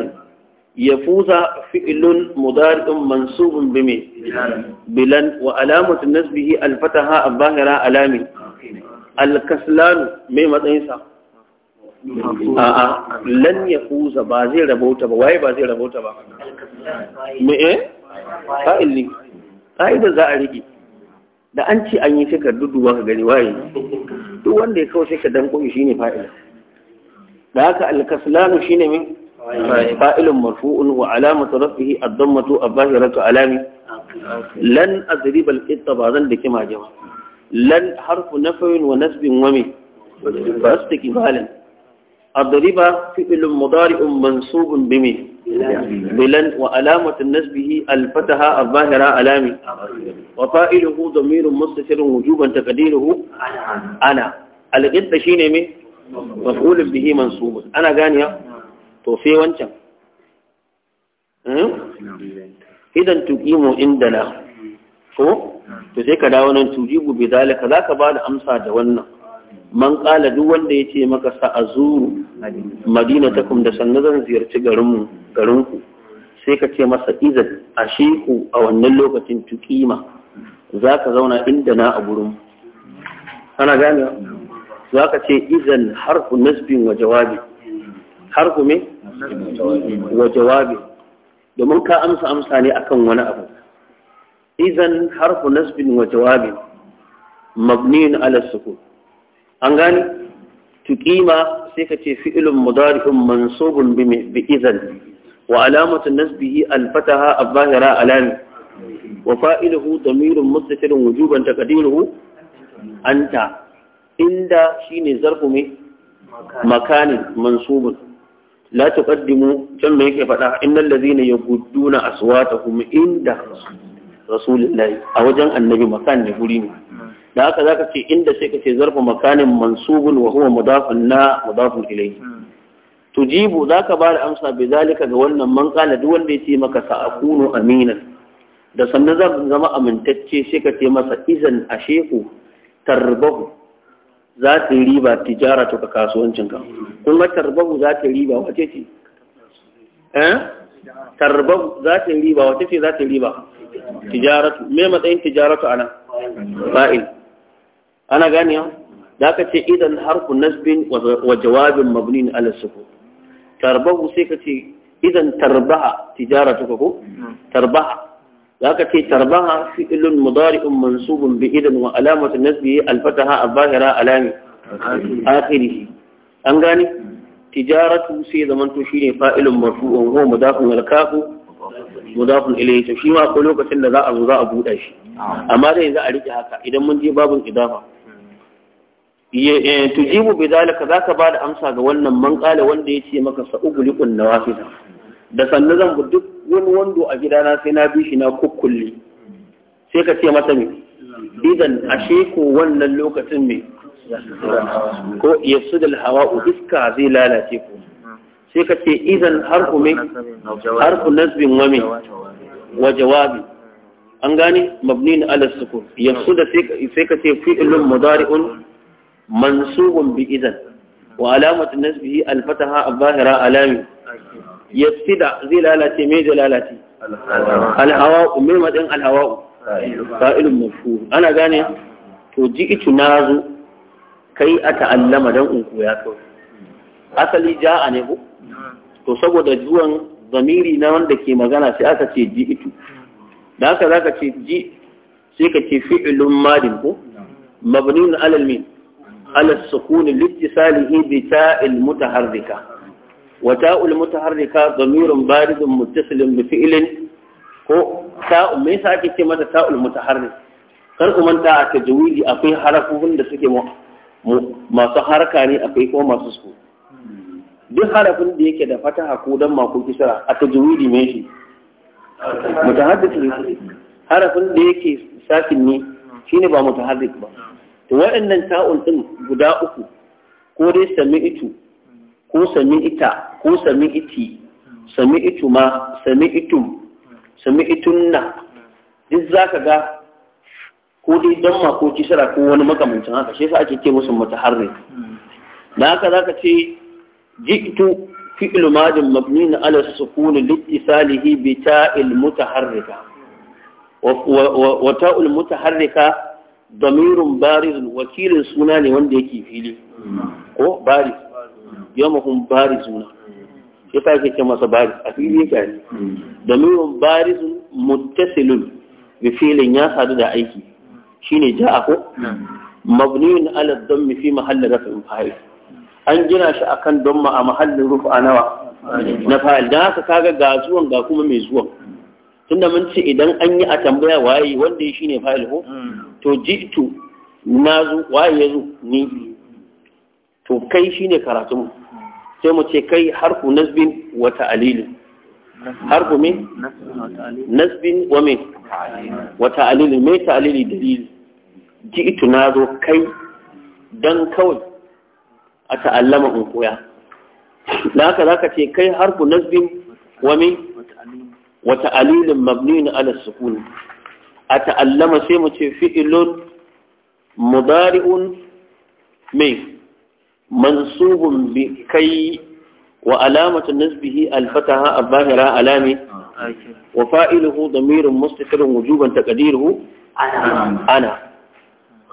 يفوز فعل مضارع منصوب بمي بلن وعلامة نسبه الفتحة الظاهرة علامة الكسلان مي تنسى a'a lan ya fuza ba zai rabauta ba waye ba zai rabauta ba me eh fa'il ne ka'idar za a rike da an ce an yi shi ka duduwa ka gani waye duk wanda ya kawo sai ka danko shi fa'il da haka alkaslanu shine min fa'ilun marfu'un wa alamatu rafihi ad-dammatu abahiratu alami lan azrib al-qitta ba zan dake majama lan harfu nafyin wa nasbin wa min bastiki balan adriba fi'lun mudari'un mansubun bimi bilan wa alamatu nasbihi al-fataha al-zahira alami wa fa'iluhu damirun mustatirun wujuban taqdiruhu ana al-qidda shine me maf'ulun bihi mansubun ana ganiya to sai wancan idan tuqimu indana ko to sai ka dawo nan tujibu zalika zaka ba amsa da wannan man ƙala duk wanda ya ce maka sa'azuru madina ta da sannu zan ziyarci garinmu garinku sai ka ce masa izan a sheku a wannan lokacin tukima za ka zauna inda na a gurin ana gane za ka ce izan harfu nasbin wa jawabi harfu me wa jawabi domin ka amsa amsa ne akan wani abu izan harfu nasbin wa jawabi mabniyin ala sukun an gani tuqima sai ka ce fi'ilun mudari'un mansubun bi izan wa alamatu nasbihi alfataha ha al-zahira alami wa fa'iluhu damirun mustatirun wujuban taqdiruhu anta inda shine zarfu mai makanin mansubun la tuqaddimu can me yake faɗa innal ladhina yaqudduna kuma inda rasulillahi a wajen annabi makan ne guri ne da haka zaka ce inda sai ka ce zarfu makanin mansubun wa huwa mudafun na mudafun ilayhi tujibu zaka ba da amsa bi zalika ga wannan man kana duk wanda yace maka akunu aminan da sannan zan zama amintacce sai ka ce masa izan sheku. tarbahu za ta yi riba tijara to ka kasuwancin ka kuma tarbahu za ta yi riba wace ce eh tarbahu za ta yi riba wace ce za ta yi riba tijaratu me matsayin tijaratu ana fa'il ana ganewa da aka ce idan harfu nasbin wa jawabin mabnin na sukun tarbahu sai ka ce idan tarbaha tijara tuka ko tarbaha za ka ce tarbaha fi'ilun mudari'un mansubun bi idan wa alamatu nasbihi alfataha a Bahira alami akhirihi an gane tijaratu sai zamanto shine fa'ilun marfu'un huwa mudafun wal kafu mudafun ilayhi to shi ma ko lokacin da za a zo za a buɗa shi amma dai yanzu a rike haka idan mun je babun idafa Eh, tujibu bi zalika zaka ba da amsa ga wannan man wanda ya ce maka na nawafil da sannu zan bu duk wani wando a gidana sai na bi shi na kukkulli sai ka ce mata me idan ashe ko wannan lokacin me ko yasudul u iska zai lalace ku sai ka ce idan har me harfu nasbin wa me wa jawabi an gane mabni ala sukun da sai ka ce fi'lun mudari'un mansubun bi idan wa alamatu nasbihi alfataha abahira alami yafsida zai lalace mai da lalace alhawa'u mai matsayin alhawa'u fa'ilun mafhum ana gane to ji itu nazo kai a ta'allama dan in koya kawai asali ja'a ne ko to saboda zuwan zamiri na wanda ke magana sai aka ce ji itu da haka zaka ce ji sai ka ce fi'ilun madin ko mabnun alal min على السكون لاتصاله بتاء المتحركة وتاء المتحركة ضمير بارد متصل بفعل ko me yasa ake ce mata ta'ul mutaharrik kar manta a tajwidi akwai harafofin da suke masu harka ne akwai ko masu su duk harafin da yake da fataha ko dan mako kisra a tajwidi me shi mutaharrik harafin da yake sakin ne shine ba mutaharrik ba to waɗannan ta'un din guda uku ko dai sami itu ko sami ita ko sami iti sami itu ma sami itum sami itunna duk za ka ga ko dai don ko sara ko wani makamancin haka shi yasa ake ce musu harin. da haka zaka ce ji'tu fi'lu madin mabni na ala sukun litisalihi bi ta'il mutaharrika wa ta'ul mutaharrika damirun barizun wakilin suna ne wanda yake fili ko bariz yamahum suna ya sa ke masa bariz a fili ya ne damirun barizun mutasilun bi filin ya sadu da aiki shine ja'a ko mabniyun ala dhammi fi mahalli raf'in fa'il an gina shi akan damma a mahallin rufa nawa na fa'il dan haka kaga ga zuwan ga kuma mai zuwan tunda mun ce idan an yi a tambaya waye wanda ya ne fa'il ko hmm. to jitu na zo waye ya zo ni to kai shine karatun hmm. sai mu ce kai harfu nasbin wa ta'lil harfu me nasbin wa me wa ta'lil me ta'lili dalil jitu na zo kai dan kawai a ta'allama in koya da haka zaka ce kai harfu nasbin wa me wa ta'alilin mabnin ala sukun a ta'allama sai mu ce fi'ilun mudari'un mai mansubun bi kai wa alamatu nasbihi alfataha abahira alami wa fa'iluhu damirun mustaqirun wujuban taqdiruhu ana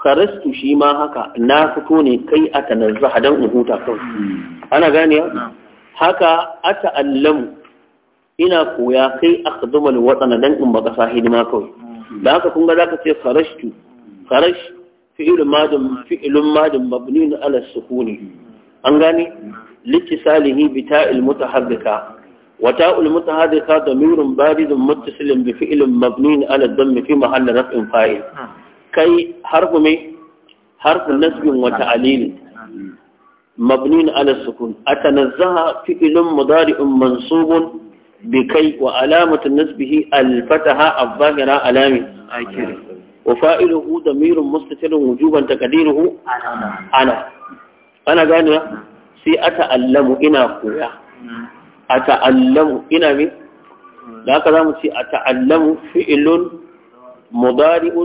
kharastu shi ma haka na fito ne kai a tanazzaha dan uhuta kawai hmm. ana gane haka ata'allamu ina koya kai akhduma alwatana dan in baka sa hidima kawai da haka kun ga zaka ce kharashtu kharash fi'il madin fi'il madin mabni ala sukuni an gane litisalihi bi ta'il mutahaddika wa ta'ul mutahaddika damirun baridun muttasilin bi fi'il mabni ala dammi fi mahalli raf'in fa'il kai harfu me harfu nasbin wa ta'lil مبني على السكون أتنزه فعل مضارع منصوب بكي وعلامة نسبه الفتحة الظاهرة علامة وفائله ضمير مستتر وجوبا تقديره أنا أنا قال سي أتألم إنا قويا أتألم إنا مي لا كلام سي أتألم فعل مضارع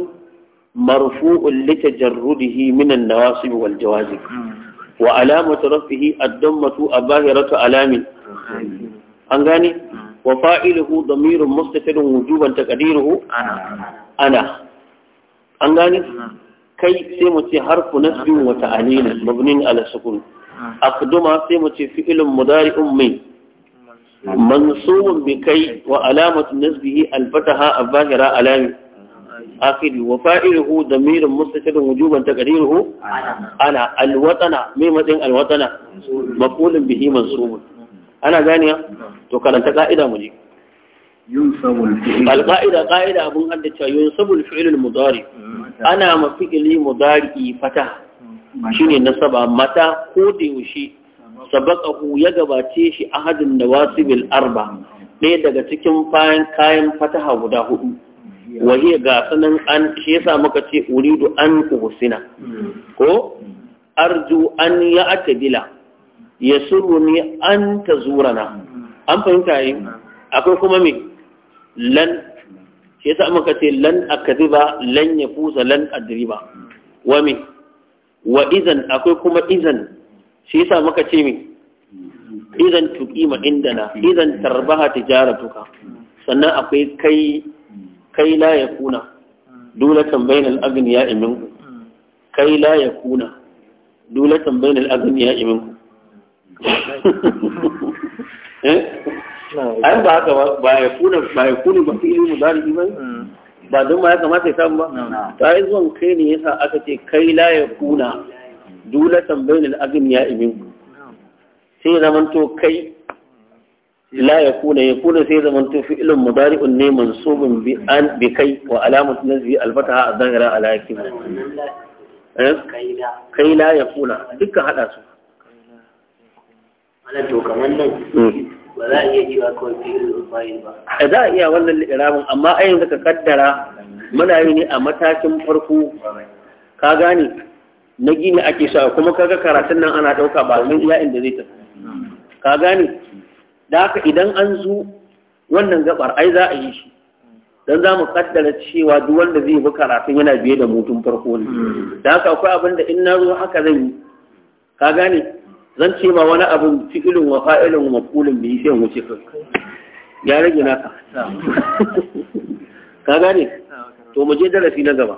مرفوع لتجرده من النواصب والجوازم وعلامة رفعه الضمة الظاهرة علامة an gane Wafa alahu dame don mustace don wujarawu takadiru ana. An gane kai sai mu ci harkunan bin wata alinan babannin al A kuɗuma sai mu ci filin muzari'un mai. Mani tsohon bikai ko alamanta nasibihin alfata Abahira Alami. Wafa alahu dame don mustace don wujarawu ana. Al-wadana, me matsayin al bihi man ana ganiya to karanta ka'ida mu je alƙa'ida ƙa'ida abin haddace yun sabul fi'ilul mudari ana ma fi'ili mudari fata shine nasaba mata ko da yaushe sabaqahu ya gabace shi ahadin nawasibil arba ɗaya daga cikin bayan kayan fataha guda hudu Waye ga sanan an shi yasa muka ce uridu an usina hmm. ko arju an ya'tadila suru ne an ta na an fahimta yi akwai kuma me lan shi yasa amurka ce lan a ba lan ya fusa lan a ba wa me wa izan akwai kuma izan shi yasa maka ce me izan ma inda na. izan tarbaha tuka sannan akwai kai kai la ya Dole dulatan bainal agniya iminku kai la ya Dole dulatan bainal agniya iminku Eh? ai ba haka ba ya kuna ba ya kuna ba fi ilmu da ba ba don ba ya kamata ya samu ba ta yi zuwan kai ne yasa aka ce kai la ya kuna dole tambayin al'agin ya imin sai ya zama to kai la ya kuna ya kuna sai ya zama to fi ilmu mudari'un ne mansubun bi an bi kai wa alamatu nazbi alfataha a zahira ala yakima eh? kai la ya kuna dukkan hada su malam to kamar nan hmm. ba za a iya cewa kawai fi'il ba eh, za a iya wannan irabin amma a yanzu ka kaddara muna yi ne a matakin farko ka gane na gini ake sa kuma kaga karatun nan ana ɗauka ba mun iya inda zai tafi ka gane da haka idan an zo wannan gabar ai za a yi shi don za mu kaddara cewa duk wanda zai bi karatun yana biye da mutum farko ne hmm. da haka akwai abin da in na zo haka zan yi ka gane zan ce ma wani abin fi'ilin wa fa'ilin wa kulun bi sai wuce ka ya rage naka ka gane to mu je darasi na gaba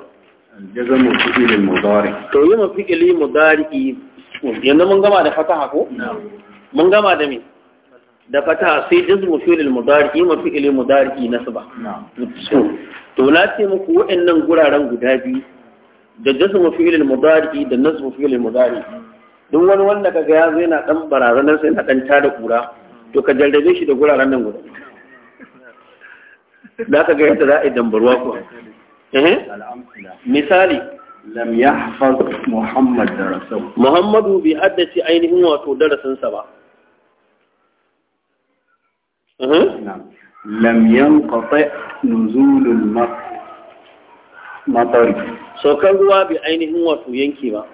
jazamu fi'ilin mudari to yi ma fi'ili mudari yanzu mun gama da fataha ko mun gama da me da fataha sai jazmu fi'ilin mudari yi ma fi'ilin mudari nasba to na ce muku waɗannan guraren guda biyu da jazmu fi'ilin mudari da nasbu fi'ilin mudari duk wani wanda kaga ya zo yana dan barazanar sai yana dan tada kura to ka jarrabe shi da guraren nan guda da ka ga yadda za a yi dambarwa kuwa misali lam yahfaz muhammad darasau. muhammadu bi haddace ainihin wato darasinsa ba lam yanqati nuzulul matar saukar ruwa bi ainihin wato yanki ba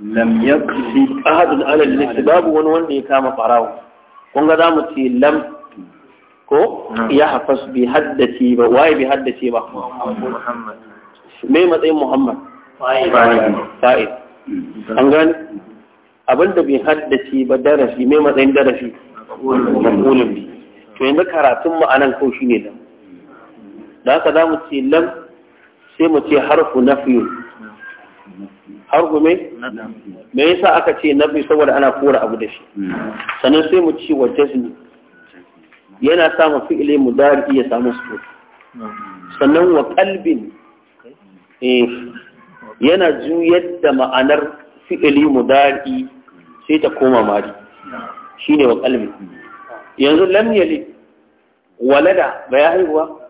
lam yakfi ahadun ala lillahi babu wani wanda ya kama farawo kun ga zamu ce lam ko ya hafas bi haddace ba waye bi haddace ba me matsayin muhammad sa'id an gani abinda bi haddace ba darasi me matsayin darasi maqulun bi to yanzu karatun mu ko kawai shine lam da haka zamu ce lam sai mu ce harfu nafiyun har gume me yasa aka ce nabi saboda ana kora abu da shi sannan sai mu ci wa jazmi yana samu fi'ile dari ya samu su sannan wa kalbin eh, yana juyar da ma'anar mu dari sai ta koma mari shine wa kalbin yanzu lam yali walada ba ya haihuwa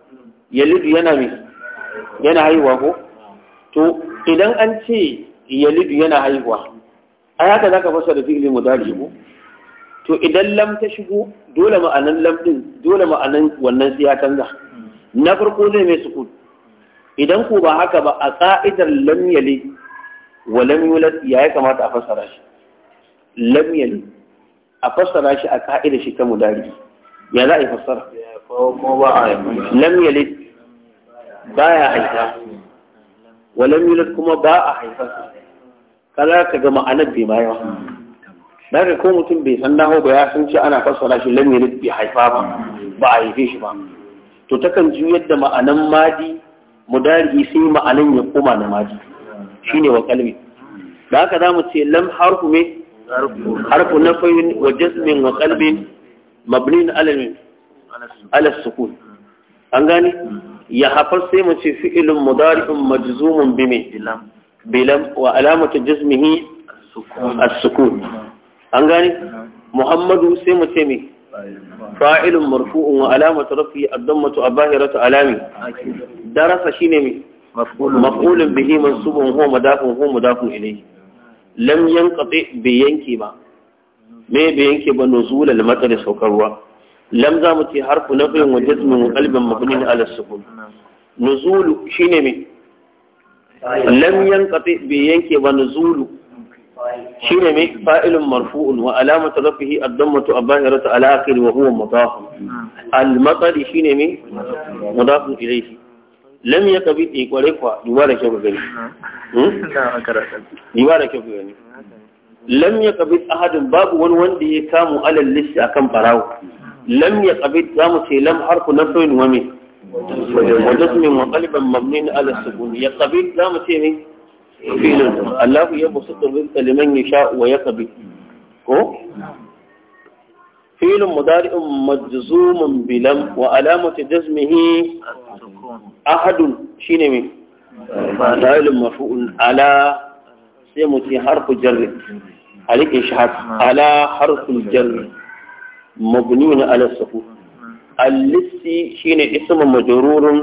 yalidu yana mai yana haihuwa ko to idan an ce yalidu yana haihuwa a haka za ka fasa da fi'ili mudari ko to idan lam ta shigo dole ma'anan lam din dole ma'anan wannan sai ya canza na farko zai mai sukun idan ko ba haka ba a ka'idar lam yali wa lam yulad ya ya kamata a fassara shi lam yali a fassara shi a ka'idar shi ta mudari ya za a yi fassara lam yali baya haifa walam yulad kuma ba a haifa kaza ka ga ma'anar bai ma yawa daga ko mutum bai san naho ba ya san ce ana fassara shi lam yulad bai haifa ba ba a haife shi ba to takan ji yadda ma'anan madi mudari sai ma'anan ya koma na madi shine wa kalbi da haka zamu ce lam harfu me harfu nafayin wa jazmin wa qalbin mabnin ala ala sukun an gane ya hafar sai mu ce fi'ilun mudari'un bi mai, bilam wa alamata jizmihi a sukun an gane muhammadu sai mu ce fa’ilin marfu'un wa alamata rafi ad a abahiratu alami darasa ne mai. maf'ulun bihi mansubun huwa madafun ho mudafun ilai lam yanqati bai yanke ba me bai yanke ba nuzulal matsari saukar saukarwa? lam za mu ce harfu na fiyin wajen min kalbin mabnin na sukun nuzulu shi ne me lam yanqati bai yanke ba nuzulu Shi ne me fa'ilun marfu'un wa alamatu rafihi ad-dammatu abahiratu ala akhir wa huwa mudaf al shi ne me mudaf ilayhi lam yaqbi ti kware kwa duba da kyau gani duba da kyau gani lam ya qabid ahadin babu wani wanda ya kamu alal lishi akan barawo lam ya qabid zamu ce lam harfu nafin wa min wa jazmin wa qalban mabnin ala sukun ya qabid zamu ce ne Allahu ya rizqa liman yasha wa ya ko sai mu ce harfu jarri a rike shi haka ala harfu jarri mabniyun ala sufu al shine ismun majrurun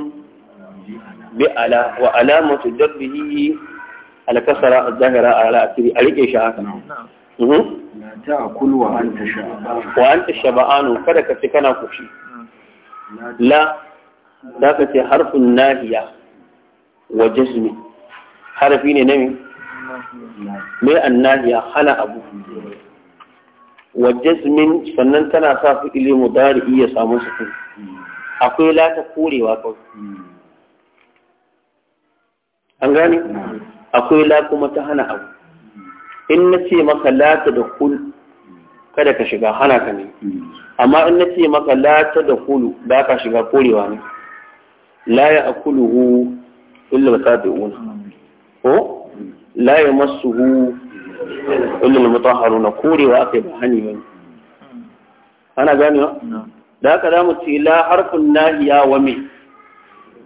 bi ala wa alamatu jarrihi al-kasra az-zahira ala akiri a rike shi haka mhm. ta'kul wa anta shaba'an wa anta shaba'an kada ka ce kana kushi la Za ka ce harfin nahiya wa jazmi harfi ne na min? mai annahiya hana abu wa jazmin sannan tana sa su mu dari iya samu ku. akwai lata korewa kawai an gane akwai la kuma ta hana abu in na ce maka lata da kul kada ka shiga hana ka ne amma in na ce maka lata da kulu ba ka shiga korewa ne la ya akuluhu illa ba ta ko لا يمسه إلا المطهرون نقول واقب هنيا أنا جاني نعم. لا كلام لا حرف الناهية ومي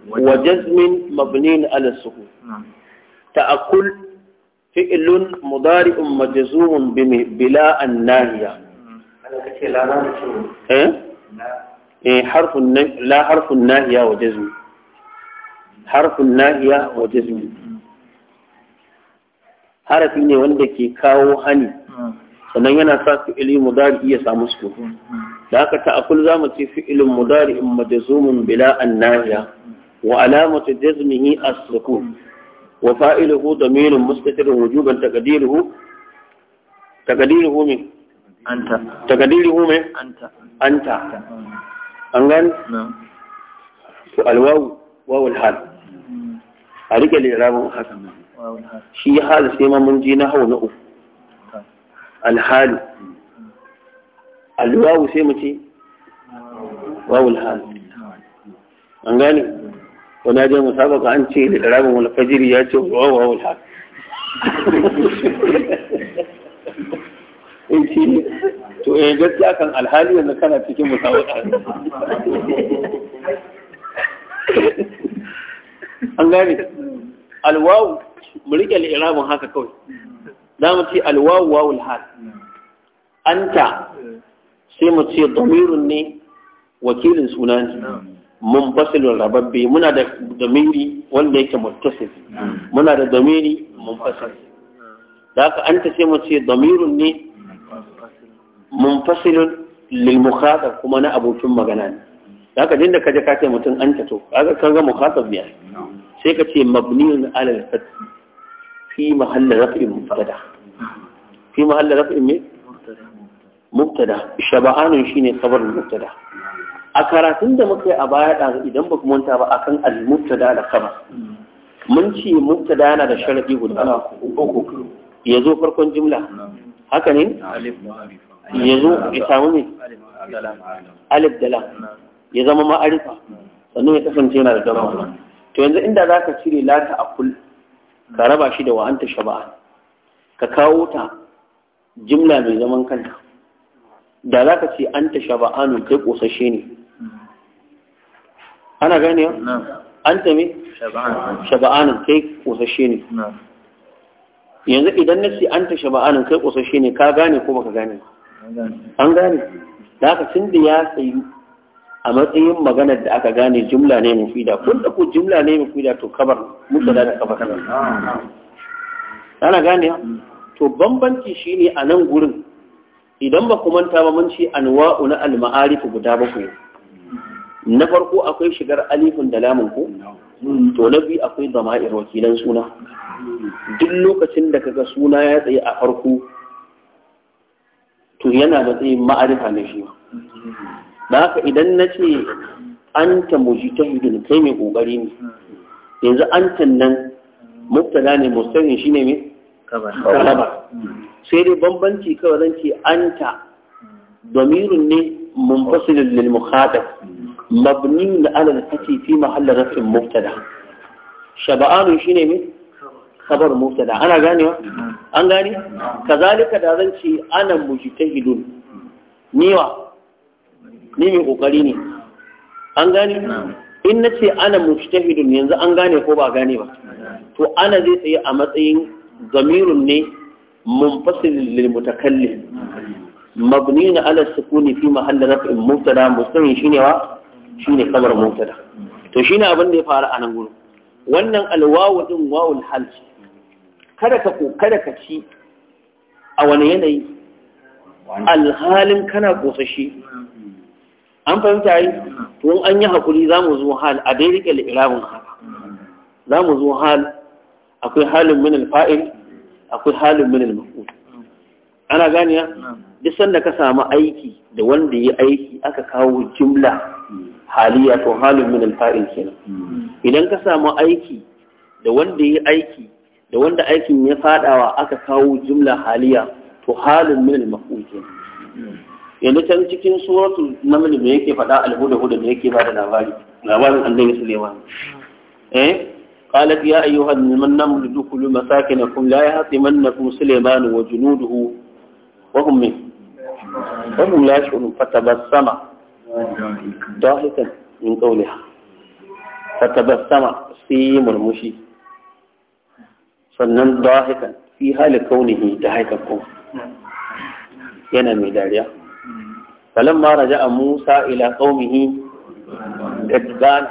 وجزم مبني على السهول نعم. تأكل فئل مضارع مجزوم بلا الناهية ايه حرف لا حرف الناهية وجزم حرف الناهية وجزم harafi ne wanda ke kawo hani sannan yana sa fi'ili mudari iya samu su da haka za mu ce fi'ilin mudari in majazumin bila nahiya. wa alamatu jazmihi as-sukun wa fa'iluhu damirun mustatirun wujuban taqdiruhu taqdiruhu min anta taqdiruhu min anta anta an gan to alwawu wawul hal a rike liramin hasan shi hal sai ma mun je na hau na uku alhalu alwawu sai mu ce wawul hal an gane wani ya je musabaka an ce da rabin wani fajiri ya ce wawul hal <laughs> in ce to eh gaskiya kan alhali yanzu kana cikin musabaka <laughs> an gane alwawu mu riƙe al'iramun haka kawai za mu ce alwawu wawul hal anta sai mu ce damirun ne wakilin suna ne mun fasilin rababbe muna da damiri wanda yake mutasir muna da damiri mun fasil da haka anta sai mu ce damirun ne mun fasilin lilmukhata kuma na abokin magana ne da haka dinda kaje ka ce mutum anta to kaga kan ga mukhatab biya sai ka ce mabniyun alal fath في محل رفع مبتدا في محل رفع مبتدا شبعان شيني خبر المبتدا a karatun da muka yi a baya ɗazu idan ba manta ba akan al-mubtada da khabar mun ce mubtada yana da sharadi guda uku ya zo farkon jimla haka ne ya zo ya samu ne alif da lam ya zama ma'arifa sannan ya kasance yana da dama to yanzu inda za ka cire lata a kullum ka raba shi da wa'anta shaba'an ka kawo ta jimla mai zaman kanta da za ka ce anta shaba'anu kai ƙosashe ne ana gane anta me shaba'anun kai ƙosashe ne yanzu idan na ce anta shaba'anun kai ƙosashe ne ka gane ko baka gane an gane da ka tun da ya tsayi a matsayin maganar da aka gane jumla ne fida, kun da ku jumla ne fida to kabar musa da kafa kabar ana gane to bambanci shine a nan gurin idan ba ku manta ba mun ci anwa'u na al-ma'arif guda bakwai na farko akwai shigar alifin da lamun ku to na biyu akwai zama'ir wakilan suna duk lokacin da kaga suna ya tsaye a farko to yana matsayin ma'arifa ne shi da haka idan na ce an ta mujtahidin kai mai kokari ne yanzu an ta nan mubtada ne mustahin shine me kalaba sai dai bambanci kawai zan ce an ta damirun ne munfasilin lil mukhatab mabni ala al-fati fi mahall rafin mubtada shaba'anun shine me khabar mubtada ana gane wa? an gane kazalika da zan ce ana mujtahidun niwa ni mai kokari ne an gane in na ce ana mujtahidun yanzu an gane ko ba gane ba to ana zai tsaye a matsayin zamirun ne munfasil lil mutakallim mabni na ala sukuni fi mahallin rafin mubtada mustahin shine wa shine kamar mubtada to shine abin da ya faru a nan gurin wannan alwawu din wawul hal kada ka ko kada ka ci a wani yanayi alhalin kana kosashi an fahimta yi tun an yi haƙuri za mu zo hal a dai rike li'irabin haka za mu zo hal akwai halin min alfa'il akwai halin min almaf'ul ana gani ya duk sanda ka samu aiki da wanda ya aiki aka kawo jumla haliya to halin min alfa'il kenan hmm. idan ka samu aiki da wanda ya aiki da wanda aikin ya fadawa aka kawo jumla haliya to halin min almaf'ul kenan hmm. yanzu can cikin suratul naml me yake faɗa alhuda huda me yake bada labari labarin annabi sulaiman. eh قالت يا أيها النمل ادخلوا مساكنكم لا يهاطمنكم سليمان وجنوده وهم من وهم لا يشعرون فتبسم ضاحكا من قولها فتبسم في murmushi, sannan ضاحكا في حال كونه ضاحكا yana mai dariya فلما رجع موسى إلى قومه غضبان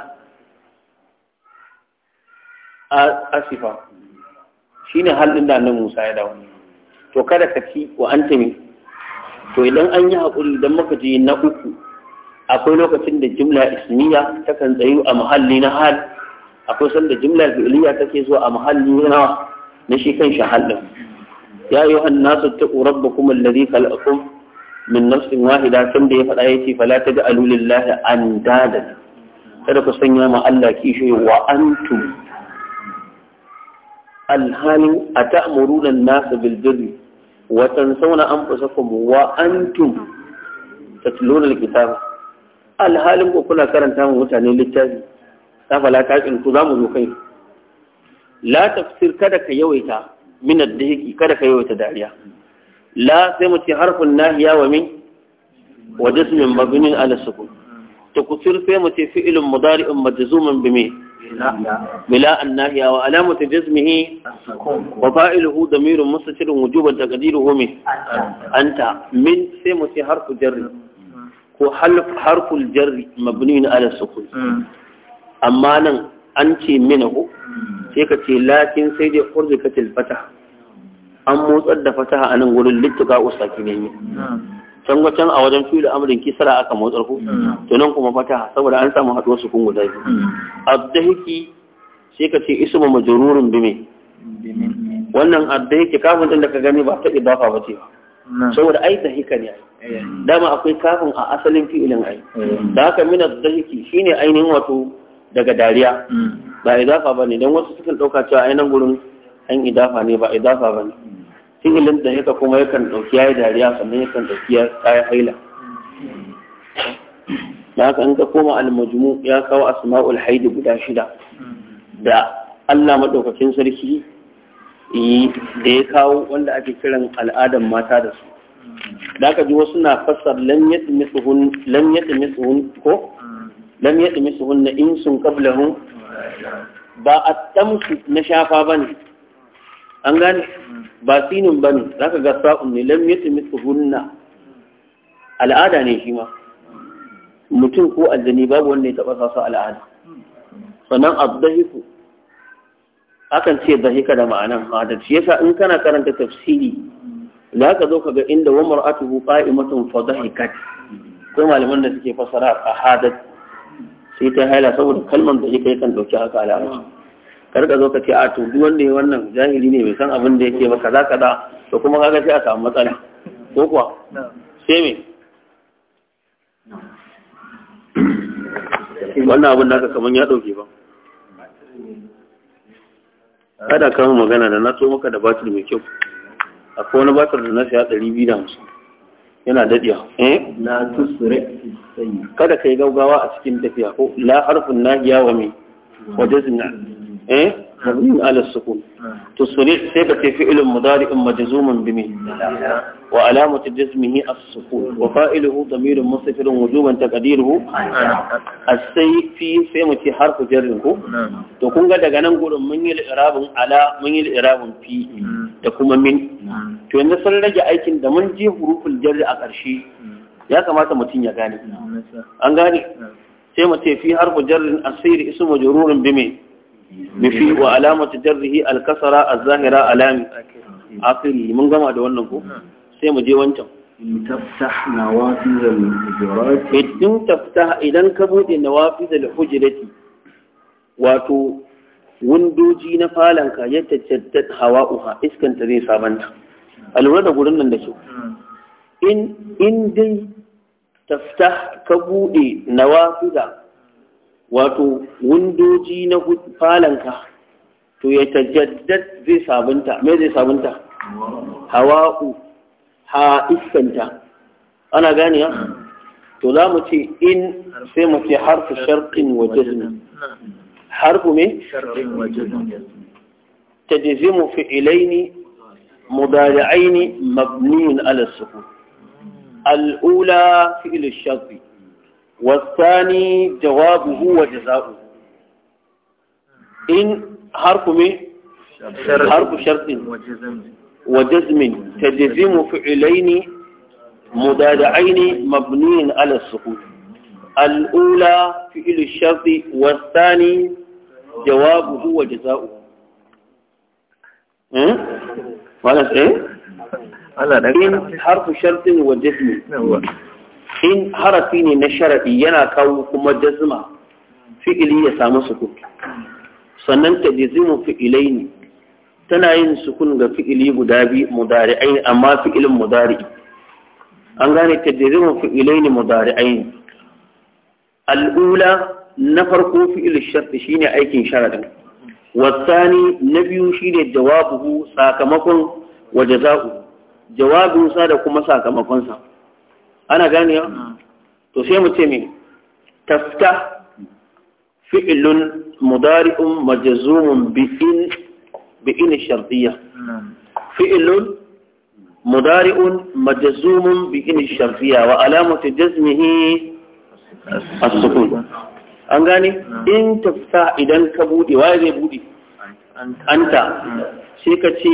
أسفا shine halin da annabi Musa ya dawo to kada ka ci wa an antami to idan an yi haƙuri idan muka je na uku akwai lokacin da jimla ismiya takan tsayu a muhalli na hal akwai sanda jimla fi'liya take zuwa a muhalli na na shi kan shi halin ya ayyuhan nasu taqu rabbakum alladhi khalaqakum min nafsin wahida tun da ya faɗa ya ce fala ta da alulillahi an dada kada ku sanya ma Allah kishi wa antum alhalin a ta'amuruna nasa bilbirri wa tansawna anfusakum wa antum likita ba. alhalin ku kuna karanta mu mutane littafi ta fala ta ƙin ku mu zo kai la tafsir kada ka yawaita min ad kada ka yawaita dariya la sai mu ce harfin nahiya wa min wa jismin mabnin ala sukun tukusir sai mu ce fi'ilun mudari'un majzumun bi me bila an nahiya wa alamatu jismihi wa fa'iluhu damirun mustatirun wujuban taqdiruhu min anta min sai mu ce harfu jarri ko harful jarri mabnin ala sukun amma nan an ce minahu sai ka ce lakin sai dai urzukatil fatah an motsar da fataha a nan wurin littuka usaki ne can wacan a wajen fi da amurin kisara aka motsar ku to nan kuma fataha saboda an samu haɗuwar su kun guda biyu abdahiki sai ka ce ismu majrurun bime wannan abdahiki kafin din da ka gani ba ta idafa ba ce saboda ai hika ne dama akwai kafin a asalin fi'ilin ai da haka min ne shine ainihin wato daga dariya ba idafa ba ne don wasu sukan ɗauka cewa ainihin gurin ɗan idafa ne ba idafa ba ne fi'ilin da yaka kuma yakan ɗauki ya yi dariya sannan yakan ɗauki ya yi haila da haka in ka koma almajmu ya kawo asma'ul haidi guda shida da Allah maɗaukakin sarki da ya kawo wanda ake kiran al'adan mata da su da aka ji wasu na fassar lam yatmisuhun ko lam yatmisuhun na insun ba a tamsu na shafa ba ne. an gane ba sinin ba ne za ka ga sa'un ne lam yata al'ada ne shi ma mutum ko aljani babu wanda ya taɓa sasa al'ada sannan abdahiku akan ce dahika da ma'anan hadar shi yasa in kana karanta tafsiri za ka zo ka ga inda wa mar'atuhu qa'imatun fa dahikat akwai malaman da suke fasara a hadar sai ta haila saboda kalmar da yake kan dauki haka al'ada kar ka zo ka ce a to duk wanda wannan jahili ne bai san abin da yake ba kaza kaza to kuma kaga sai a samu matsala ko kuwa sai me wannan abin da aka kaman ya dauke ba kada ka mu magana da na so maka da batir mai kyau akwai wani batir da na siya 250 biyu da hamsin yana dadiya eh la tusri kada kai gaugawa a cikin tafiya ko la harfun nahiya wa me wajen eh mabni ala to sunni sai ba tafi ilmin mudari'in majzumun bi min wa alamati jazmihi as-sukun wa fa'iluhu damirun mustatirun wujuban taqdiruhu as-sayfi sai mu ci harfu jarrin ku to kun ga daga nan gurin mun yi ala mun yi irabun da kuma min to yanzu sun rage aikin da mun ji hurufin jarri a ƙarshe ya kamata mutum ya gane an gane sai mu ce fi harfu jarrin as-sayri ismu majrurun bi min bifi wa alamatu jarrihi alkasara a zahira alami akiri mun gama da wannan ko sai mu je wancan in taftah nawafil idan taftah idan ka bude nawafil da hujurati wato windoji na falanka ya tajaddad hawa'uha iskan ta zai sabanta a lura da gurin nan da kyau in dai taftah ka bude da. wato windoji na falanka to ya tajaddad zai sabunta me zai sabunta hawa'u ha iskanta ana gani ha to za mu ce in sai mu ce harfu sharqin wa jazmi harfu me تجزم فعلين مضارعين مبني على السكون الأولى فعل الشرط والثاني جوابه وجزاؤه إن حرف من حرف شرط وجزم تجزم فعلين مدادعين مبنيين على السكون الأولى فعل الشرط والثاني جوابه وجزاؤه ماذا إيه؟ إن حرف شرط وجزم in harafi ne na sharafi yana kawo kuma jazma fi'ili ya samu sukun sannan ta jizimu fi'ilai ne tana yin sukun ga fi'ili guda biyu mudari'ai amma fi'ilin mudari'i an gane ta jizimu fi'ilai ne mudari'ai al'ula na farko fi'il sharɗi shine aikin sharaɗin wasani na biyu shine jawabuhu sakamakon wa jaza'u jawabinsa da kuma sakamakonsa ana gane hmm. to sai mu ce me tafta fi'lun mudari'un majzumun bi bi'in bi shartiyya hmm. fi'lun mudari'un majzumun bi in shartiyya wa alamatu jazmihi as-sukun an gane hmm. in tafta idan ka bude waye zai bude anta sai ka ce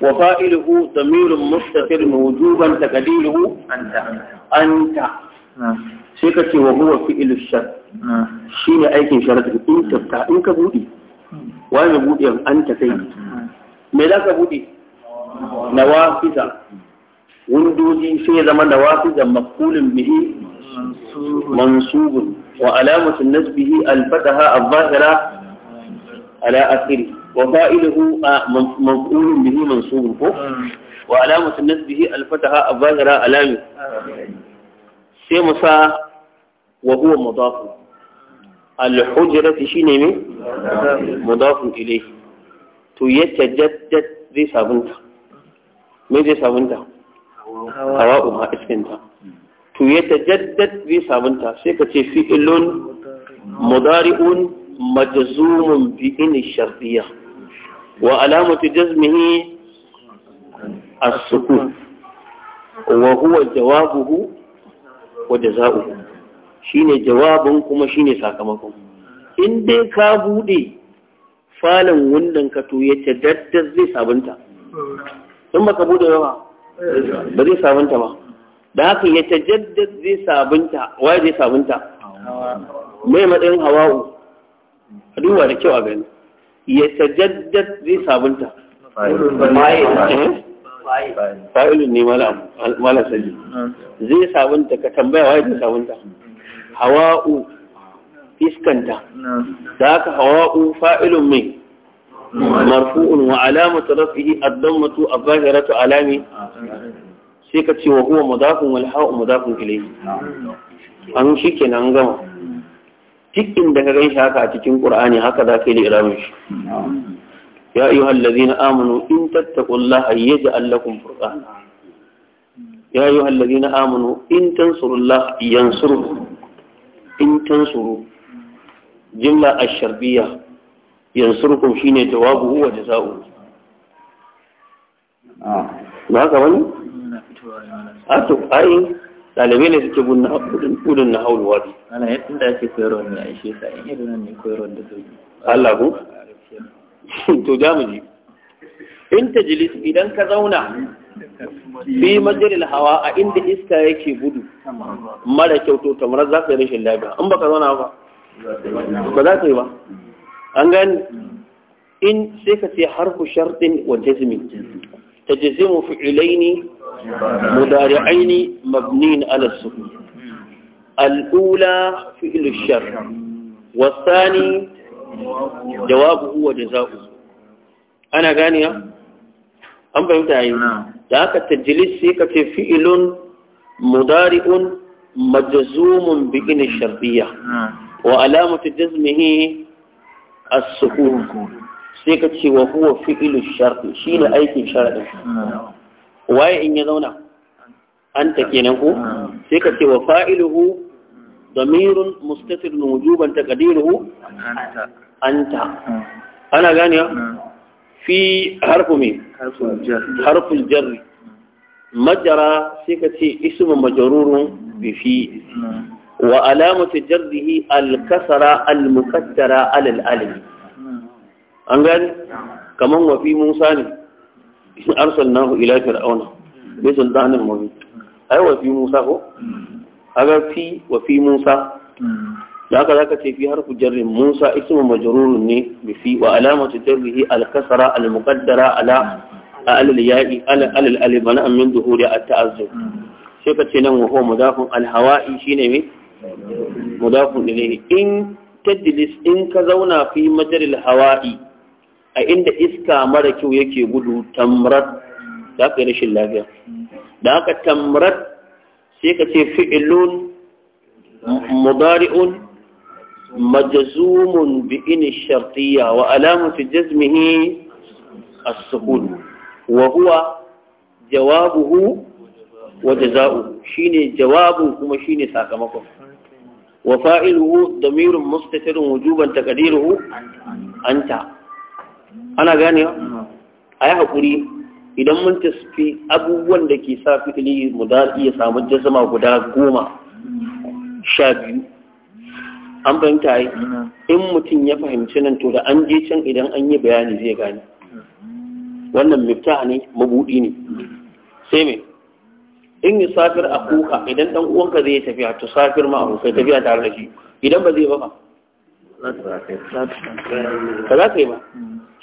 وفائله ضمير مستتر وجوبا تقديره أنت أنت سيكتي وهو فعل الشر شين أيكي شرطك إن تفتح إن كبودي وأنا بودي أنت كي ملاك بودي نوافذ وندوزي في زمن نوافذ مقبول به منصوب وعلامة نسبه الفتحة الظاهرة على آخره وفائله مفعول به منصوب وعلامة نسبه الفتحة الظاهرة علامة سيمسا وهو مضاف الحجرة شيني مضاف إليه تيتجدد ذي سابنتا ما ذي سابنتا هواؤها اسكنتا تيتجدد ذي سابنتا سيكتي فئل مضارئ shafiya مجزوم بإن الشرطية وعلامة wa السكون وهو جوابه وجزاؤه shine jawabin kuma shine sakamakon in dai ka bude falon wundan ka to ya tadaddar zai sabunta in baka bude ba ba zai sabunta ba da haka ya tajaddad zai sabunta waye zai sabunta mai matsayin hawa'u a duba da kyau a gani ya tajaddad zai sabunta fa'ilun ne mala saji zai sabunta ka tambaya wa zai sabunta hawa'u iskanta da ka hawa'u fa'ilun mai marfu'un wa alamatu rafihi ad-dammatu adh-dhahiratu alami sai ka ce wa kuma mudafun walha’u ha'u kilai an an kenan gama duk inda ka ganshi haka a cikin qur'ani haka za ka yi iramin shi ya ayyuhal ladzina amanu in tattaqullaha yaj'al lakum furqana ya ayyuhal ladzina amanu in tansurullaha yansurkum in tansuru sharbiya, ash-shartiyya shi ne jawabu wa jazaa'u ah ba ka wani a to ai ɗalibai ne suke gudun na haul wadi ana yadda da ake koyarwa ne a ishe sa in irin ne koyarwa da sauki Allah ku <laughs> to da mu ji in idan ka zauna fi majalil hawa a inda iska yake gudu mara kyau to za ka yi rashin lafiya in baka zauna ba ba za ka yi ba an gani in sai ka ce harfu shartin wa jazmi تجزم فعلين مضارعين مبنين على السكون الأولى فعل الشر والثاني جوابه وجزاؤه أنا غانية أم فهمت عين نعم. ذاك التجلس سيكة فعل مضارع مجزوم بإن الشرطية نعم. وعلامة جزمه السكون sai ka ce wa huwa fi'ilu sharfi shine aikin sharadin waye in ya zauna anta kenan ko sai ka ce wa fa'iluhu damirun mustatirun wujuban taqdiruhu anta anta ana gane hmm. fi harfu me harfu jarri majara sai ka ce ismu majrurun bi fi hmm. wa alamatu jarrihi al-kasra al-muqaddara al-alif an gani kaman wafi musa ne in arsalnahu ila fir'auna bi sultanin mubin ai wafi musa ko aga fi wafi musa da haka zaka ce fi harfu jarrin musa ismu majrurun ne bi fi wa alamatu jarrihi al-kasra al-muqaddara ala al ya'i ala al alif na min duhuri at-ta'azzub sai ka ce nan wa huwa mudafun al-hawa'i shine me mudafun ilayhi in tadlis in ka zauna fi majril hawa'i a inda iska mara kyau yake gudu tamrat za ka yi rashin lafiya da haka tamrat sai ka ce fi'ilun mudari'un majazumun bi in shartiyya wa alamatu jazmihi as-sukun wa huwa jawabuhu wa jazaa'uhu shine jawabu kuma shine sakamakon wa fa'iluhu damirun mustatirun wujuban taqdiruhu anta ana gane a yi haƙuri idan mun tasfi abubuwan da ke sa mu da iya samu jazama guda goma sha biyu an fahimta yi in mutum ya fahimci nan to da an je can idan an yi bayani zai gane wannan mifta ne mabudi ne sai me in yi safir a kuka idan dan uwanka zai tafiya to safir ma a abokai tafiya tare da shi idan ba zai ba ka za ka yi ba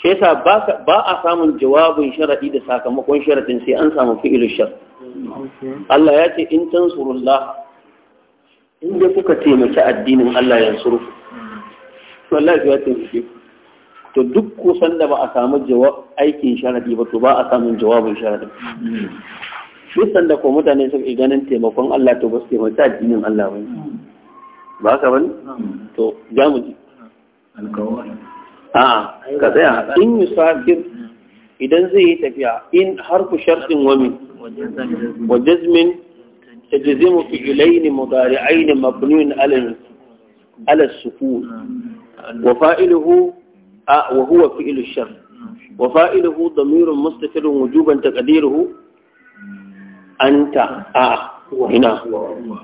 shi yasa ba a samun jawabin sharaɗi da sakamakon sharaɗin sai an samu fi'ilin shar Allah ya ce in can in Inda kuka taimaki addinin Allah ya suru Allah ya ce. to duk kusan da ba a samu aikin sharaɗi ba to ba a samun jawabin sharaɗi duk sanda ko mutane suka ganin taimakon Allah to ba su taimaki addinin Allah ba ba ka ba to za mu ji a ka tsaya in yusafir idan zai yi tafiya in harfu sharɗin wamin wa jazmin ta jazimu fi ilaini mudari'aini mabniyun ala sukun wa fa'iluhu a wa huwa fi'ilu shar wa fa'iluhu damirun mustatirun wujuban taqdiruhu anta a wahina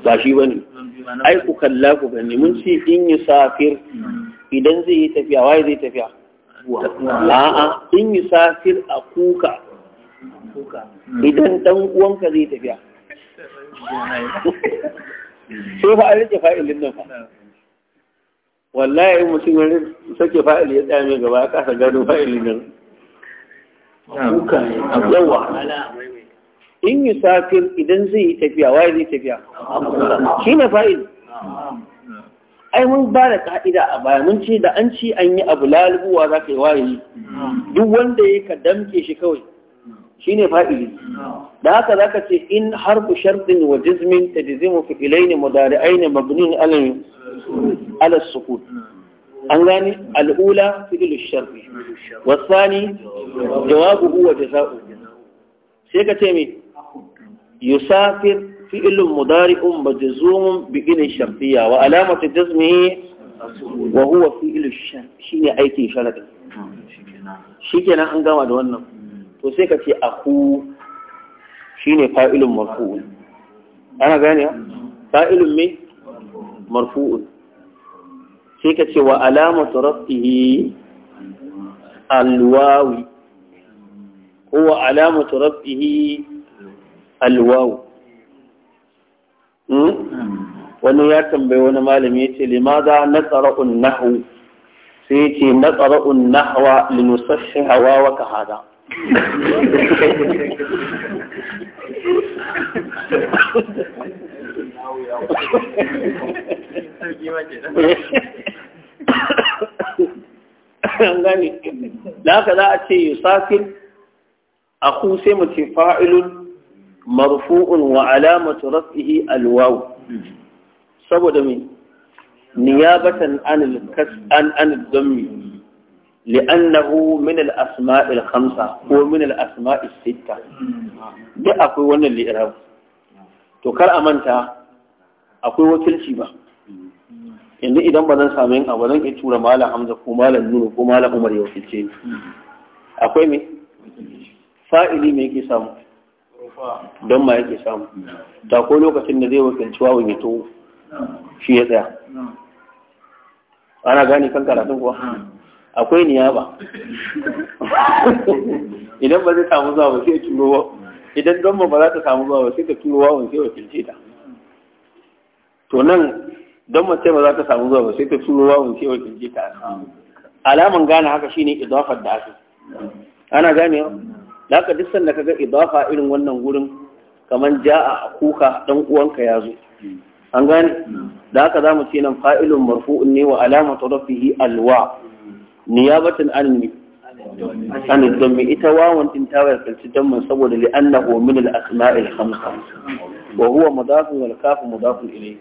ba shi ba ne. ai ku kalla ku gani mun ce in yi safir idan zai yi tafiya waye zai tafiya a'a in yi safir a kuka idan dan uwanka zai tafiya sai fa an rike fa'ilin nan fa wallahi mutum ya sake fa'il ya tsaya mai gaba ya kasa gano fa'ilin nan A kuka yawa in yi safir idan zai yi tafiya waye zai tafiya shi ne fa'il ai mun ba da ka'ida a baya mun ce da an ci an yi abu lalubuwa za ka yi waye duk wanda ya ka damke shi kawai shi ne fa'ili da haka za ka ce in har ku sharɗin wa jizmin ta jizimu fi ilaini mudari'ai ne mabnin alas sukut an gane al'ula fi'ilu sharɗi wasani jawabu huwa jaza'u sai ka ce mai يسافر فعل مضارع مجزوم بإن الشرطية وعلامة جزمه وهو فعل الشرط شيني أيتي شرط أنا أنقام أدوانا وسيكا في أخو شيني فاعل مرفوع أنا قاني فاعل مي مرفوع في وعلامة رفعه الواوي هو علامة رفعه alwawu wani ya tambayi wani malami ya ce limaza na tsara'un nahu sai ya ce na tsara'un nahawa linusashi hawa wa ka hada gani da haka za a ce yusafir a ku sai mu ce fa'ilun marfu'un wa alamatu raf'ihi alwaw saboda me niyabatan an kas an an dhammi li'annahu min al-asma' al-khamsa ko min al-asma' al-sitta da akwai wannan li'irab to kar a manta akwai wakilci ba yanzu idan ba zan samu yin abu zan iya tura malam hamza ko malam nuna ko malam umar ya wakilce akwai me fa'ili me yake samu don ma yake samu ta ko lokacin da zai wakilci wawon ya to shi ya tsaya ana gane kan karatun kuwa akwai niyaba idan ba zai samu zuwa ba sai turo wa idan don ba za ta samu zuwa ba sai ta turo wawon sai wakilce ta to nan don mace ba za ta samu zuwa ba sai ta turo wawon sai wakilce ta alaman gane haka shine idafar da ake ana gane da haka duk sanda kaga idafa irin wannan gurin kaman ja'a akuka dan uwanka ya zo an gane da za mu ce nan fa'ilun marfu'un ne wa alamatu rafihi alwa niyabatan an an dhammi ita wawan din ta wayar kalci damman saboda li annahu min al asma'il khamsa wa huwa mudafun wal kafu mudafun ilayhi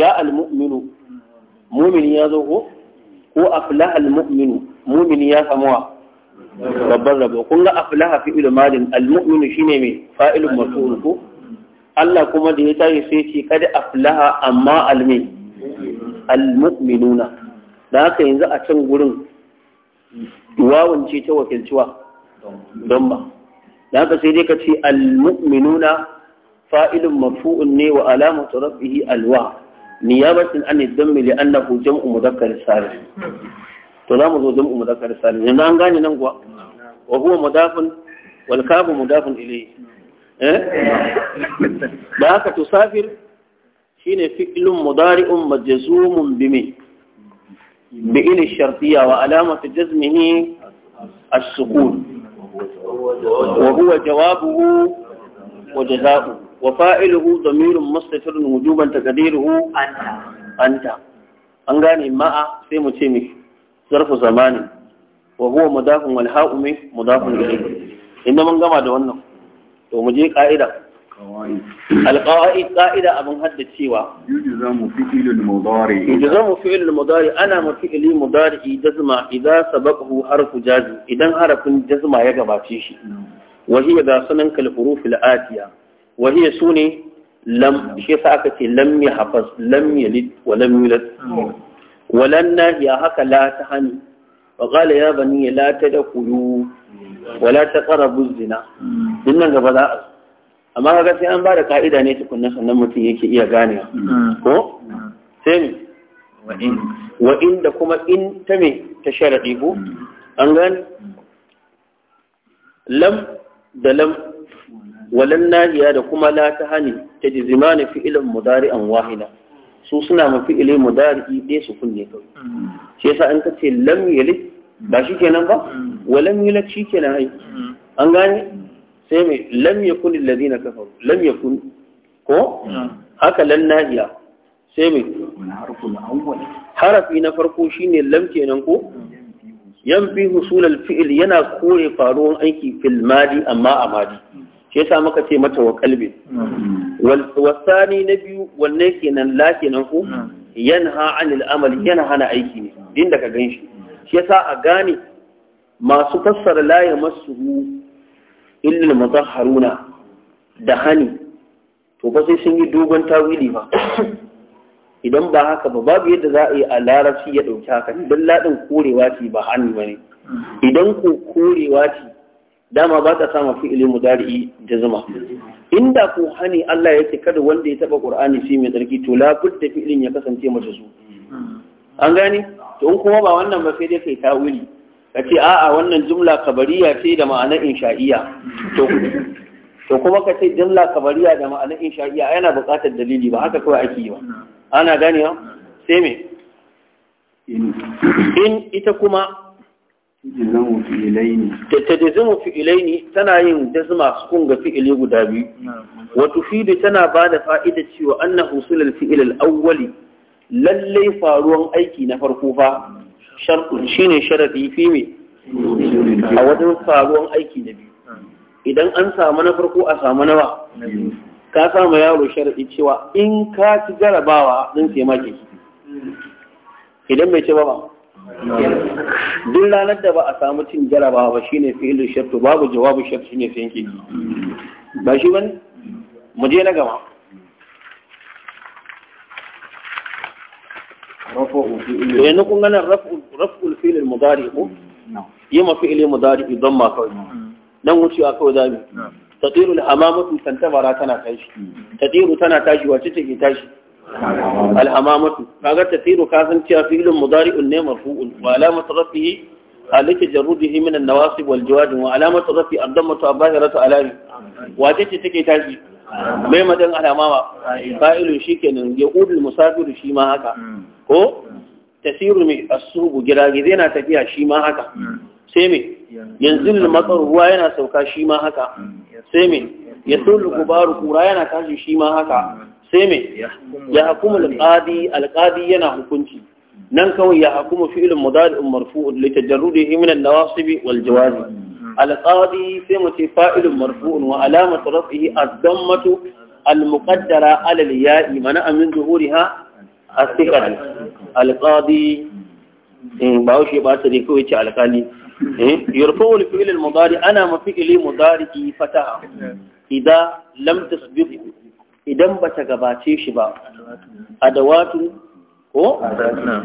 ja'a al mu'minu mu'min ya zo ko ko aflaha al mu'minu mu'min ya samuwa babban rabo kun ga aflaha fi ilmalin almu'minu shine mai fa'ilun maf'ul ko Allah kuma da ya tashi sai ce kada aflaha amma almi almu'minuna da haka yanzu a can gurin wawan ce ta wakilciwa don ba da haka sai dai ka ce almu'minuna fa'ilun maf'ul ne wa alamatu rabbihi alwa نيابة عن الدم لأنه Jam'u, مذكر سالم to za mu zo zan jam'u mu dakar sani na an gane nan kuwa wa kuma huwa mudafun wal kabu mudafun ilayhi eh da haka tusafir shine fi'lun mudari'un majzumun mun bi mai, ilal shartiyya wa alama alamati jazmini a sukun wa huwa jawabuhu wa jazaa'u wa fa'iluhu damirun mustatirun wujuban taqdiruhu anta anta an gane ma'a sai mu ce miki zarfu zamani wa huwa mudafun wal ha'u min mudafun ilayhi inda mun gama da wannan to mu je ka'ida القواعد قاعدة أبن هد التيوى يجزم فعل المضارع يجزم فعل المضارع أنا مفعل مضارع جزم إذا سبقه حرف جازم إذا حرف جزم يقبع تيشي وهي ذا سننك الحروف الآتية وهي سوني لم شيء ساكتي لم يحفظ لم يلد ولم يولد walan nahiya haka la ta hani wa qala ya bani la tadkhulu wa la taqrabu zina din nan gaba za a amma kaga sai an ba da ka'ida ne tukunna sannan mutum yake iya ganewa ko sai ne wa inda kuma in ta me ta sharadi ko an gane lam da lam walan ya da kuma la ta hani tajzimani fi'lan an wahina. su suna mafi ilai mudari dai su kunne kawai shi yasa an kace lam yalid ba shi kenan ba wa lam yalid shi kenan ai an gane sai mai lam yakun alladhina kafaru lam yakun ko haka lan nahiya sai mai harafi na farko shine lam kenan ko yan fi husul al yana kore faruwan aiki fil madi amma a madi shi yasa muka ce mata wa kalbi wasani na biyu wanne kenan la kenan ko hmm. yanha anil amali yana hana aiki ne din da ka gan shi yasa a gane masu fassara la ya masu illa mutahharuna da hani to ba sai sun yi dogon tawili ba <coughs> idan ba haka ba babu yadda za a yi a larabci ya ɗauki haka don laɗin korewa ce ba hannu ba ne hmm. idan ko korewa ce dama ba ta sama fi'ilin mudari'i zuma. inda ko hani Allah ya ce kada wanda ya taba Qur'ani shi mai tsarki to la budda fi'ilin ya kasance mace su an gane to in kuma ba wannan ba sai dai kai tawili kace a'a wannan jumla kabariya ce da ma'anar insha'iya to to kuma ka ce jumla kabariya da ma'anar insha'iya yana buƙatar dalili ba haka kawai ake yi ba ana ganewa sai me in ita kuma da fi'ilai ne tana yin jazma su kunga fi'ili guda biyu wa tufidu tana ba da fa'ida cewa an husulul fi'il al-awwali lallai faruwan aiki na farko fa shi ne sharadi fi mai a wajen faruwan aiki na biyu idan an samu na farko a samu nawa ka samu yaro sharadi cewa in ka ci jarabawa don sai maki idan bai ci ba ba duk ranar da ba a samu cin jarabawa ba shine fi'ilul shart babu jawabu shart shine fi'il ki ba shi bane mu je na gaba yanzu kun ganin raf'ul fi'il mudari ko yi ma fi'il mudari don ma kawai wuce wucewa kawai zamu tadiru al-amamatu tantabara tana tashi mm. tadiru tana tashi wacce take tashi alhamamatu kaga tasiru ka san cewa fi'lun mudari'un ne marfu'un wa alamatu rafihi alika jarudihi min an-nawasib wal jawad wa alamatu rafi ad-dammatu abahiratu alami wace ce take tashi mai madan alamama fa'ilun shikenan yaqulul musafir shi ma haka ko tasiru mai asubu girage na tafiya shi ma haka sai me yanzu matsar ruwa yana sauka shi ma haka sai me ya sullu gubaru kura yana tashi shi ma haka sai me ya hukumu yana hukunci nan kawai ya hukumu fi'lun mudari'un marfu'un li tajarrudihi min an-nawasib wal jawazi hmm. alqadi sai mu ce fa'ilun marfu'un wa alamatu raf'ihi ad-dammatu al-muqaddara 'ala al-ya'i mana'a min zuhuriha as-siqal alqadi hmm. Hmm, ba wuce ba ta dai kawai ce alqali يرفعوا الفعل المضارع أنا مفعل مضارع فتح إذا لم تسبقه idan ba ta gabace shi ba adawatun ko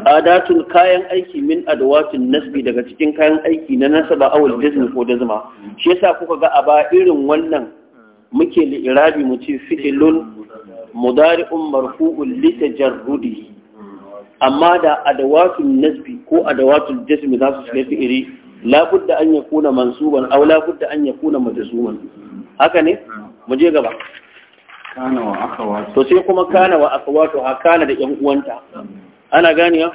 adatun kayan aiki min adawatun nasbi daga cikin kayan aiki na nasaba awul jizmi ko jazma shi yasa kuka ga a ba irin wannan muke li'irabi mu ce fi'ilun mudari'un marfu'un li tajarrudi amma da adawatun nasbi ko adawatun jizmi za su shiga fi'iri labudda an yakuna mansuban aw labudda an yakuna majzuman haka ne mu je gaba to sai kuma kana wa akawatu ha kana da yan uwanta ana ya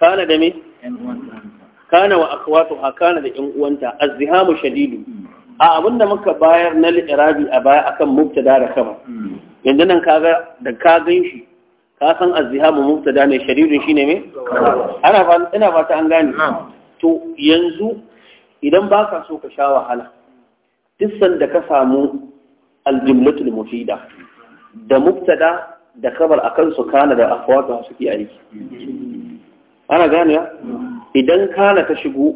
kana da me kana wa akawatu ha kana da yan uwanta azzihamu shadidu a abinda muka bayar na lirabi a baya akan mubtada da kama hmm. yanzu nan kaga da ka ganshi ka san azzihamu mubtada ne shadidun shine me ana ba ina fata an gane to yanzu idan baka so ka sha wahala duk da ka samu aljumlatul mufida da mubtada da kabar akan su kana da afwatu suke aiki ana gane idan kana ta shigo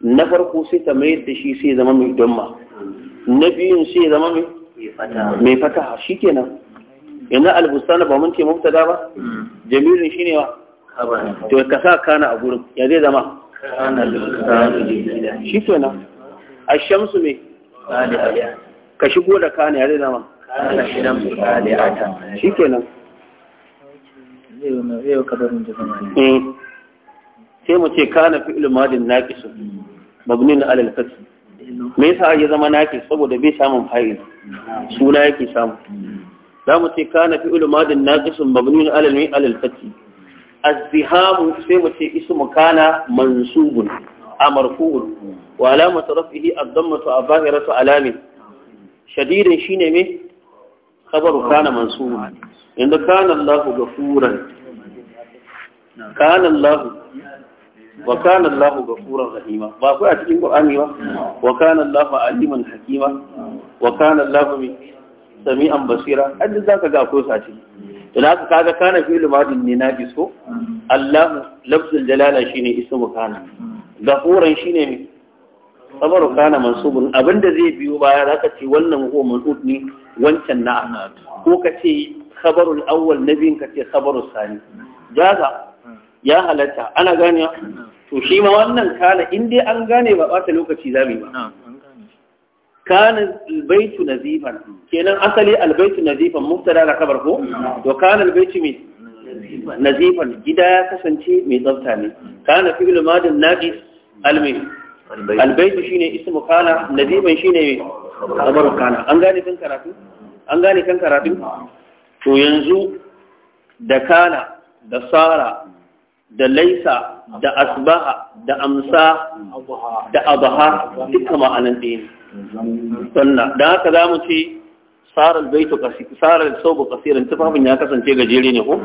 na farko sai ta mayar da shi sai zama mai dumma na biyun sai zama mai mai fataha shikenan yanzu albustana ba mun ce mubtada ba jamilun shine wa to ka sa kana a gurin ya zai zama Kana shi kenan Shamsu me ka shigo da kane ya zama kana shidan misali a ta Shi ke nan sai mu ce kana fi ilmadin naƙisu mabnin ala al-fath me yasa ya zama naqis saboda bai samun fa'il suna yake samu za mu ce kana fi ilmadin naƙisu mabnin ala al-fath az sai mu ce ismu kana mansubun a marfu'un wa alamatu raf'ihi ad-dammatu a zahiratu alamin shadidin ne mai khabaru kana mansub inda kana Allah gafuran kana Allahu wa kana ga gafuran rahima ba ku a cikin Qur'ani ba wa kana a aliman hakima wa kana Allah mi sami'an basira hadin zaka ga akwai sace to da kaga kana fi madin ne nafis so Allah lafzul jalala shine ismu kana gafuran shine mai. khabaru kana mansubun abinda zai biyo baya za ka ce wannan ko mansub ne wancan na ko ka ce khabarul awwal biyun ka ce khabarul sani jaza ya halatta ana gane to shi ma wannan kana in dai an gane ba bata lokaci za mu yi ba kana albaitu nazifan kenan asali albaitu nazifan mubtada da khabar ko to kana albaitu mai nazifan gida ya kasance mai tsafta ne kana fi'lu madin naqis almin albaitu shine ismu kana nadiban shine khabar kana an gane kan karatu an gane kan karatu to yanzu da kana da sara da laisa da asbaha da amsa da abaha duka ma'anan ɗaya ne sannan da haka za mu ce sarar baitu sarar sauku kasirin tufafin ya kasance gajere ne ko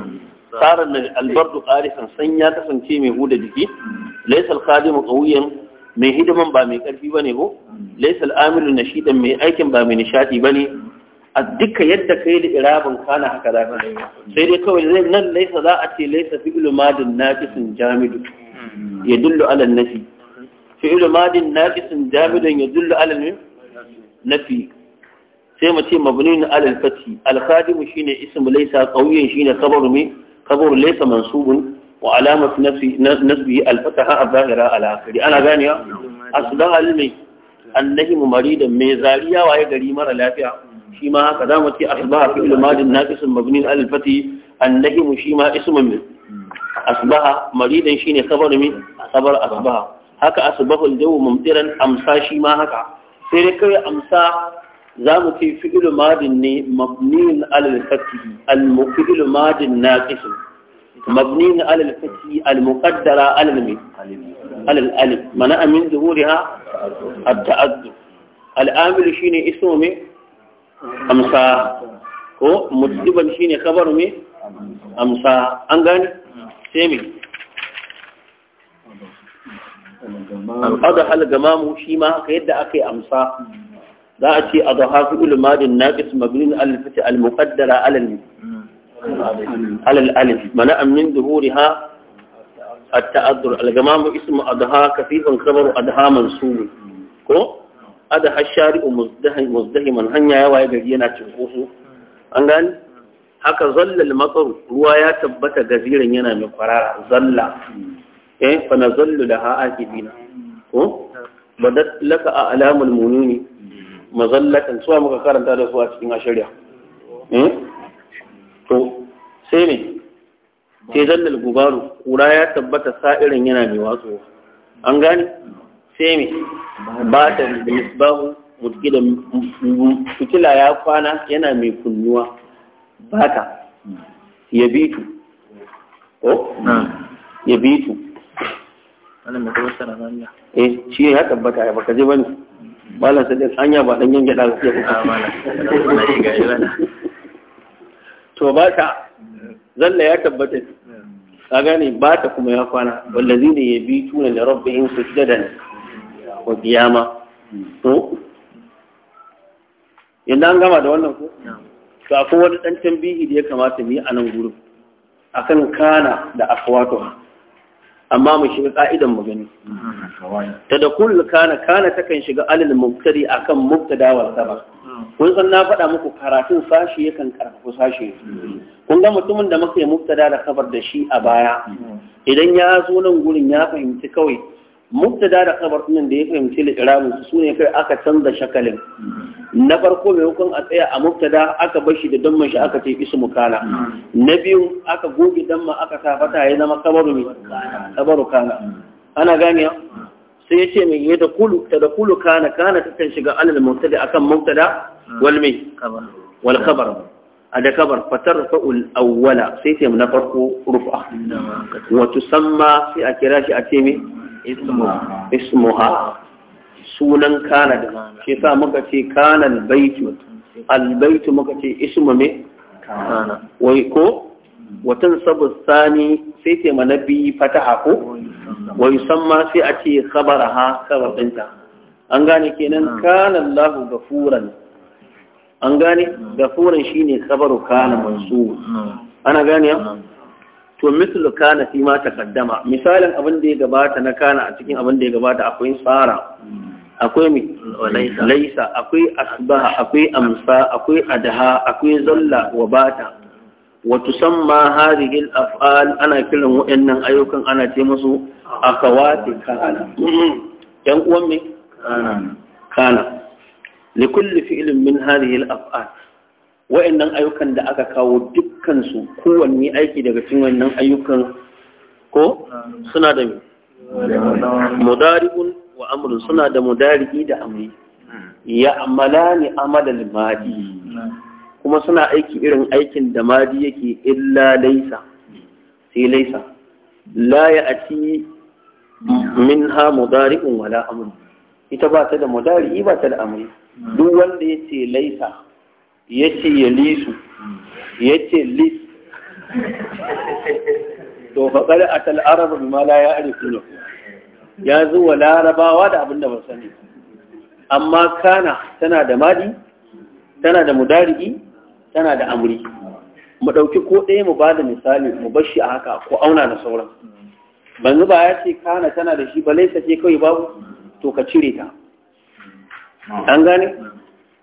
sarar albardu ƙarisan san ya kasance mai huda jiki laisa alkhadimu ƙauyen mai hidiman ba mai karfi bane ko laysal amilu nashidan mai aikin ba mai nishadi bane a duka yadda kai da irabin kana haka za ka sai dai kawai zai nan laisa za a ce laisa fi madin naqisin jamidu ya dullu ala nafi fi madin naqisin jamidun ya dullu ala nafi sai mu ce mabnun ala al-fathi al-khadimu shine ismu laisa qawiyan shine khabaru me khabaru laisa mansubun wa alamat nasbi alfataha a zahira alakari ana ganiya a su dan halin annahi mumari da mai zariya waye gari mara lafiya shi ma haka za mu ce asbaha fi ilmadin naqisun mabnin alfati annahi mu shi ma ismun min asbaha maridan shine sabar min khabar asbaha haka asbahul jawu mumtiran amsa shi ma haka sai dai kai amsa zamu mu ce fi'il madin ne mabnin alfati? fathi al mu'il madin naqisun مبني على الفتح المقدرة على المي على الألف منع من ظهورها التعذر الآمل شيني اسمه مي أمسا هو مسلبا شيني خبر مي أمسا أنغاني سيمي أضح الجمام شيما كيدا أكي أمسا ذاتي أضحى في علماء الناقص مبني على الفتح المقدرة على المي على الألف منع a ظهورها التأذر الجمام اسم أدها كثيف خبر أدها منصوب ko adaha shari'u man hanya ya waye gari yana cin kofu an gani haka zallal matsaru ruwa ya tabbata gaziran yana mai kwarara zalla eh fa na zallu da ha akibina ko badat laka a alamul mununi mazallatan suwa muka karanta da su a cikin ashariya eh to sai ne sai zallal gubaru kura ya tabbata sa'irin yana mai watsu an gane sai ne ba ta da misbahu mutkila fitila ya kwana yana mai kunnuwa ba ta ya bitu ko ya bitu wannan mai kawai sana eh shi ya tabbata ya baka je bane malam sadiq hanya ba dan yanke da gaskiya ba ah, malam to ba ta zalla ya tabbata ka gane ba ta kuma ya kwana wallazi ne ya bi tuna da rabbihim sujadan wa qiyama to yanda an gama da wannan ko to akwai wani dan tambihi da ya kamata mu yi a nan gurin akan kana da akwatuha amma mu shiga ka'idan mu gani ta da kullu kana kana takan shiga alil mubtadi akan mubtada wal khabar kun san na faɗa muku karatun sashi yakan karfafa sashi kun ga mutumin da muka yi mubtada da khabar da shi a baya idan ya zo nan gurin ya fahimci kawai mubtada da khabar din da ya fahimci liqramin su sune kai aka canza shakalin na farko mai hukun a tsaya a mubtada aka bashi da damman shi aka ce ismu kana na biyu aka goge damma aka sa fata ya zama kabaru ne kabaru kana ana gane sai ya ce mai ya da kulu ta da kulu kana kana ta kan shiga alal mubtada akan mubtada wal mai wal khabar a da kabar fatar fa'ul awwala sai ce na farko rufa wa tusamma sai a kira shi a ce mai ismuha sunan kanad shi sa muka ce kanal baitu albaitu muka ce ismu me wai ko watan sabu sani sai ce manabi bi fataha ko wai san ma sai a ce khabara ha khabar dinta an gane kenan ah. kana Allahu gafuran an gane ah. gafuran shine khabaru kana mansub ah. ana gane ya to mislu kana fi ma taqaddama misalin abin da ya gabata na kana a cikin abin da ya gabata akwai tsara akwai mi laisa akwai asbaha akwai amsa akwai adha akwai zalla wa bata wa tusamma hadhihi al-af'al ana kiran wayannan ayyukan ana ce musu akawati kana yan uwan mi kana kana likulli fi'lin min hadhihi al-af'al wa'annan ayyukan da aka kawo dukkansu kowanne aiki daga cikin wannan ayyukan ko suna da mudarikun wa amurin suna da mudariki da amri ya amala ne amalar madi kuma suna aiki irin aikin da madi yake illa laisa sai laisa la ya ci min ha mudarikun wala amrun ita ba ta da mudari ba ta da amri duk wanda ya ce laisa yace ya lisu yace lis to faqad atal arab bima la ya'rifuna ya zuwa larabawa da abinda ba sani amma kana tana da madi tana da Mudariki, tana da amri mu ɗauki ko ɗaya mu ba da misali mu bar shi a haka ko auna da sauran banzu ba ya ce kana tana da shi ba laisa ce kawai babu to ka cire ta an gane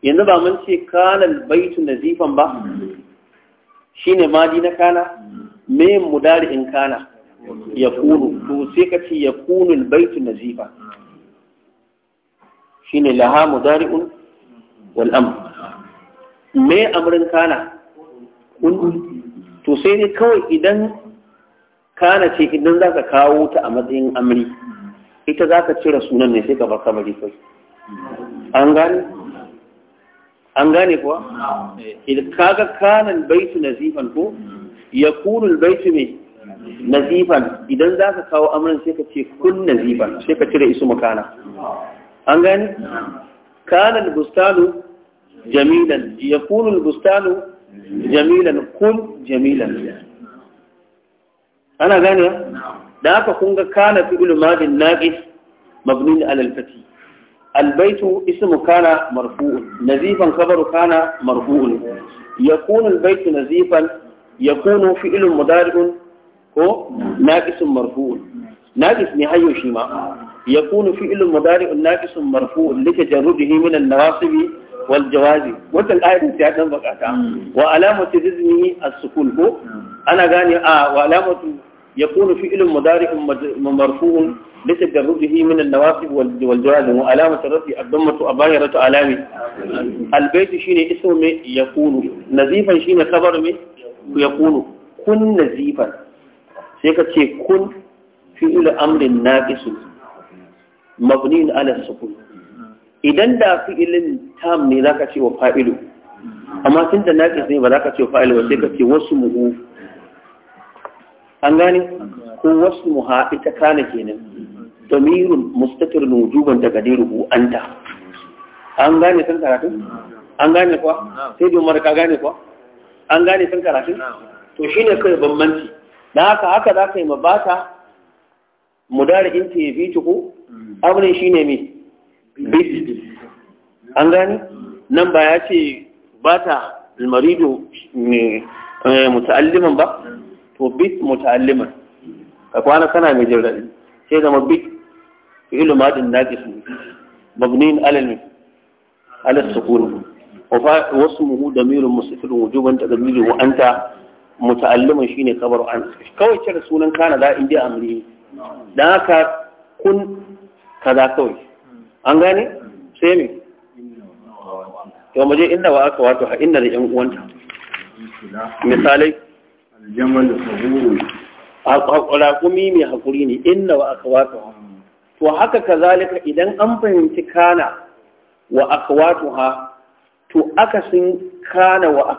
yanzu ba mun ce kana baitu nazifan ba Shi ne madi na kana me mudari in kana ya kunu to sai ka ce ya kunu baitu nazifa ne laha mudari'un un? Wal'am. me amrin kana to sai ne kawai idan kana ce idan za ka kawo ta a matsayin amri ita za ka cire sunan ne sai ka bar kamari kai an gane an gane kuwa kaga kanan baitu nazifan ko mm. ya kunul baitu ne nazifan idan za ka kawo amuran sai ka ce kun nazifan sai ka cire isu makana an gane kanan bustanu jamilan ya kunul bustanu jamilan kun jamilan ana gane da aka kunga kana fi'il madin naqis mabni ala fatih البيت اسم كان مرفوع نزيفا خبر كان مرفوع يكون البيت نزيفا يكون فعل مضارع هو ناقص مرفوع ناقص نهاية شيما يكون فعل مضارع ناقص مرفوع لتجرده من النواصب والجواز وتل آية سيادة بقاتا وعلامة رزمه السكون هو أنا غاني آه وعلامة يكون فعل مضارع مرفوع bisa da rubihi min al-nawasib wal jawazim wa alamat ar-rafi ad-dammatu abayratu alami al-bayt shine ismu mai yaqulu nazifan shine khabar mai yaqulu kun nazifan sai ka ce kun fi'il amrin naqis mabni ala sukun idan da fi'ilin tam ne zaka ce wa fa'ilu amma tun da ne ba zaka ce wa fa'ilu sai ka ce wasu muhu an gane ko wasu muha ita kana kenan damirun mustatir wujuban da gadiruhu anta an gane san karatun an gane kuwa sai bi umar ka gane kuwa an gane san karatun to shine kai bambanci da haka haka za ka yi mabata in ta yabi tuku abin shine me bis an gane nan ba ya ce ba ta almarido eh, muta'alliman ba to bis muta'alliman ka kwana kana mai jin raɗi sai zama bit fi'il madin naqis mabni ala al ala sukun wa fa wasmuhu damirun mustafidun wujuban tadmiri wa alluman shi ne kabar an kawai cire sunan kana da indiya amri dan haka kun kaza kawai an gane sai me to mu je inda wa aka wato ha inda da yan uwanta misalai aljamal sabur al-qura kumi mai hakuri ne inda wa aka wato to haka kazalika idan an fahimci kana wa ha, to aka akasin kana wa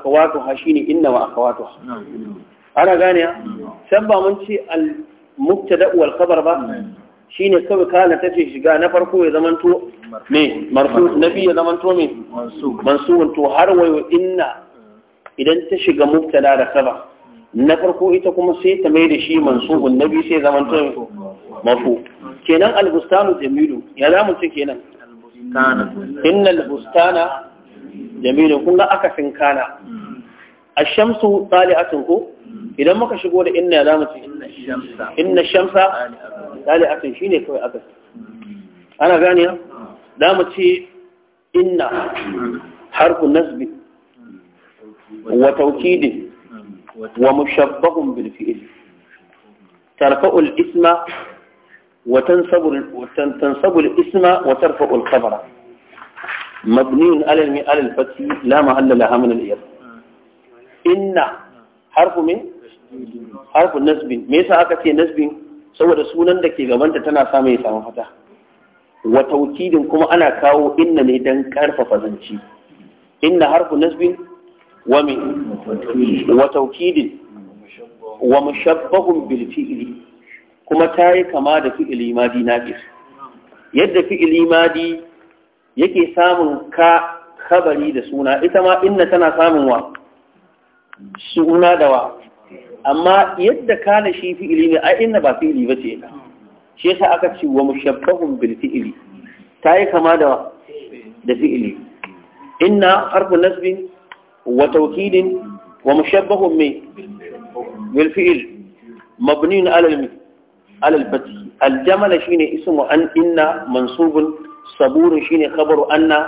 ha shine inna wa akwatuha ana gane ya san ba mun ce al mubtada wal khabar ba shine kawai kana tace shiga na farko ya zamanto me marfu nabi ya zamanto me mansub to har wayo inna idan ta shiga mubtada da khabar na farko ita kuma sai ta mai da shi mansubun nabi sai zamanto mafu kenan albustanu jamilu ya za mu ce kenan inna albustana jamilu kun ga aka fin kana ashamsu tsali'atun ko idan muka shigo da inna ya za mu ce inna shamsa shi ne kawai aka ana gani ya za mu ce inna harfu nasbi wa taukidin wa mushabbahun bilfi'il tarfa'ul isma وتنسب الاسم وترفع الخبر مبني على على الفتح لا محل لها من الإير إن حرف من حرف نسب me yasa aka ce nasbin saboda sunan da ke gabanta tana samu ya samu fata wa taukidin kuma ana kawo inna ne dan karfafa zanci inna harfu nasbin wa min wa taukidin wa mushabbahun bil fi'li kuma ta yi kama da fi'ili na naqis yadda fi'ili madi yake samun ka khabari da suna ita ma inna tana samun wa suna da wa amma yadda ka na shi fi'ili ne ai inna ba fi'ili ba ce shi ta aka ci wa mushabbahun bil fi'ili ta yi kama da da fi'ili inna harfu nasbin wa taukidin wa mushabbahun mai bil fi'il mabniun ala al alal bati aljamala shine ismu an inna mansubun saburun shine khabaru anna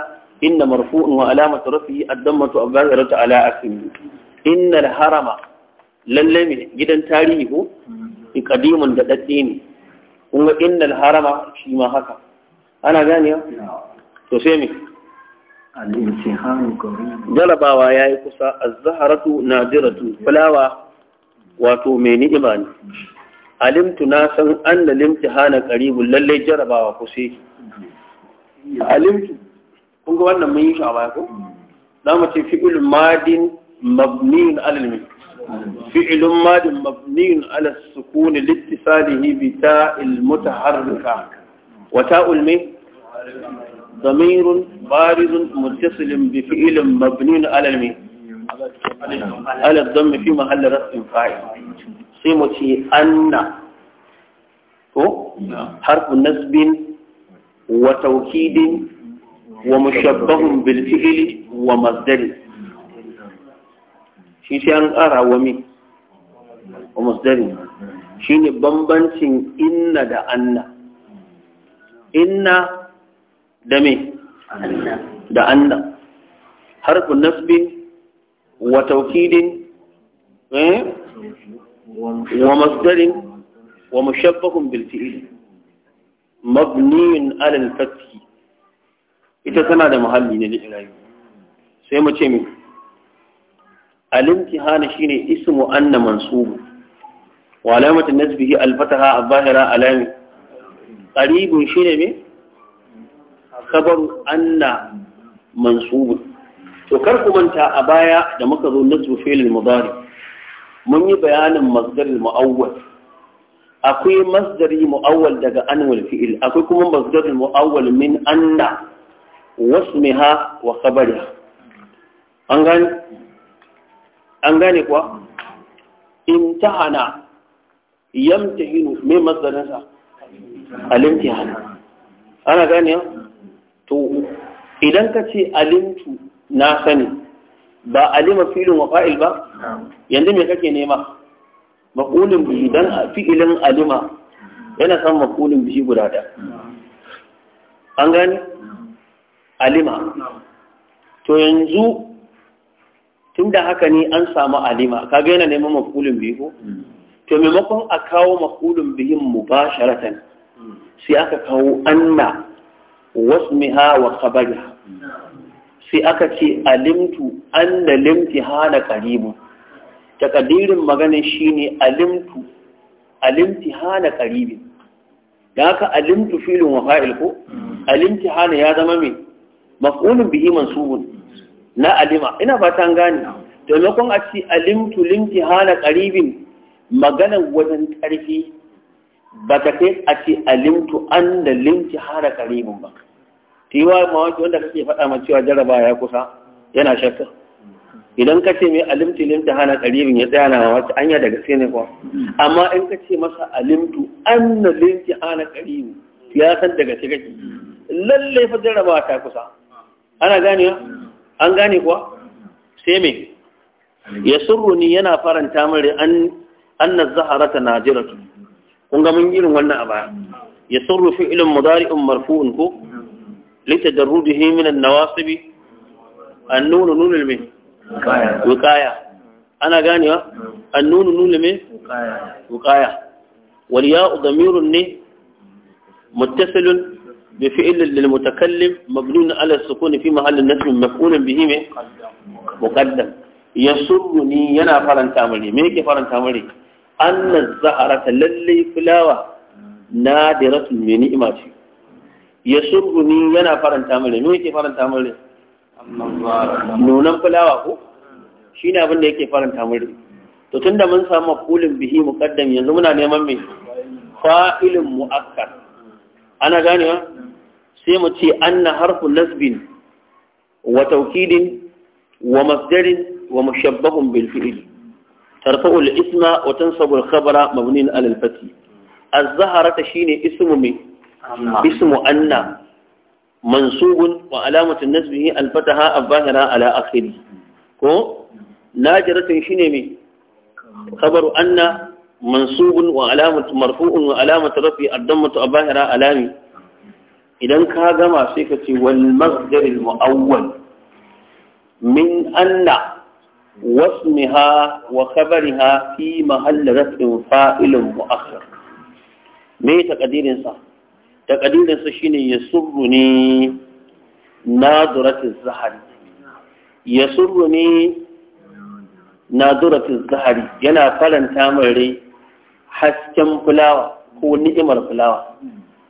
inna marfu'un wa alamatu rafihi ad-dammatu abghiratu ala asmi innal harama lalle ne gidan tarihi ko kadimun da dadde ne kuma inna innal harama shi ma haka ana gane to sai me al-intihamu galabawa yayi kusa az-zaharatu nadiratu fulawa wato mai ni'ima ne alimtu na san an da limti hana ƙaribu lallai jarabawa kusa alimtu kun ga wannan mun yi shi a baya ko za mu ce fi'il madin mabniun alal min madin mabniun ala littisalihi bi ta'il mutaharrika wa ta'ul min ضمير بارز متصل بفعل مبني على المين على الضم fi محل رفع فاعل sai mu ce anna ko harfu nasbin wa taukidin wa mushabbahun bilfi'il wa masdari shi sai an ƙara wa mi wa masdari ne bambancin inna da anna inna da me da anna harfu nasbin wa taukidin eh? ومصدر ومشبه بالفعل مبني على الفتح ita tana da muhalli ne da ilahi sai mu ce min, al-imtihana shine ismu anna mansub wa alamatu nasbihi al-fataha al-zahira alami qaribun shine me khabaru anna mansub to kar ku manta a baya da muka zo nasbu fi'l mudari mun yi bayanin masdar mu'awwal akwai masdari mu'awwal daga anwal fi'il akwai kuma masdar mu'awwal min anna wasmiha wa khabariha an gane an gane kuwa imtahana yamtahinu me masdarin sa alimtihana ana gane to idan ka ce alimtu na sani ba alima filin wa fa'il ba yanzu me kake nema makulin don a fi'ilin alima yana san makulin bishi guda da an gani alima to yanzu tun da haka ne an samu alima kaga yana neman makulin bihu ko hmm. to maimakon a kawo makulin bihin sharatan, hmm. sai aka kawo anna wasmiha wa khabariha sai aka ce alimtu anna limti hana karibu takadirin maganin shine alimtu alimti hana karibi da haka alimtu filin wa fa'il ko alimti hana ya zama mai maf'ulun bihi mansubun na alima ina fata ta gane da a ce alimtu limti hana karibin maganan wajen karfi ba ta kai a ce alimtu an da limti hana karibin ba tiwa mawaki wanda kake faɗa ma cewa jaraba ya kusa yana shakka idan ka ce mai alimtu limta hana karibin ya tsaya na wata anya daga gaske ne kuwa amma in ka ce masa alimtu anna limti hana karibin ya san daga gaske kake lalle fa jaraba ta kusa ana gane an gane kuwa sai me ya surruni yana faranta mare an anna zaharata najiratu kun ga mun irin wannan a baya ya surru fi'lun mudari'un marfu'un ko لتدرجه من النواصب النون نون المين وقاية أنا قاني النون نون المين وقاية والياء ضمير ني متصل بفعل للمتكلم مبنون على السكون في محل النسب مفعول به مقدم يسرني ينا فرنتا ملي ميكي فرنتا ملي أن الزهرة للي فلاوة نادرة من نعمة ya ni yana faranta mare me yake faranta mare nunan fulawa ko shi ne abin yake faranta mare to tun mun samu kulin bihi muqaddam yanzu muna neman me fa'ilin mu'akkar ana ganewa sai mu ce anna harfu nasbin wa tawkidin wa masdarin wa mushabbahun bil fi'li tarfa'u al isma wa tansabu al khabara mabniin ala al fath az-zaharata shine ismu ismu anna mansubun wa alamatin nasbihi alfataha abahira ala akhiri ko najiratin shine me khabaru anna mansubun wa alamatu marfu'un wa alamatu rafi ad-dammatu idan ka gama sai ka ce wal masdar al muawwal min anna واسمها وخبرها في محل رفع فاعل مؤخر ما تقدير صح takadirinsa shi ya surru ne naduratin zahari ya surru ne naduratin zahari yana faranta min rai hasken fulawa ko ni'imar fulawa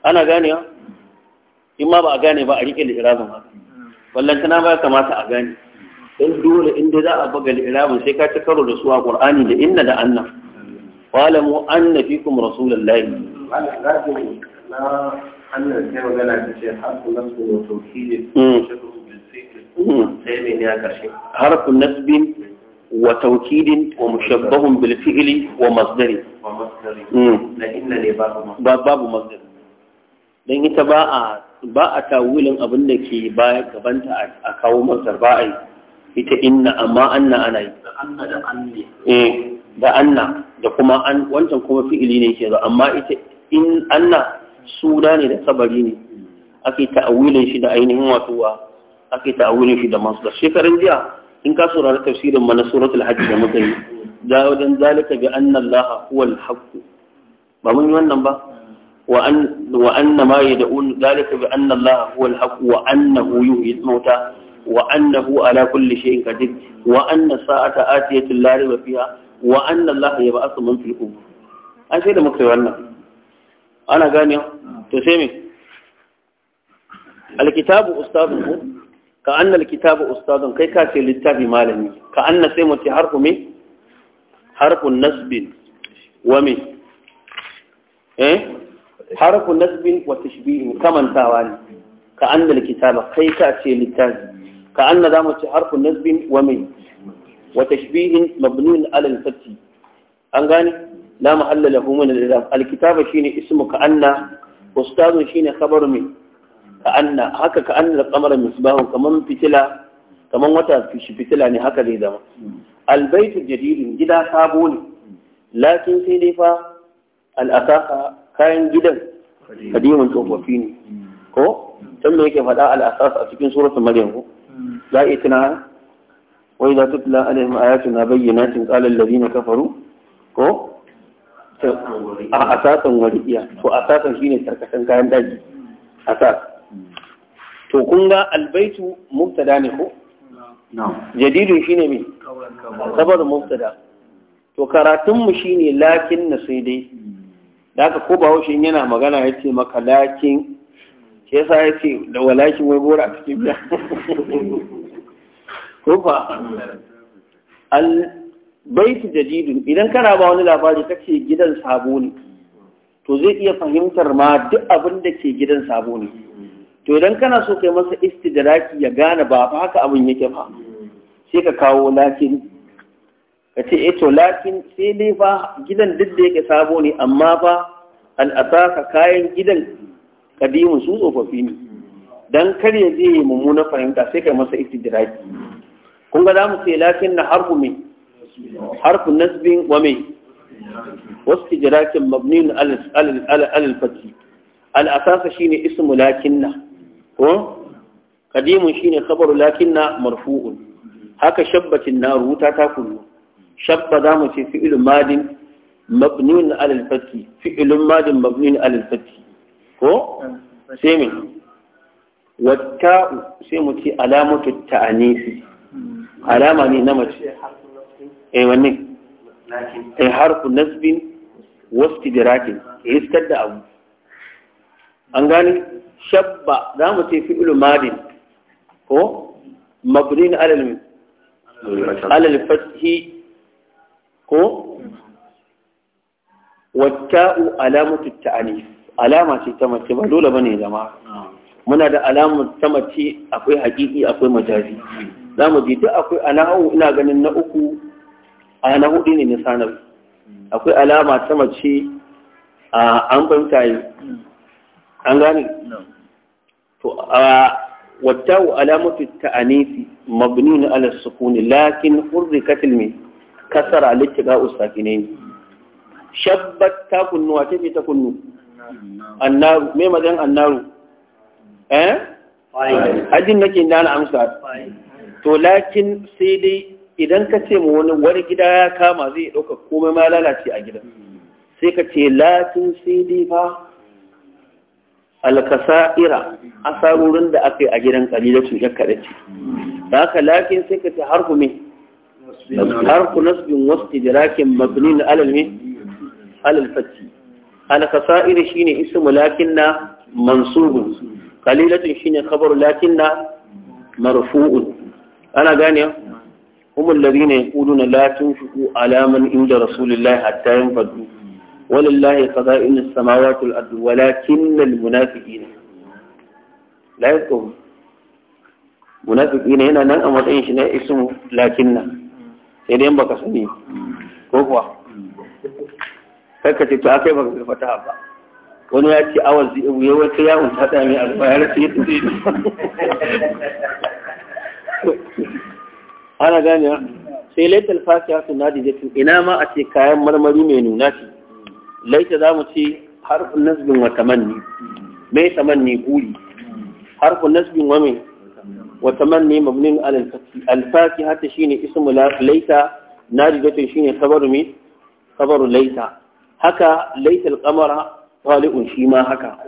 ana gane ganewa in ma ba a gane ba a riƙe li'irabin haka wallantana ba ya kamata a gane don dole inda za a buga li'irabin sai ka ci karo da su a ƙur'ani da inna da anna wa'alamu anna fikum rasulullahi na hannun mm. mm. sai magana ta ce harfin nasu ne tauhidi sai ne a ƙarshe harfin nasbin wa taukidin wa mushabbahun bil fi'li wa masdari wa masdari da mm. inna ne babu masdari dan ita ba a ba a tawilin abin da ke baya gabanta a kawo masdar ba a yi ita inna amma anna ana yi da anna da eh, kuma an wancan kuma fi'ili ne ke zo amma ita in anna suna ne da sabari ne ake ta'awilin shi da ainihin wato ake ta'awilin shi da masu da shekaran jiya in ka saurari tafsirin mana suratul hajj da muka yi da wajen zalika bi anna allaha huwal haqq ba mun yi wannan ba wa an wa anna ma yad'un zalika bi anna allaha huwal haqq wa annahu yuhyil mauta wa annahu ala kulli shay'in qadir wa anna sa'ata atiyatu la riba fiha wa anna allaha yab'athu man fil qubur an sai da muka yi wannan ana gani to sai me alkitabu ustadun ku ka annal kitabu ustadun kai ka ce littafi malami ka anna sai mace harfu me harfun nasbin wa me eh harfun nasbin wa tashbihin kamantawa ne ka annal kitaba kai ka ce littafi ka anna za mu ce harfun nasbin wa me wa tashbihin mabniun alal fati an gani. la mahalla lahu min al-idaf al-kitaba shine ismu ka anna ustazu shine khabar min ka anna haka ka anna al-qamar misbahu kaman fitila kaman wata fitila ne haka zai zama al-baytu jadidin gida sabo ne lakin sai dai fa al-asaka kayan gidan kadimin tsofaffi ne ko can me yake faɗa al-asas a cikin suratul maryam ko za a iya tuna وإذا تتلى عليهم آياتنا بينات قال الذين kafaru, ko. a wani iya, to asasan shine tarkacen kayan daji asas to kun ga albaitu mubtada ne ko shi shine mai sabar mubtada to karatunmu shi shine lakin na sai dai Da aka ko ba haushin yana magana ya ce maka lakin ke sa ya ce da walakin wai bora a cikin biya <laughs> ko fa baiti jadidu idan kana ba wani labari kace gidan sabo ne to zai iya fahimtar ma duk abin da ke gidan sabo ne to idan kana so kai masa istidraki ya gane ba fa haka abin yake ba sai ka kawo lakin ka ce eh to lakin sai dai fa gidan duk da yake sabo ne amma fa ka kayan gidan kadimun su tsofaffi ne dan kar ya je mummuna fahimta sai kai masa istidraki kun ga za mu ce lakin na harbu mai harfu nasbin wa mai wasu tijirakin mabnin alifati al'asasa shi ne ismu lakinna ko kadimun shi ne kabaru lakinna haka shabbatin na ruta ta kullu shabba za mu ce fi'ilun madin mabnin alifati fi'ilun madin mabnin alifati ko sai mai wata sai mu ta'anisi alama ne na mace eh wanne eh harfu nasbin wastidrakin iskar da abu an gane shabba za mu ce fi'lu madin ko mabnin alal alal fathi ko watta'u alamatu ta'anif alama ce ta mace ba dole bane zama muna da alamu ta mace akwai hakiki akwai majazi za mu ji duk akwai anahu ina ganin na uku a na hudu ne nisanar akwai alama ta mace a an fahimta yi an gane to a wata alamatu ta anisi mabni na ala sukuni lakin hurri katil mai kasara littiga ne shabbat ta kunnu a ce ta kunnu annaru me mazan annaru eh ajin nake na amsa to lakin sai dai idan ka ce ma wani wani gida ya kama zai ɗauka komai ma lalace a gidan sai ka ce latin cd fa alkasa'ira asarorin da aka yi a gidan kalila su ya kaɗa ce da haka lakin sai ka ce harfu me harfu nasbin wasu tijirakin mabnin alal me alal fatti alkasa'ira shine ismu lakin na mansubun kalilatun shine khabar lakin na marfu'un ana gane هم الذين يقولون لا تنفقوا على من عند رسول الله حتى ينفضوا ولله خزائن السماوات والأرض ولكن المنافقين لا يذكرون munafiki ne yana nan a matsayin shi na ismu lakinna sai dai baka sani ko ce to baka ba wani ya ce awal zai ya wata ya unta da mai alfa ya rasu yadda zai ana gane sai laitar fasiya su na da ina ma a ce kayan marmari mai nuna ce laita za mu ce harfin nasbin wa tamanni mai tamanni buri harfin nasbin wa mai wa tamanni mabnin alfaki hata ne ismu laita nadi da shine kabaru mai kabaru laita haka laita alqamara طالع شيما هكا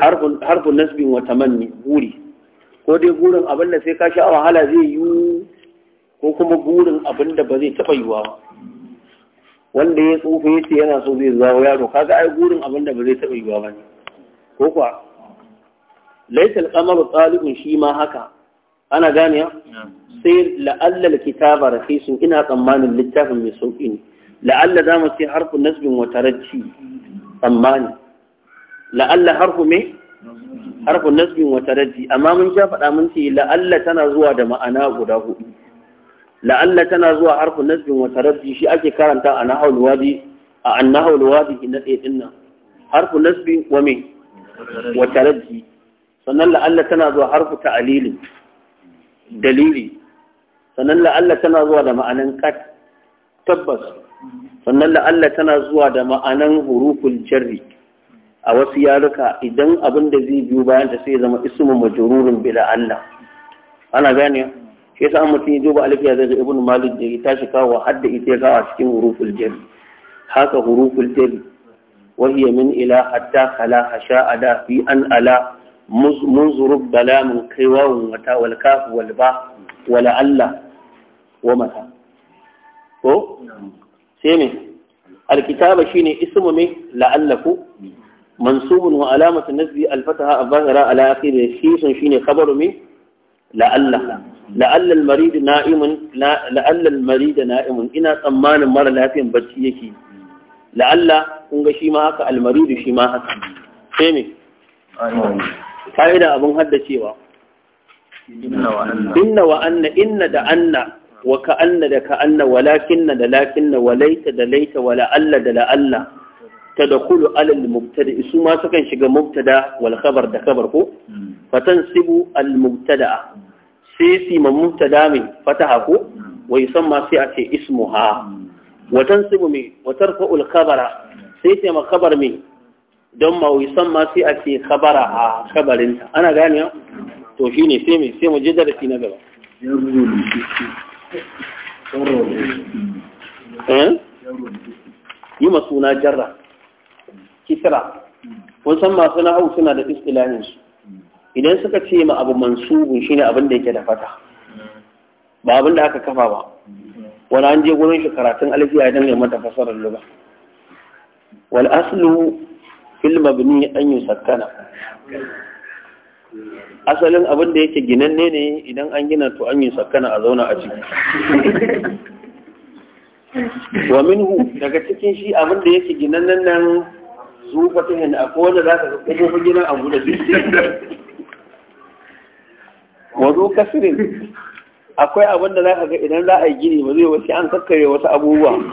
حرف nasbin نسب وتمني بوري ko dai burin abin da sai ka sha wahala zai yi ko kuma gurin abin da ba zai taɓa yi ba wanda ya tsufa ya ce yana so zai zawo yaro kaga ai gurin abin da ba zai taɓa yiwa ba ne ko kuwa laisal kamar tsalibin shi ma haka ana gane sai la'allal kitaba rahisun ina tsammanin littafin mai sauƙi ne la'alla za mu ce harfu nasbin wa tsammani la'alla harfu me harfin nasbin wata raddi amma mun sha faɗa mun ce la'alla tana zuwa da ma'ana guda hudu la'alla tana zuwa harfin nasbin wata raddi shi ake karanta a nahawul wadi a annahawul wadi na ɗaya din nan harfin nasbin wa me wata raddi sannan la'alla tana zuwa harfu ta'alilin dalili sannan la'alla tana zuwa da ma'anan kat tabbas sannan la'alla tana zuwa da ma'anan huruful jarri a wasu yaruka idan abin da zai biyu bayan ta sai zama ismu majrurin bila Allah ana gane shi yasa an mutum ya duba alif ya zai ibnu malik da ya tashi kawo hadda ita ya kawo cikin huruful jar haka huruful jar وهي من إلى حتى خلا an ala mun أن bala منذ رب بلا من قوى walba والكاف والباء ولعل ومتى ko sai me alkitaba shi ne me la'allaku Mansubin wa alamatu nasbi alfataha abazara ala akhiri shisun shine khabaru min la'alla la'alla almarid na'imun la'alla almarid na'imun ina tsammanin mara lafiyan bacci yake la'alla kun ga shi ma haka almarid shi ma haka sai me fa'ida abun haddacewa inna wa anna inna da anna wa ka'anna da ka'anna da da laita wa la'alla da la'alla tadkhulu ala al-mubtada su ma sukan shiga mubtada wal khabar da khabar ko fatansibu al-mubtada sai si ma mubtada mai fataha ko wa yusamma sai a ce ismuha wa tansibu mai wa tarfa'u al-khabara sai ce ma khabar mai ma sai a ce khabara a khabarinta ana gane to shine sai mai darasi na gaba eh? yi masuna jarra kisra kun san masu hau suna da istilahin idan suka ce ma abu shi shine abin da yake da fata ba abin da aka kafa ba wani an je gurin shi karatun alfiya don ya mata fasarar luga wal aslu fil mabni an yusakkana asalin abin da yake ginanne ne idan an gina to an yi sakana a zauna a ciki wa minhu daga cikin shi abin da yake ginannen nan su fatihin akwai wanda za ka kuma gidan abu da wazo kasirin akwai abin da za ka idan za a yi gini ba zai wasu an kakkare wasu abubuwa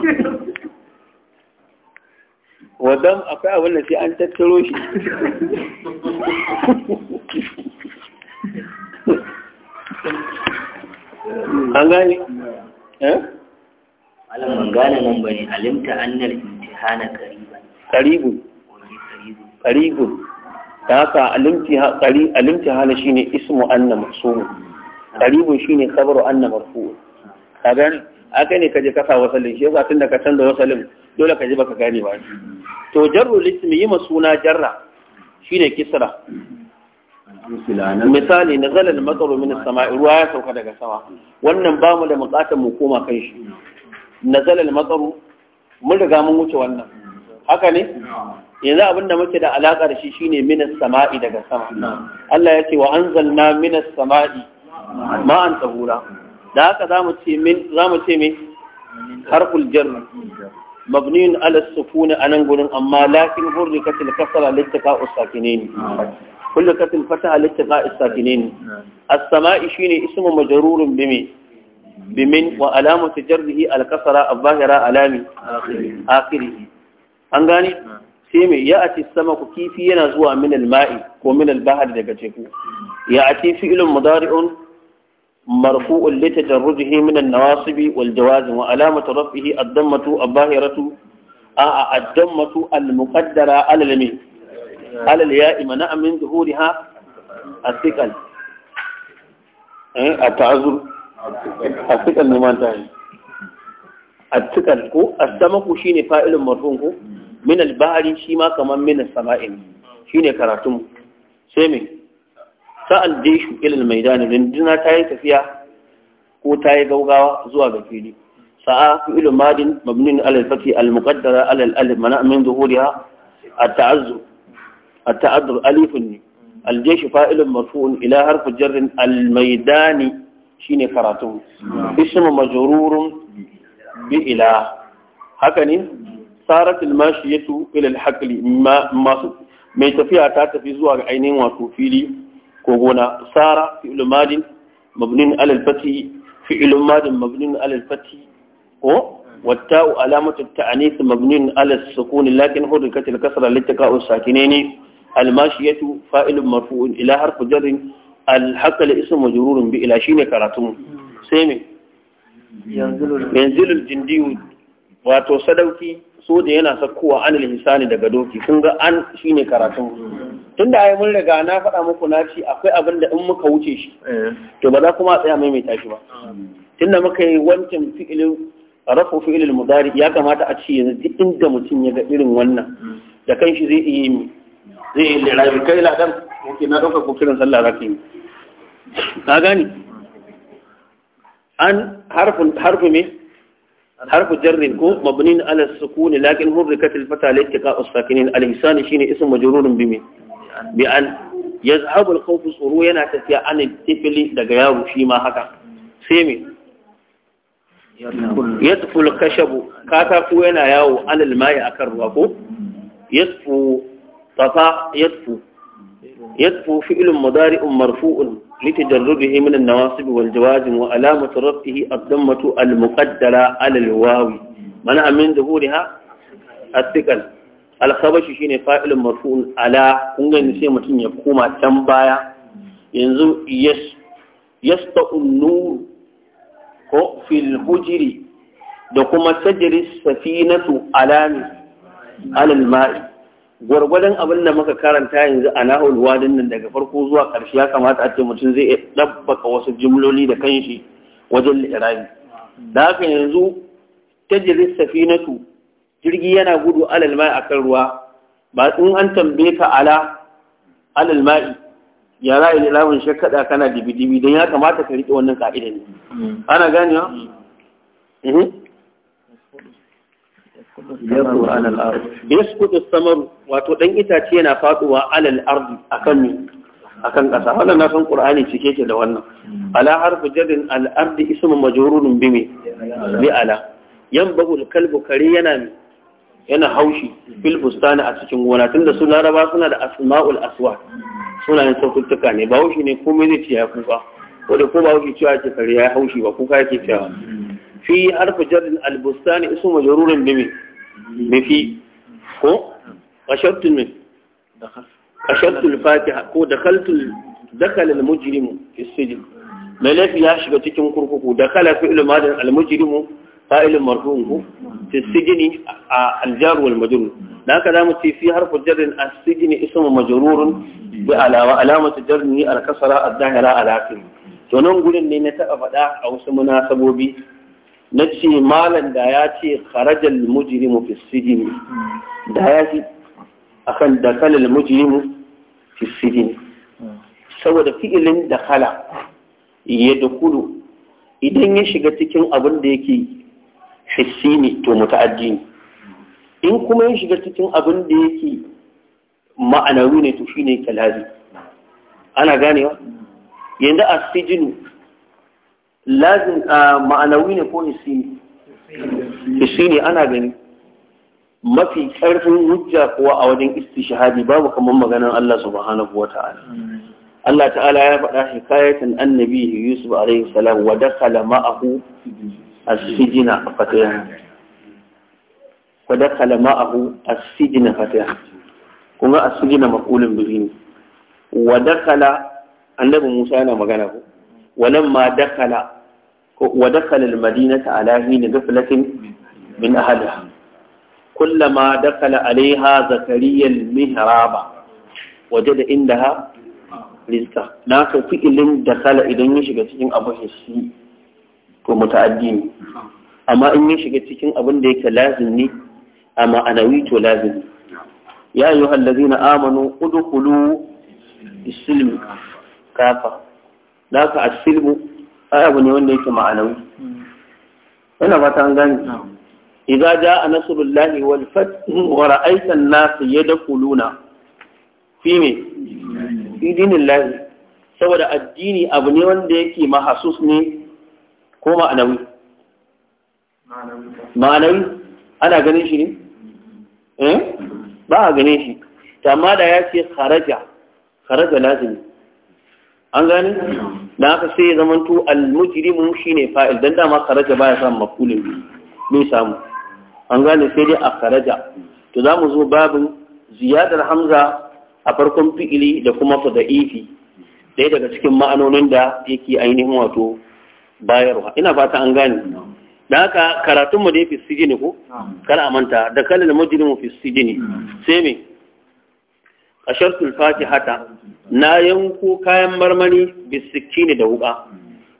wadan akwai abin da sai an tattaro shi an gani eh alam gane nan bane alimta annal imtihana qariban qaribun ta haka alimti hala shine ismu anna maqsum qaribun shine khabaru anna marfu ka gane aka ne kaje kasa wasalin shi yasa tunda ka canza wasalin dole ka ji baka gane ba to jarru lismi yi suna jarra shine kisra misali na zalal matsaru min as-sama'i ruwa ya sauka daga sama wannan ba mu da bukatar mu koma kan shi na zalal matsaru mun riga mun wuce wannan haka ne yanzu abinda muke da alaƙar shi shine minas sama'i daga sama Allah ya ce wa anzalna minas sama'i ma'an tsahura da haka za mu ce mai harful jar mabniyun ala sukuni a nan gudun. amma lakin hurrikat al-kasra littaqa usakinain hurrikat al-fataha littaqa usakinain as-sama'i shine ismu majrurun bimi bimin wa alamatu jarrihi al-kasra al-zahira alami akhiri an gane sai mai ya ati sama ku kifi yana zuwa min ma'i ko min bahar daga teku ya ati fi'ilun mudari'un marfu'un li tajarrujihi min an-nawasibi wal jawazim wa alamatu raf'ihi ad-dammatu abahiratu a ad-dammatu al-muqaddara ala al-mi ala al-ya'i mana min zuhuriha as-siqal eh at-ta'azzur as-siqal ne man ta'i at-siqal ko sama samaku shine fa'ilun marfu'un ko min al shi ma kamar min as shi ne karatun sai me sa'al jeshu ilal maidan rinduna ta yi tafiya ko ta yi gaugawa zuwa ga fili sa'a fi ilu madin mabnin alal fati al muqaddara alal alif mana min zuhuriha at ta'azzu at ta'addur alifun ne al jeshu fa'ilun ila harfu jarrin al maidani shine karatu ismu majrurun bi ila haka ne sarat al-mashiyatu ila al-haql mai tafiya ta tafi zuwa ga ainihin wato fili ko gona sara fi ulumadin mabnin ala al-fati fi ulumadin mabnin ala al-fati ko watta lakin hudu katil kasra litaqa'u sakinaini al-mashiyatu fa'ilun marfu'un ila harfi jarrin al-haql ismu majrurun ila shine karatun sai me wato sadauki soja yana sakkowa an lisani daga doki Sun ga an shine karatun tun da mun riga na faɗa muku na ci akwai abin da in muka wuce shi eh. to ba za kuma a tsaya maimaita shi ba tun da muka yi wancan fi'ilin rafu fi'ilin mudari ya kamata a ci yanzu duk inda mutum ya ga irin wannan da kan shi zai iya yi zai yi lirabi kai ladan oke na ɗauka ko kiran sallah za ka yi Na gani an harfin harfi me حرف جر مبني على السكون لكن حركت الفتى لاتقاء الساكنين الإحسان شيني اسم مجرور بمن بأن يذهب الخوف صرو ينا تفيا عن الطفل daga yaro shi ma haka sai me yatfu al yana yawo alal mai akan ruwa ko yatfu tafa yatfu yatfu marfu'un لتجربه من النواصب والجوازم وعلامة رفعه الضمة المقدرة على الواو منع من ظهورها الثقل alkhabashi shine fa'ilun marfu'un ala kun gani sai mutum ya koma can baya yanzu yas yasta'un nur ko fil hujri da kuma tajri safinatu alami gwargwadon abin da muka karanta yanzu a nahul wadin nan daga farko zuwa ƙarshe ya kamata a ce mutum zai ɗabbaka wasu jimloli da kanshi wajen li'irabi da haka yanzu ta na safinatu jirgi yana gudu alal mai kan ruwa ba in an tambaye ka ala alal mai ya ra'ayi li'irabin shakkaɗa kana dibi-dibi don ya kamata ka riƙe wannan ka'idan. Mm. ana ganewa mm. mhm. yasqutu alal ard wato dan itace yana faduwa alal ardi akan ni akan kasa wannan nan qur'ani cike ke da wannan ala harfu jadin al ardi ismu majrurun bi bi ala yanbahu al kalbu kare yana yana haushi fil bustani a cikin gona tunda su laraba suna da asma'ul aswat yin sautuka ne ba haushi ne komai zai ce ya kuka ko da ko ba haushi cewa ke kare ya haushi ba kuka yake cewa fi harfu jadin al bustani ismu majrurun bi bifi ko ashabtul min ashabtul fatiha ko dakhaltul dakhala al mujrimu fi sijn mai laifi ya shiga cikin kurkuku dakhala fi'lu madan al mujrimu fa'ilun marfu'un fi sijn al jar wal majrur da haka zamu ce fi harfu jarrin as sijn ismu majrurun bi alawa alamatu jarrihi al kasra al zahira al akhir to nan gurin ne na taɓa faɗa a wasu munasabobi na ce malam da ya ce kharajal mujrimu fi sijini da ya ce akan dakalal mujrimu fi sijini saboda fi'ilin dakala ya kudu idan ya shiga cikin abin da yake hissi ne to muta'addi ne in kuma ya shiga cikin abin da yake ma'anawi ne to shine kalazi ana ganewa yanzu a sijinu lazim ah, ma'anawi ne ko isi ne ana gani mafi ƙarfin hujja kuwa a wajen istishhadi babu kamar maganar Allah subhanahu wata'ala Allah ta'ala ya faɗa hikayatan annabi Yusuf alaihi salam wa dakala ma'ahu as-sijna fatayan wa dakala ma'ahu as-sijna fatayan kuma as-sijna maqulun bihi wa dakala annabi Musa yana magana ko walamma dakala ودخل المدينة على حين غفلة من أهلها كلما دخل عليها زكريا المهراب وجد عندها rizka da haka fi'ilin da kala idan ya shiga cikin abu hissi ko muta'addi ne amma in ya shiga cikin abin da yake lazim ne a ma'anawi to lazim ne ya yi kafa silmu ai abu ne wanda yake ma'anawi yana fata an gane idza jaa nasrullahi wal fath wa ra'aita an-nas yadkhuluna fi me fi dinillahi saboda addini abu ne wanda yake mahasus ne ko ma'anawi ma'anawi ana ganin shi ne eh ba a ganin shi Ta ma da ya ce kharaja kharaja lazimi an gane da haka sai ya zamanto al-mujrimu shine fa'il dan dama karaja baya samun mafulin bai samu an gane sai dai a karaja to za mu zo babin ziyadar hamza a farkon fi'ili da kuma fada'ifi ɗaya daga cikin ma'anonin da yake ainihin wato bayarwa ina fata an gane da haka karatunmu da ya fi sijini ko kar a manta da mujrimu fi sijini hmm. sai me Fati Hata na yanko kayan marmari bisikki ne da wuka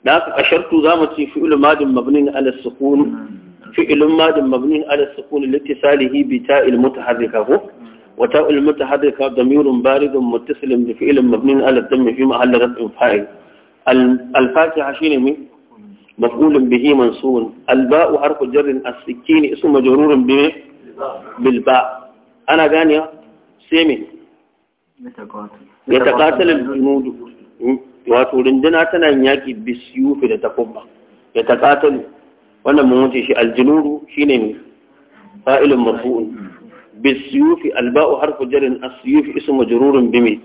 da haka za mu ci fi'il madin mabnin ala sukun fi'ilun madin mabnin ala sukun litisalihi bi ta'il mutaharrika ko wata wa ta'il mutaharrika damirun baridun muttasilun bi fi'il mabnin ala dhammi fi mahall raf'in fa'il al-fatiha shine mai مفعول Alba'u منصوب الباء حرف جر السكين اسم مجرور بالباء انا غانيا سيمي ya taƙatalin junudu hmm? wato runduna tana yin yaƙi bisiyufi da takubba ya taƙatalu wannan mun wuce shi aljunuru shi ne ne, fa'ilin marfu'un bisiyufi alba'u harfu jarin asiyufi isu majururin bime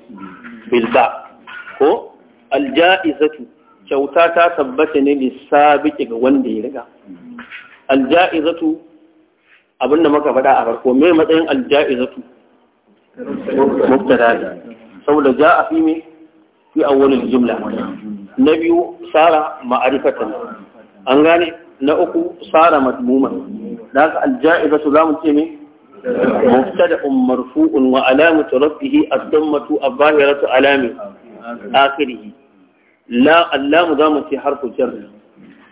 bilba ko alja'izatu kyauta ta tabbata ne lissabiki ga wanda ya riga alja'izatu abinda muka faɗa a farko me matsayin alja'izatu mubtada saboda a fi me fi awwalil jumla na biyu sara ma'arifatan an gane na uku sara madmuman da haka alja'ibatu za mu ce me مبتدا مرفوع وعلامه رفعه الضمه الظاهره علامه اخره لا اللام ضمه في حرف جر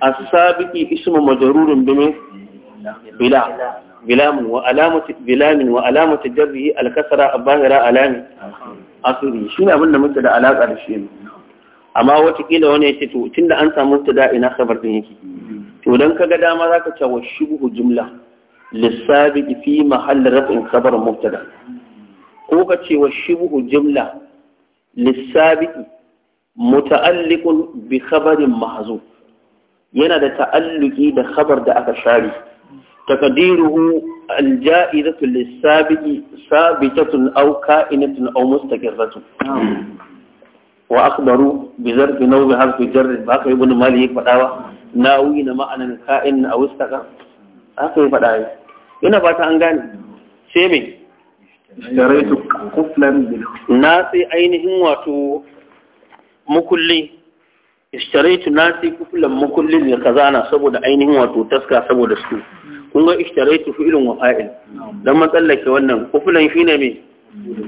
السابق اسم مجرور بما بلا bilamin wa alamati bilamin wa alamati jarrihi al-kasra abahira alami asiri shine abin da muke da alaka da shi amma wata wani ya ce to tun da an samu mubtada ina khabar din yake to dan kaga dama zaka ce wa shubhu jumla lissabi fi mahall raf'in khabar mubtada ko ka ce wa shubhu jumla lissabi muta'alliqun bi khabarin mahzuf yana da ta'alluki da khabar da aka share تقديره الجائزة للسابق ثابتة أو كائنة أو مستقرة وأخبروا بظرف نوع حرف جر بقى ابن مالك فتاوى ناوين معنى كائن أو استقر haka yi faɗa yi ina fata an gane sai mai shiraitu kuflan bil na sai ainihin wato mukulli shiraitu na sai kuflan mukullin da kazana saboda ainihin wato taska saboda su kun ga ishtaraitu fi'lun wa fa'il dan man wannan kufulan ne mai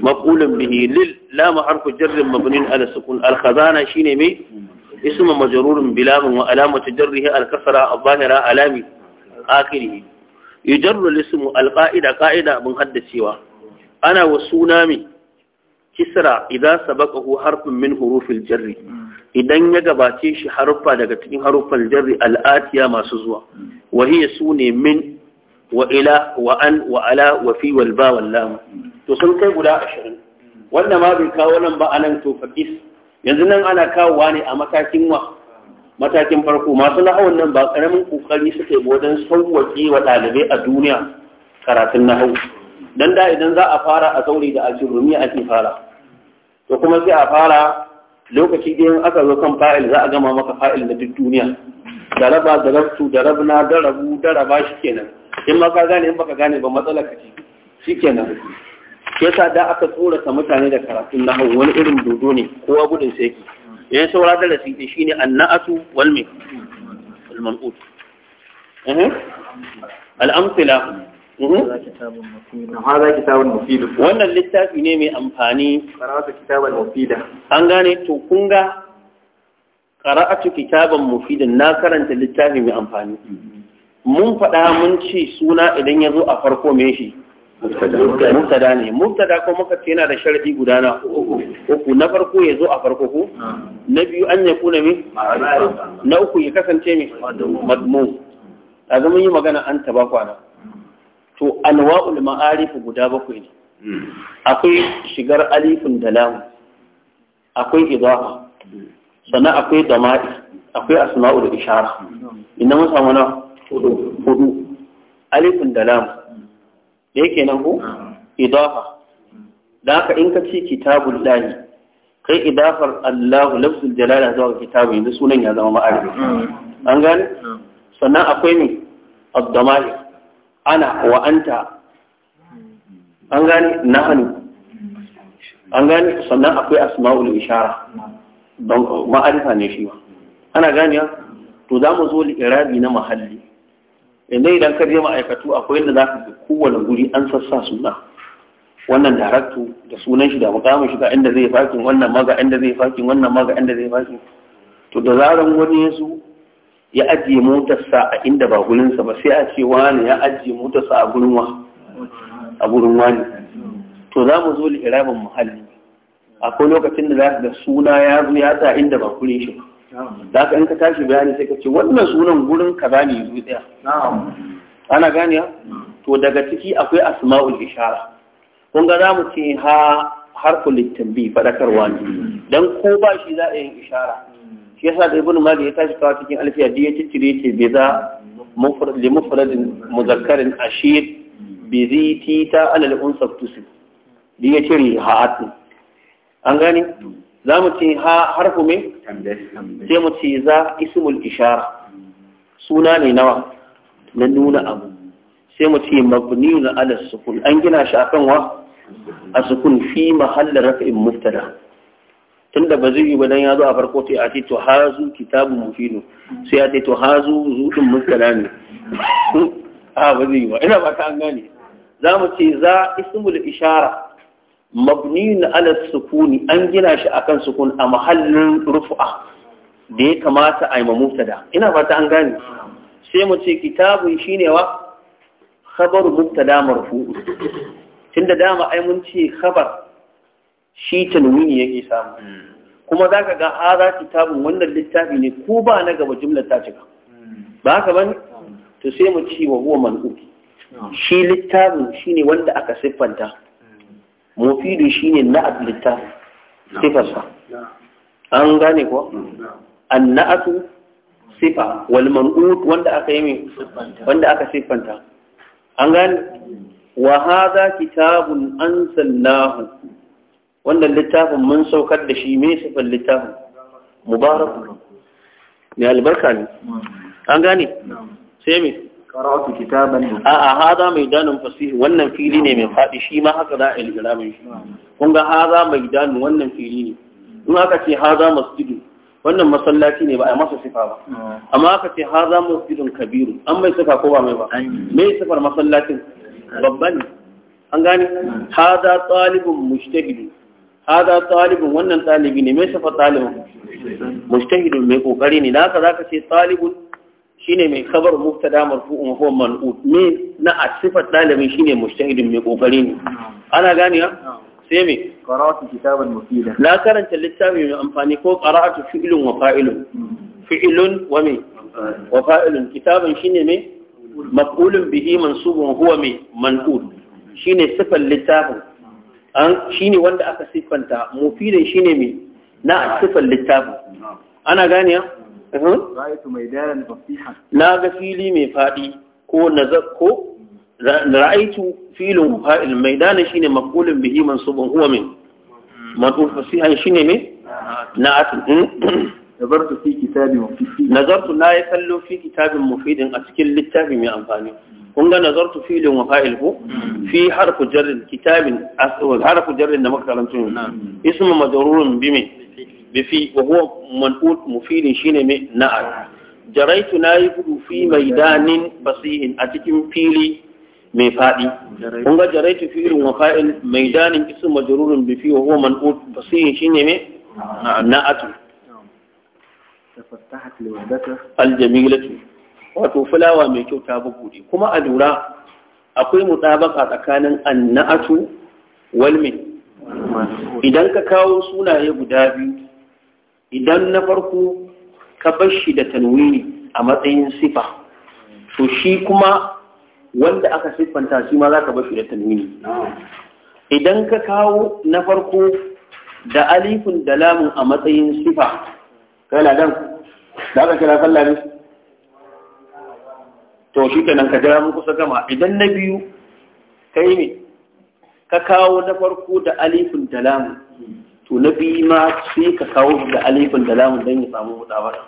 maqulun bihi lil lam harfu jarrin mabnin ala sukun al khazana shine me ismu majrurun bilamin wa alamatu jarrihi al kasra al alami akhirih yujarru al ismu al qa'ida qa'ida haddacewa ana wa sunami kisra sabaka ko harfin min hurufin jarri idan ya gabace shi haruffa daga cikin haruffan jarri al'atiya masu zuwa wahiyya su ne min wa ila wa an wa ala wa fi wal ba wal lam to sun kai guda 20 wanda ma bai kawo nan ba anan to faqis yanzu nan ana kawowa ne a matakin wa matakin farko masu nahawun nan ba karamin kokari suka yi wajen sauwaƙe wa ɗalibai a duniya karatun nahawu dan da idan za a fara a sauri da aljurumiya ake fara to kuma sai a fara lokaci ɗayan aka zo kan fa'il za a gama maka fa'il na duk duniya daraba darabtu darabna darabu daraba shikenan in ma ka gane in baka gane ba matsalar ka ce shikenan ke sa da aka tsorata mutane da karatun hau wani irin dodo ne kowa gudun sai yan saura da shi shine anna'atu wal min al man'ut eh al amthila Mhm. wannan littafi ne mai amfani an gane to kun ga qara'atu kitaban mufidan na karanta littafi mai amfani mun faɗa mun ce suna idan ya zo a farko me shi mubtada ne mubtada ko muka ce yana da sharadi guda na uku na farko ya zo a farko ko na biyu an ya kuna me na uku ya kasance me madmu a zama yi magana an taba kwana to anwa'ul ma'arif guda bakwai ne akwai shigar alifin da lamu akwai idafa sannan akwai dama'i akwai asma'ul ishara inda mun samu na hudu alifin da lamu da yake nan ko idafa da ka in ka ci kitabul lahi kai idafar Allahu lafzul jalala zuwa kitabu yanzu sunan ya zama ma'arifi mm. an gane mm. sannan akwai ne ad ana wa anta an gane hannu, an gane sannan akwai asma'ul ishara don ma'arifa ne shi ba, ana gane to za mu zo li'irabi na mahalli yanzu idan ka je ma'aikatu akwai yadda za ka ga kowane guri an sassa suna wannan daraktu da sunan shi da mukamin shi ga inda zai fakin wannan maga inda zai fakin wannan maga inda zai fakin to da zaran wani ya zo ya ajiye motarsa a inda ba gurinsa ba sai a ce wani ya ajiye motarsa a gurin a gurin wani to za mu zo li'irabin muhalli akwai lokacin da za ga suna ya zo ya tsaya inda ba gurin shi za ka in ka tashi bayani sai ka ce wannan sunan gurin ka za ne zo tsaya ana gane to daga ciki akwai asma'ul ishara kun ga za mu ce ha harful tambi faɗakarwa ne dan ko ba shi za a yin ishara Ya sa da ibnu malik ya tashi kawo cikin alfiya da ya ciccire ce bi za li mufradin muzakkarin ashir bi zi ta alal unsa tusi da ya cire ha'at an gane za mu ce ha harfu me sai mu ce za ismul ishara suna ne nawa na nuna abu sai mu ce mabni na ala sukun an gina shi akan wa a sukun fi mahalla rafa'in muftada tunda ba zai yi ba dan ya zo a farko sai a ce to hazu kitabu mufidu sai a ce to hazu zuɗin mustala ne a ba zai yi ba ina ba ta an gane za mu ce za ismul ishara mabniyun ala sukuni an gina shi akan sukun a mahallin rufu'a da ya kamata a yi ma mamutada ina ba ta an gane sai mu ce kitabun shine wa khabaru mubtada marfu tunda dama ai mun ce khabar shi tanwini yake samu kuma za ka ga ta kitabun wannan littafi ne ko ba na gaba jumlar ta cika ba haka bane to sai mu ci wa huwa manqubi shi littafin shine wanda aka siffanta mufidu shine na'at littafin sifarsa an gane ko an na'atu sifa wal manqut wanda aka yi wanda aka siffanta an gane wa hadha kitabun ansalnahu wannan littafin mun saukar da shi me sifan littafin mubarak ne albarka ne an gane sai mai karatu kitaban a a mai danin fasih wannan fili ne mai fadi shi ma haka za a ilgiramin shi kun ga mai danin wannan fili ne in aka ce haza masjidu wannan masallaci ne ba a masa sifa ba amma aka ce haza masjidun kabiru an mai sifa ko ba mai ba mai sifar masallacin babban an gane haza talibun mujtahid hada talibin wannan talibi ne mai safa talibin mujtahidun mai kokari ne da haka zaka ce talibun shine mai kabar mubtada marfu'un wa huwa man'ut me na asifat talibin shine mujtahidun mai kokari ne ana gani ha sai me qara'atu kitaban mufida la karanta littafi mai amfani ko qara'atu fi'lun wa fa'ilun fi'lun wa me wa fa'ilun kitaban shine me maf'ulun bihi mansubun huwa me man'ut shine sifar littafin an shine wanda aka siffanta mufidin shine mai na sifar littafin ana gane ya na ga fili mai faɗi ko na ko ra'aitu filin fa'il mai dana shine maqulun bihi mansubun huwa min hmm. matuf fasihan shine mai na atin nazartu fi kitabin mufidin nazartu na ya kallo fi kitabin mufidin a cikin littafin mai amfani kun ga nazartu filin wa fa'il ko hmm. fi harfu jarrin kitabin harfu jarrin da muka karanta yau ismu majrurun bi me bi fi wa huwa man'ut mufidin shine me na'al jaraitu na yi gudu fi maidanin basihin a cikin fili mai faɗi kun ga jaraitu fi irin wafa'il maidanin isu majarurin bifi wa huwa man'ut basihin shine mai na'atu aljamilatu wato fulawa mai kyau ta bubuɗe kuma a lura akwai mutabaka tsakanin annatu walmi idan ka kawo sunaye guda biyu idan na farko ka bashi da tanwini a matsayin sifa to shi kuma wanda aka siffanta shi ma za ka bashi da tanwini idan ka kawo na farko da alifin da lamun a matsayin sifa sai ladan da aka kira sallah ne to shi kenan ka jira mun kusa gama idan na biyu kai ne ka kawo na farko da alifin da lamu to na biyu ma sai ka kawo da alifin da lamu don ya samu mutabara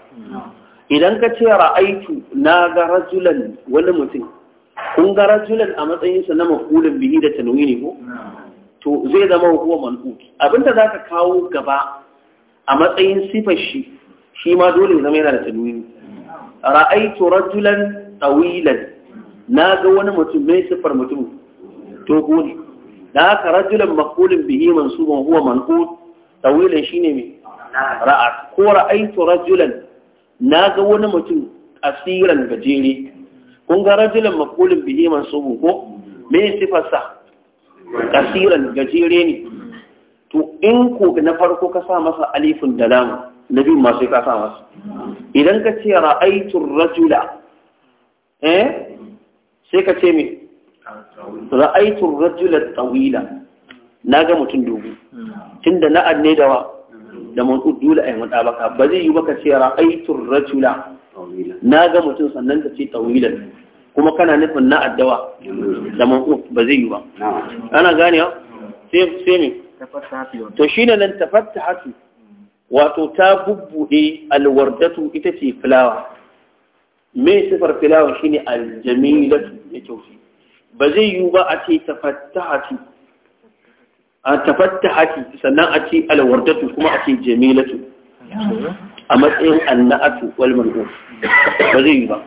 idan ka ce ra'aitu na ga rajulan wani mutum kun ga rajulan a matsayinsa na mafulin bihi da tanwini ko to zai zama huwa man'ut abinda zaka kawo gaba a matsayin sifar shi shi ma dole zama yana da tanwini ra'aitu rajulan tawilan na ga wani mutum mai siffar mutum to ne da haka rajulan maqulun bihi mansubun huwa manqul tawilan shine me ra'a ko ra'aitu rajulan na ga wani mutum asiran gajere kun ga rajulan maqulun bihi mansubun ko me siffar sa asiran gajere ne to in ko na farko ka sa masa alifun da lamu na biyun ma sai ka sa idan ka ce ra'aitun rajula eh sai ka ce me ra'aitun rajula tawila na ga mutum dogo tunda na anne da wa da manqud dole ayi mun baka ba zai yi baka ce ra'aitun rajula na ga mutum sannan ka ce tawilan kuma kana nufin na addawa da manqud ba zai yi ba ana gane sai sai me to shi ne nan tafattahatu wato ta bubbuɗe alwardatu ita ce filawa me sifar filawa shine aljamilatu da kyauci ba zai yiwu ba a ce tafattahati a tafattahati sannan a ce alwardatu kuma a ce jamilatu a matsayin annatu wal man'u ba zai yiwu ba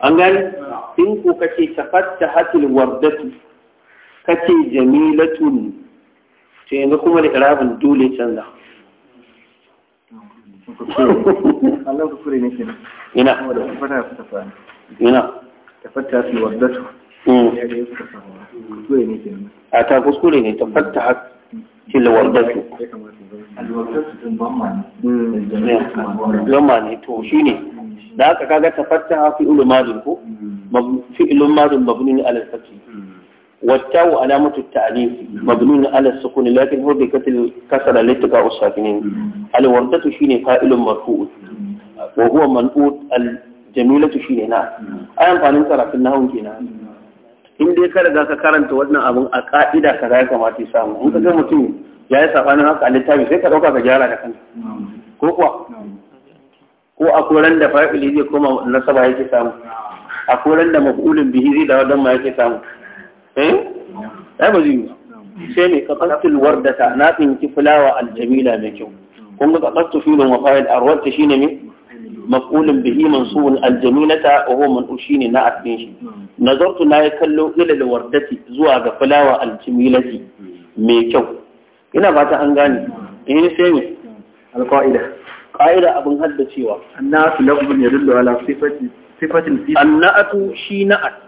an gani in ko kace tafattahati alwardatu kace ne. to yanzu kuma da irabin dole canza Allah ku kure ne kenan ina ku ina tafatta fi waddatu hmm. kuskure ne kenan a ta kuskure ne tafatta til waddatu lamma ne to shine da haka kaga tafatta fi ulumazin ko hmm. fi'ilun mazin mabni ne alal fati. Hmm. والتاء علامة التعريف مبنون على السكون لكن هو بكسر كسر لاتقاء الساكنين الوردة شين فائل مرفوع وهو منقوط الجميلة شين نعم أنا قانون ترى في النهو كنا in dai ka ka karanta wannan abin a ka'ida ka za kamata ya samu in ka ga mutum ya yi sabanin haka a sai ka ɗauka ka gyara da kanka ko a koran da fa'ili zai koma nasaba yake samu a koran da maf'ulin bihi zai dawo don ma yake samu eh ai ba zai sai ne kaqatul ta na tsinki fulawa aljamila mai kyau kun ga kaqatu filin wa fa'il arwata shine me maf'ulun bihi mansubun aljamilata wa huwa man'u shine na asbin shi nazartu na ya kallo ila alwardati zuwa ga fulawa aljamilati mai kyau ina fata an gane eh sai me Alƙa'ida. Ƙa'ida abin haddacewa annatu lafzun yadullu ala sifati sifatin annatu shi na'at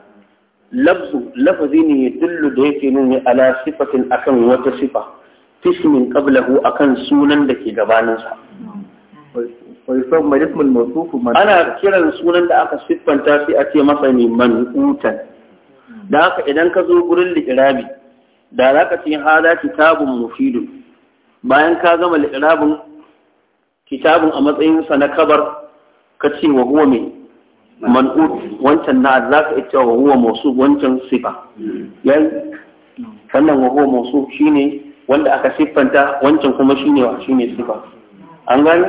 lafzu lafazi ne ya dillu da yake nuni ala sifatin akan wata sifa tismin qablahu akan sunan da ke gabaninsa ana kiran sunan da aka siffanta sai a ce masa ne man'utan da haka idan ka zo gurin likirabi da za ka ce hada kitabun mufidun bayan ka gama likirabin kitabun a matsayinsa na kabar ka ce wa huwa mai man'ud wancan na za ka ita wa huwa masu wancan sifa yayi sannan wa huwa masu shine wanda aka siffanta wancan kuma shine wa shine sifa an gane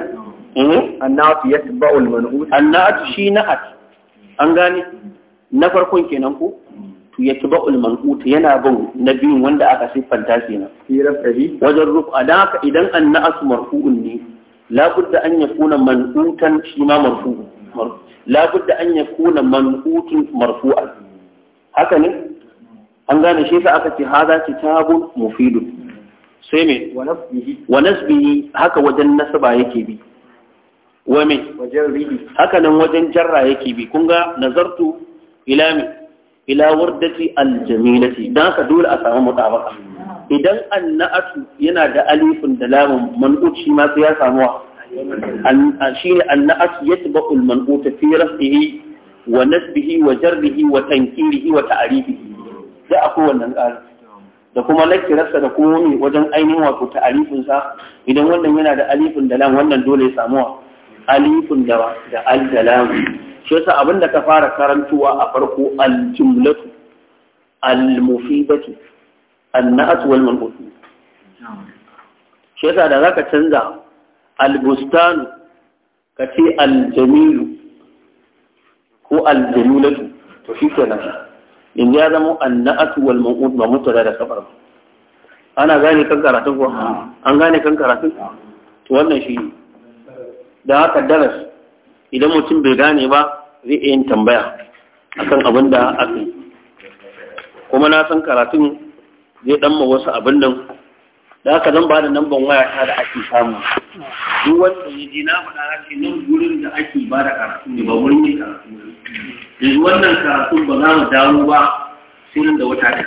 eh annatu yatba'u al-man'ud annatu shi na'at an gani na farkon kenan ko to yatba'u al-man'ud yana bin na biyun wanda aka siffanta kenan wajen rufa dan haka idan annatu marfu'un ne labudda an yakuna man'utan shi ma marfu'un labudda an ya kuna manhutun marfu'a haka ne an gane shi sa aka ce hada kitabun mufidun sai me wa nasbihi haka wajen nasaba yake bi wa me haka nan wajen jarra yake bi kun ga nazartu ila me ila wardati aljamilati dan haka dole a samu mutabaka idan annatu yana da alifin da lamun man'ut shi ma sai ya samu shine annas yatba'u al-man'ut fi raf'ihi wa nasbihi wa jarrihi wa tankirihi wa ta'rifihi da akwai wannan ƙara da kuma nakirarsa da kuma wani wajen ainihin wato ta'arifin sa idan wannan yana da alifin da lam wannan dole ya samu alifin da da al da lam shi yasa abinda ka fara karantuwa a farko al-jumlatu al-mufidatu annas wal man'ut shi yasa da zaka canza albustanu ka الجميل aljamilu ko aljamilatu to shi kenan in ya zama annatu wal mawqut ba mutada da kabar ana gane kan karatun ko an gane kan karatun to wannan shi da haka daras idan mutum bai gane ba zai iya tambaya akan abinda kuma na san karatun zai dan ma wasu abin nan da aka zan ba da namban waya ta da ake samu duk wanda ya ji na faɗa ake nan gurin da ake ba da karatu ne ba wurin ne karatu yanzu wannan karatu ba za mu dawo ba sai da wata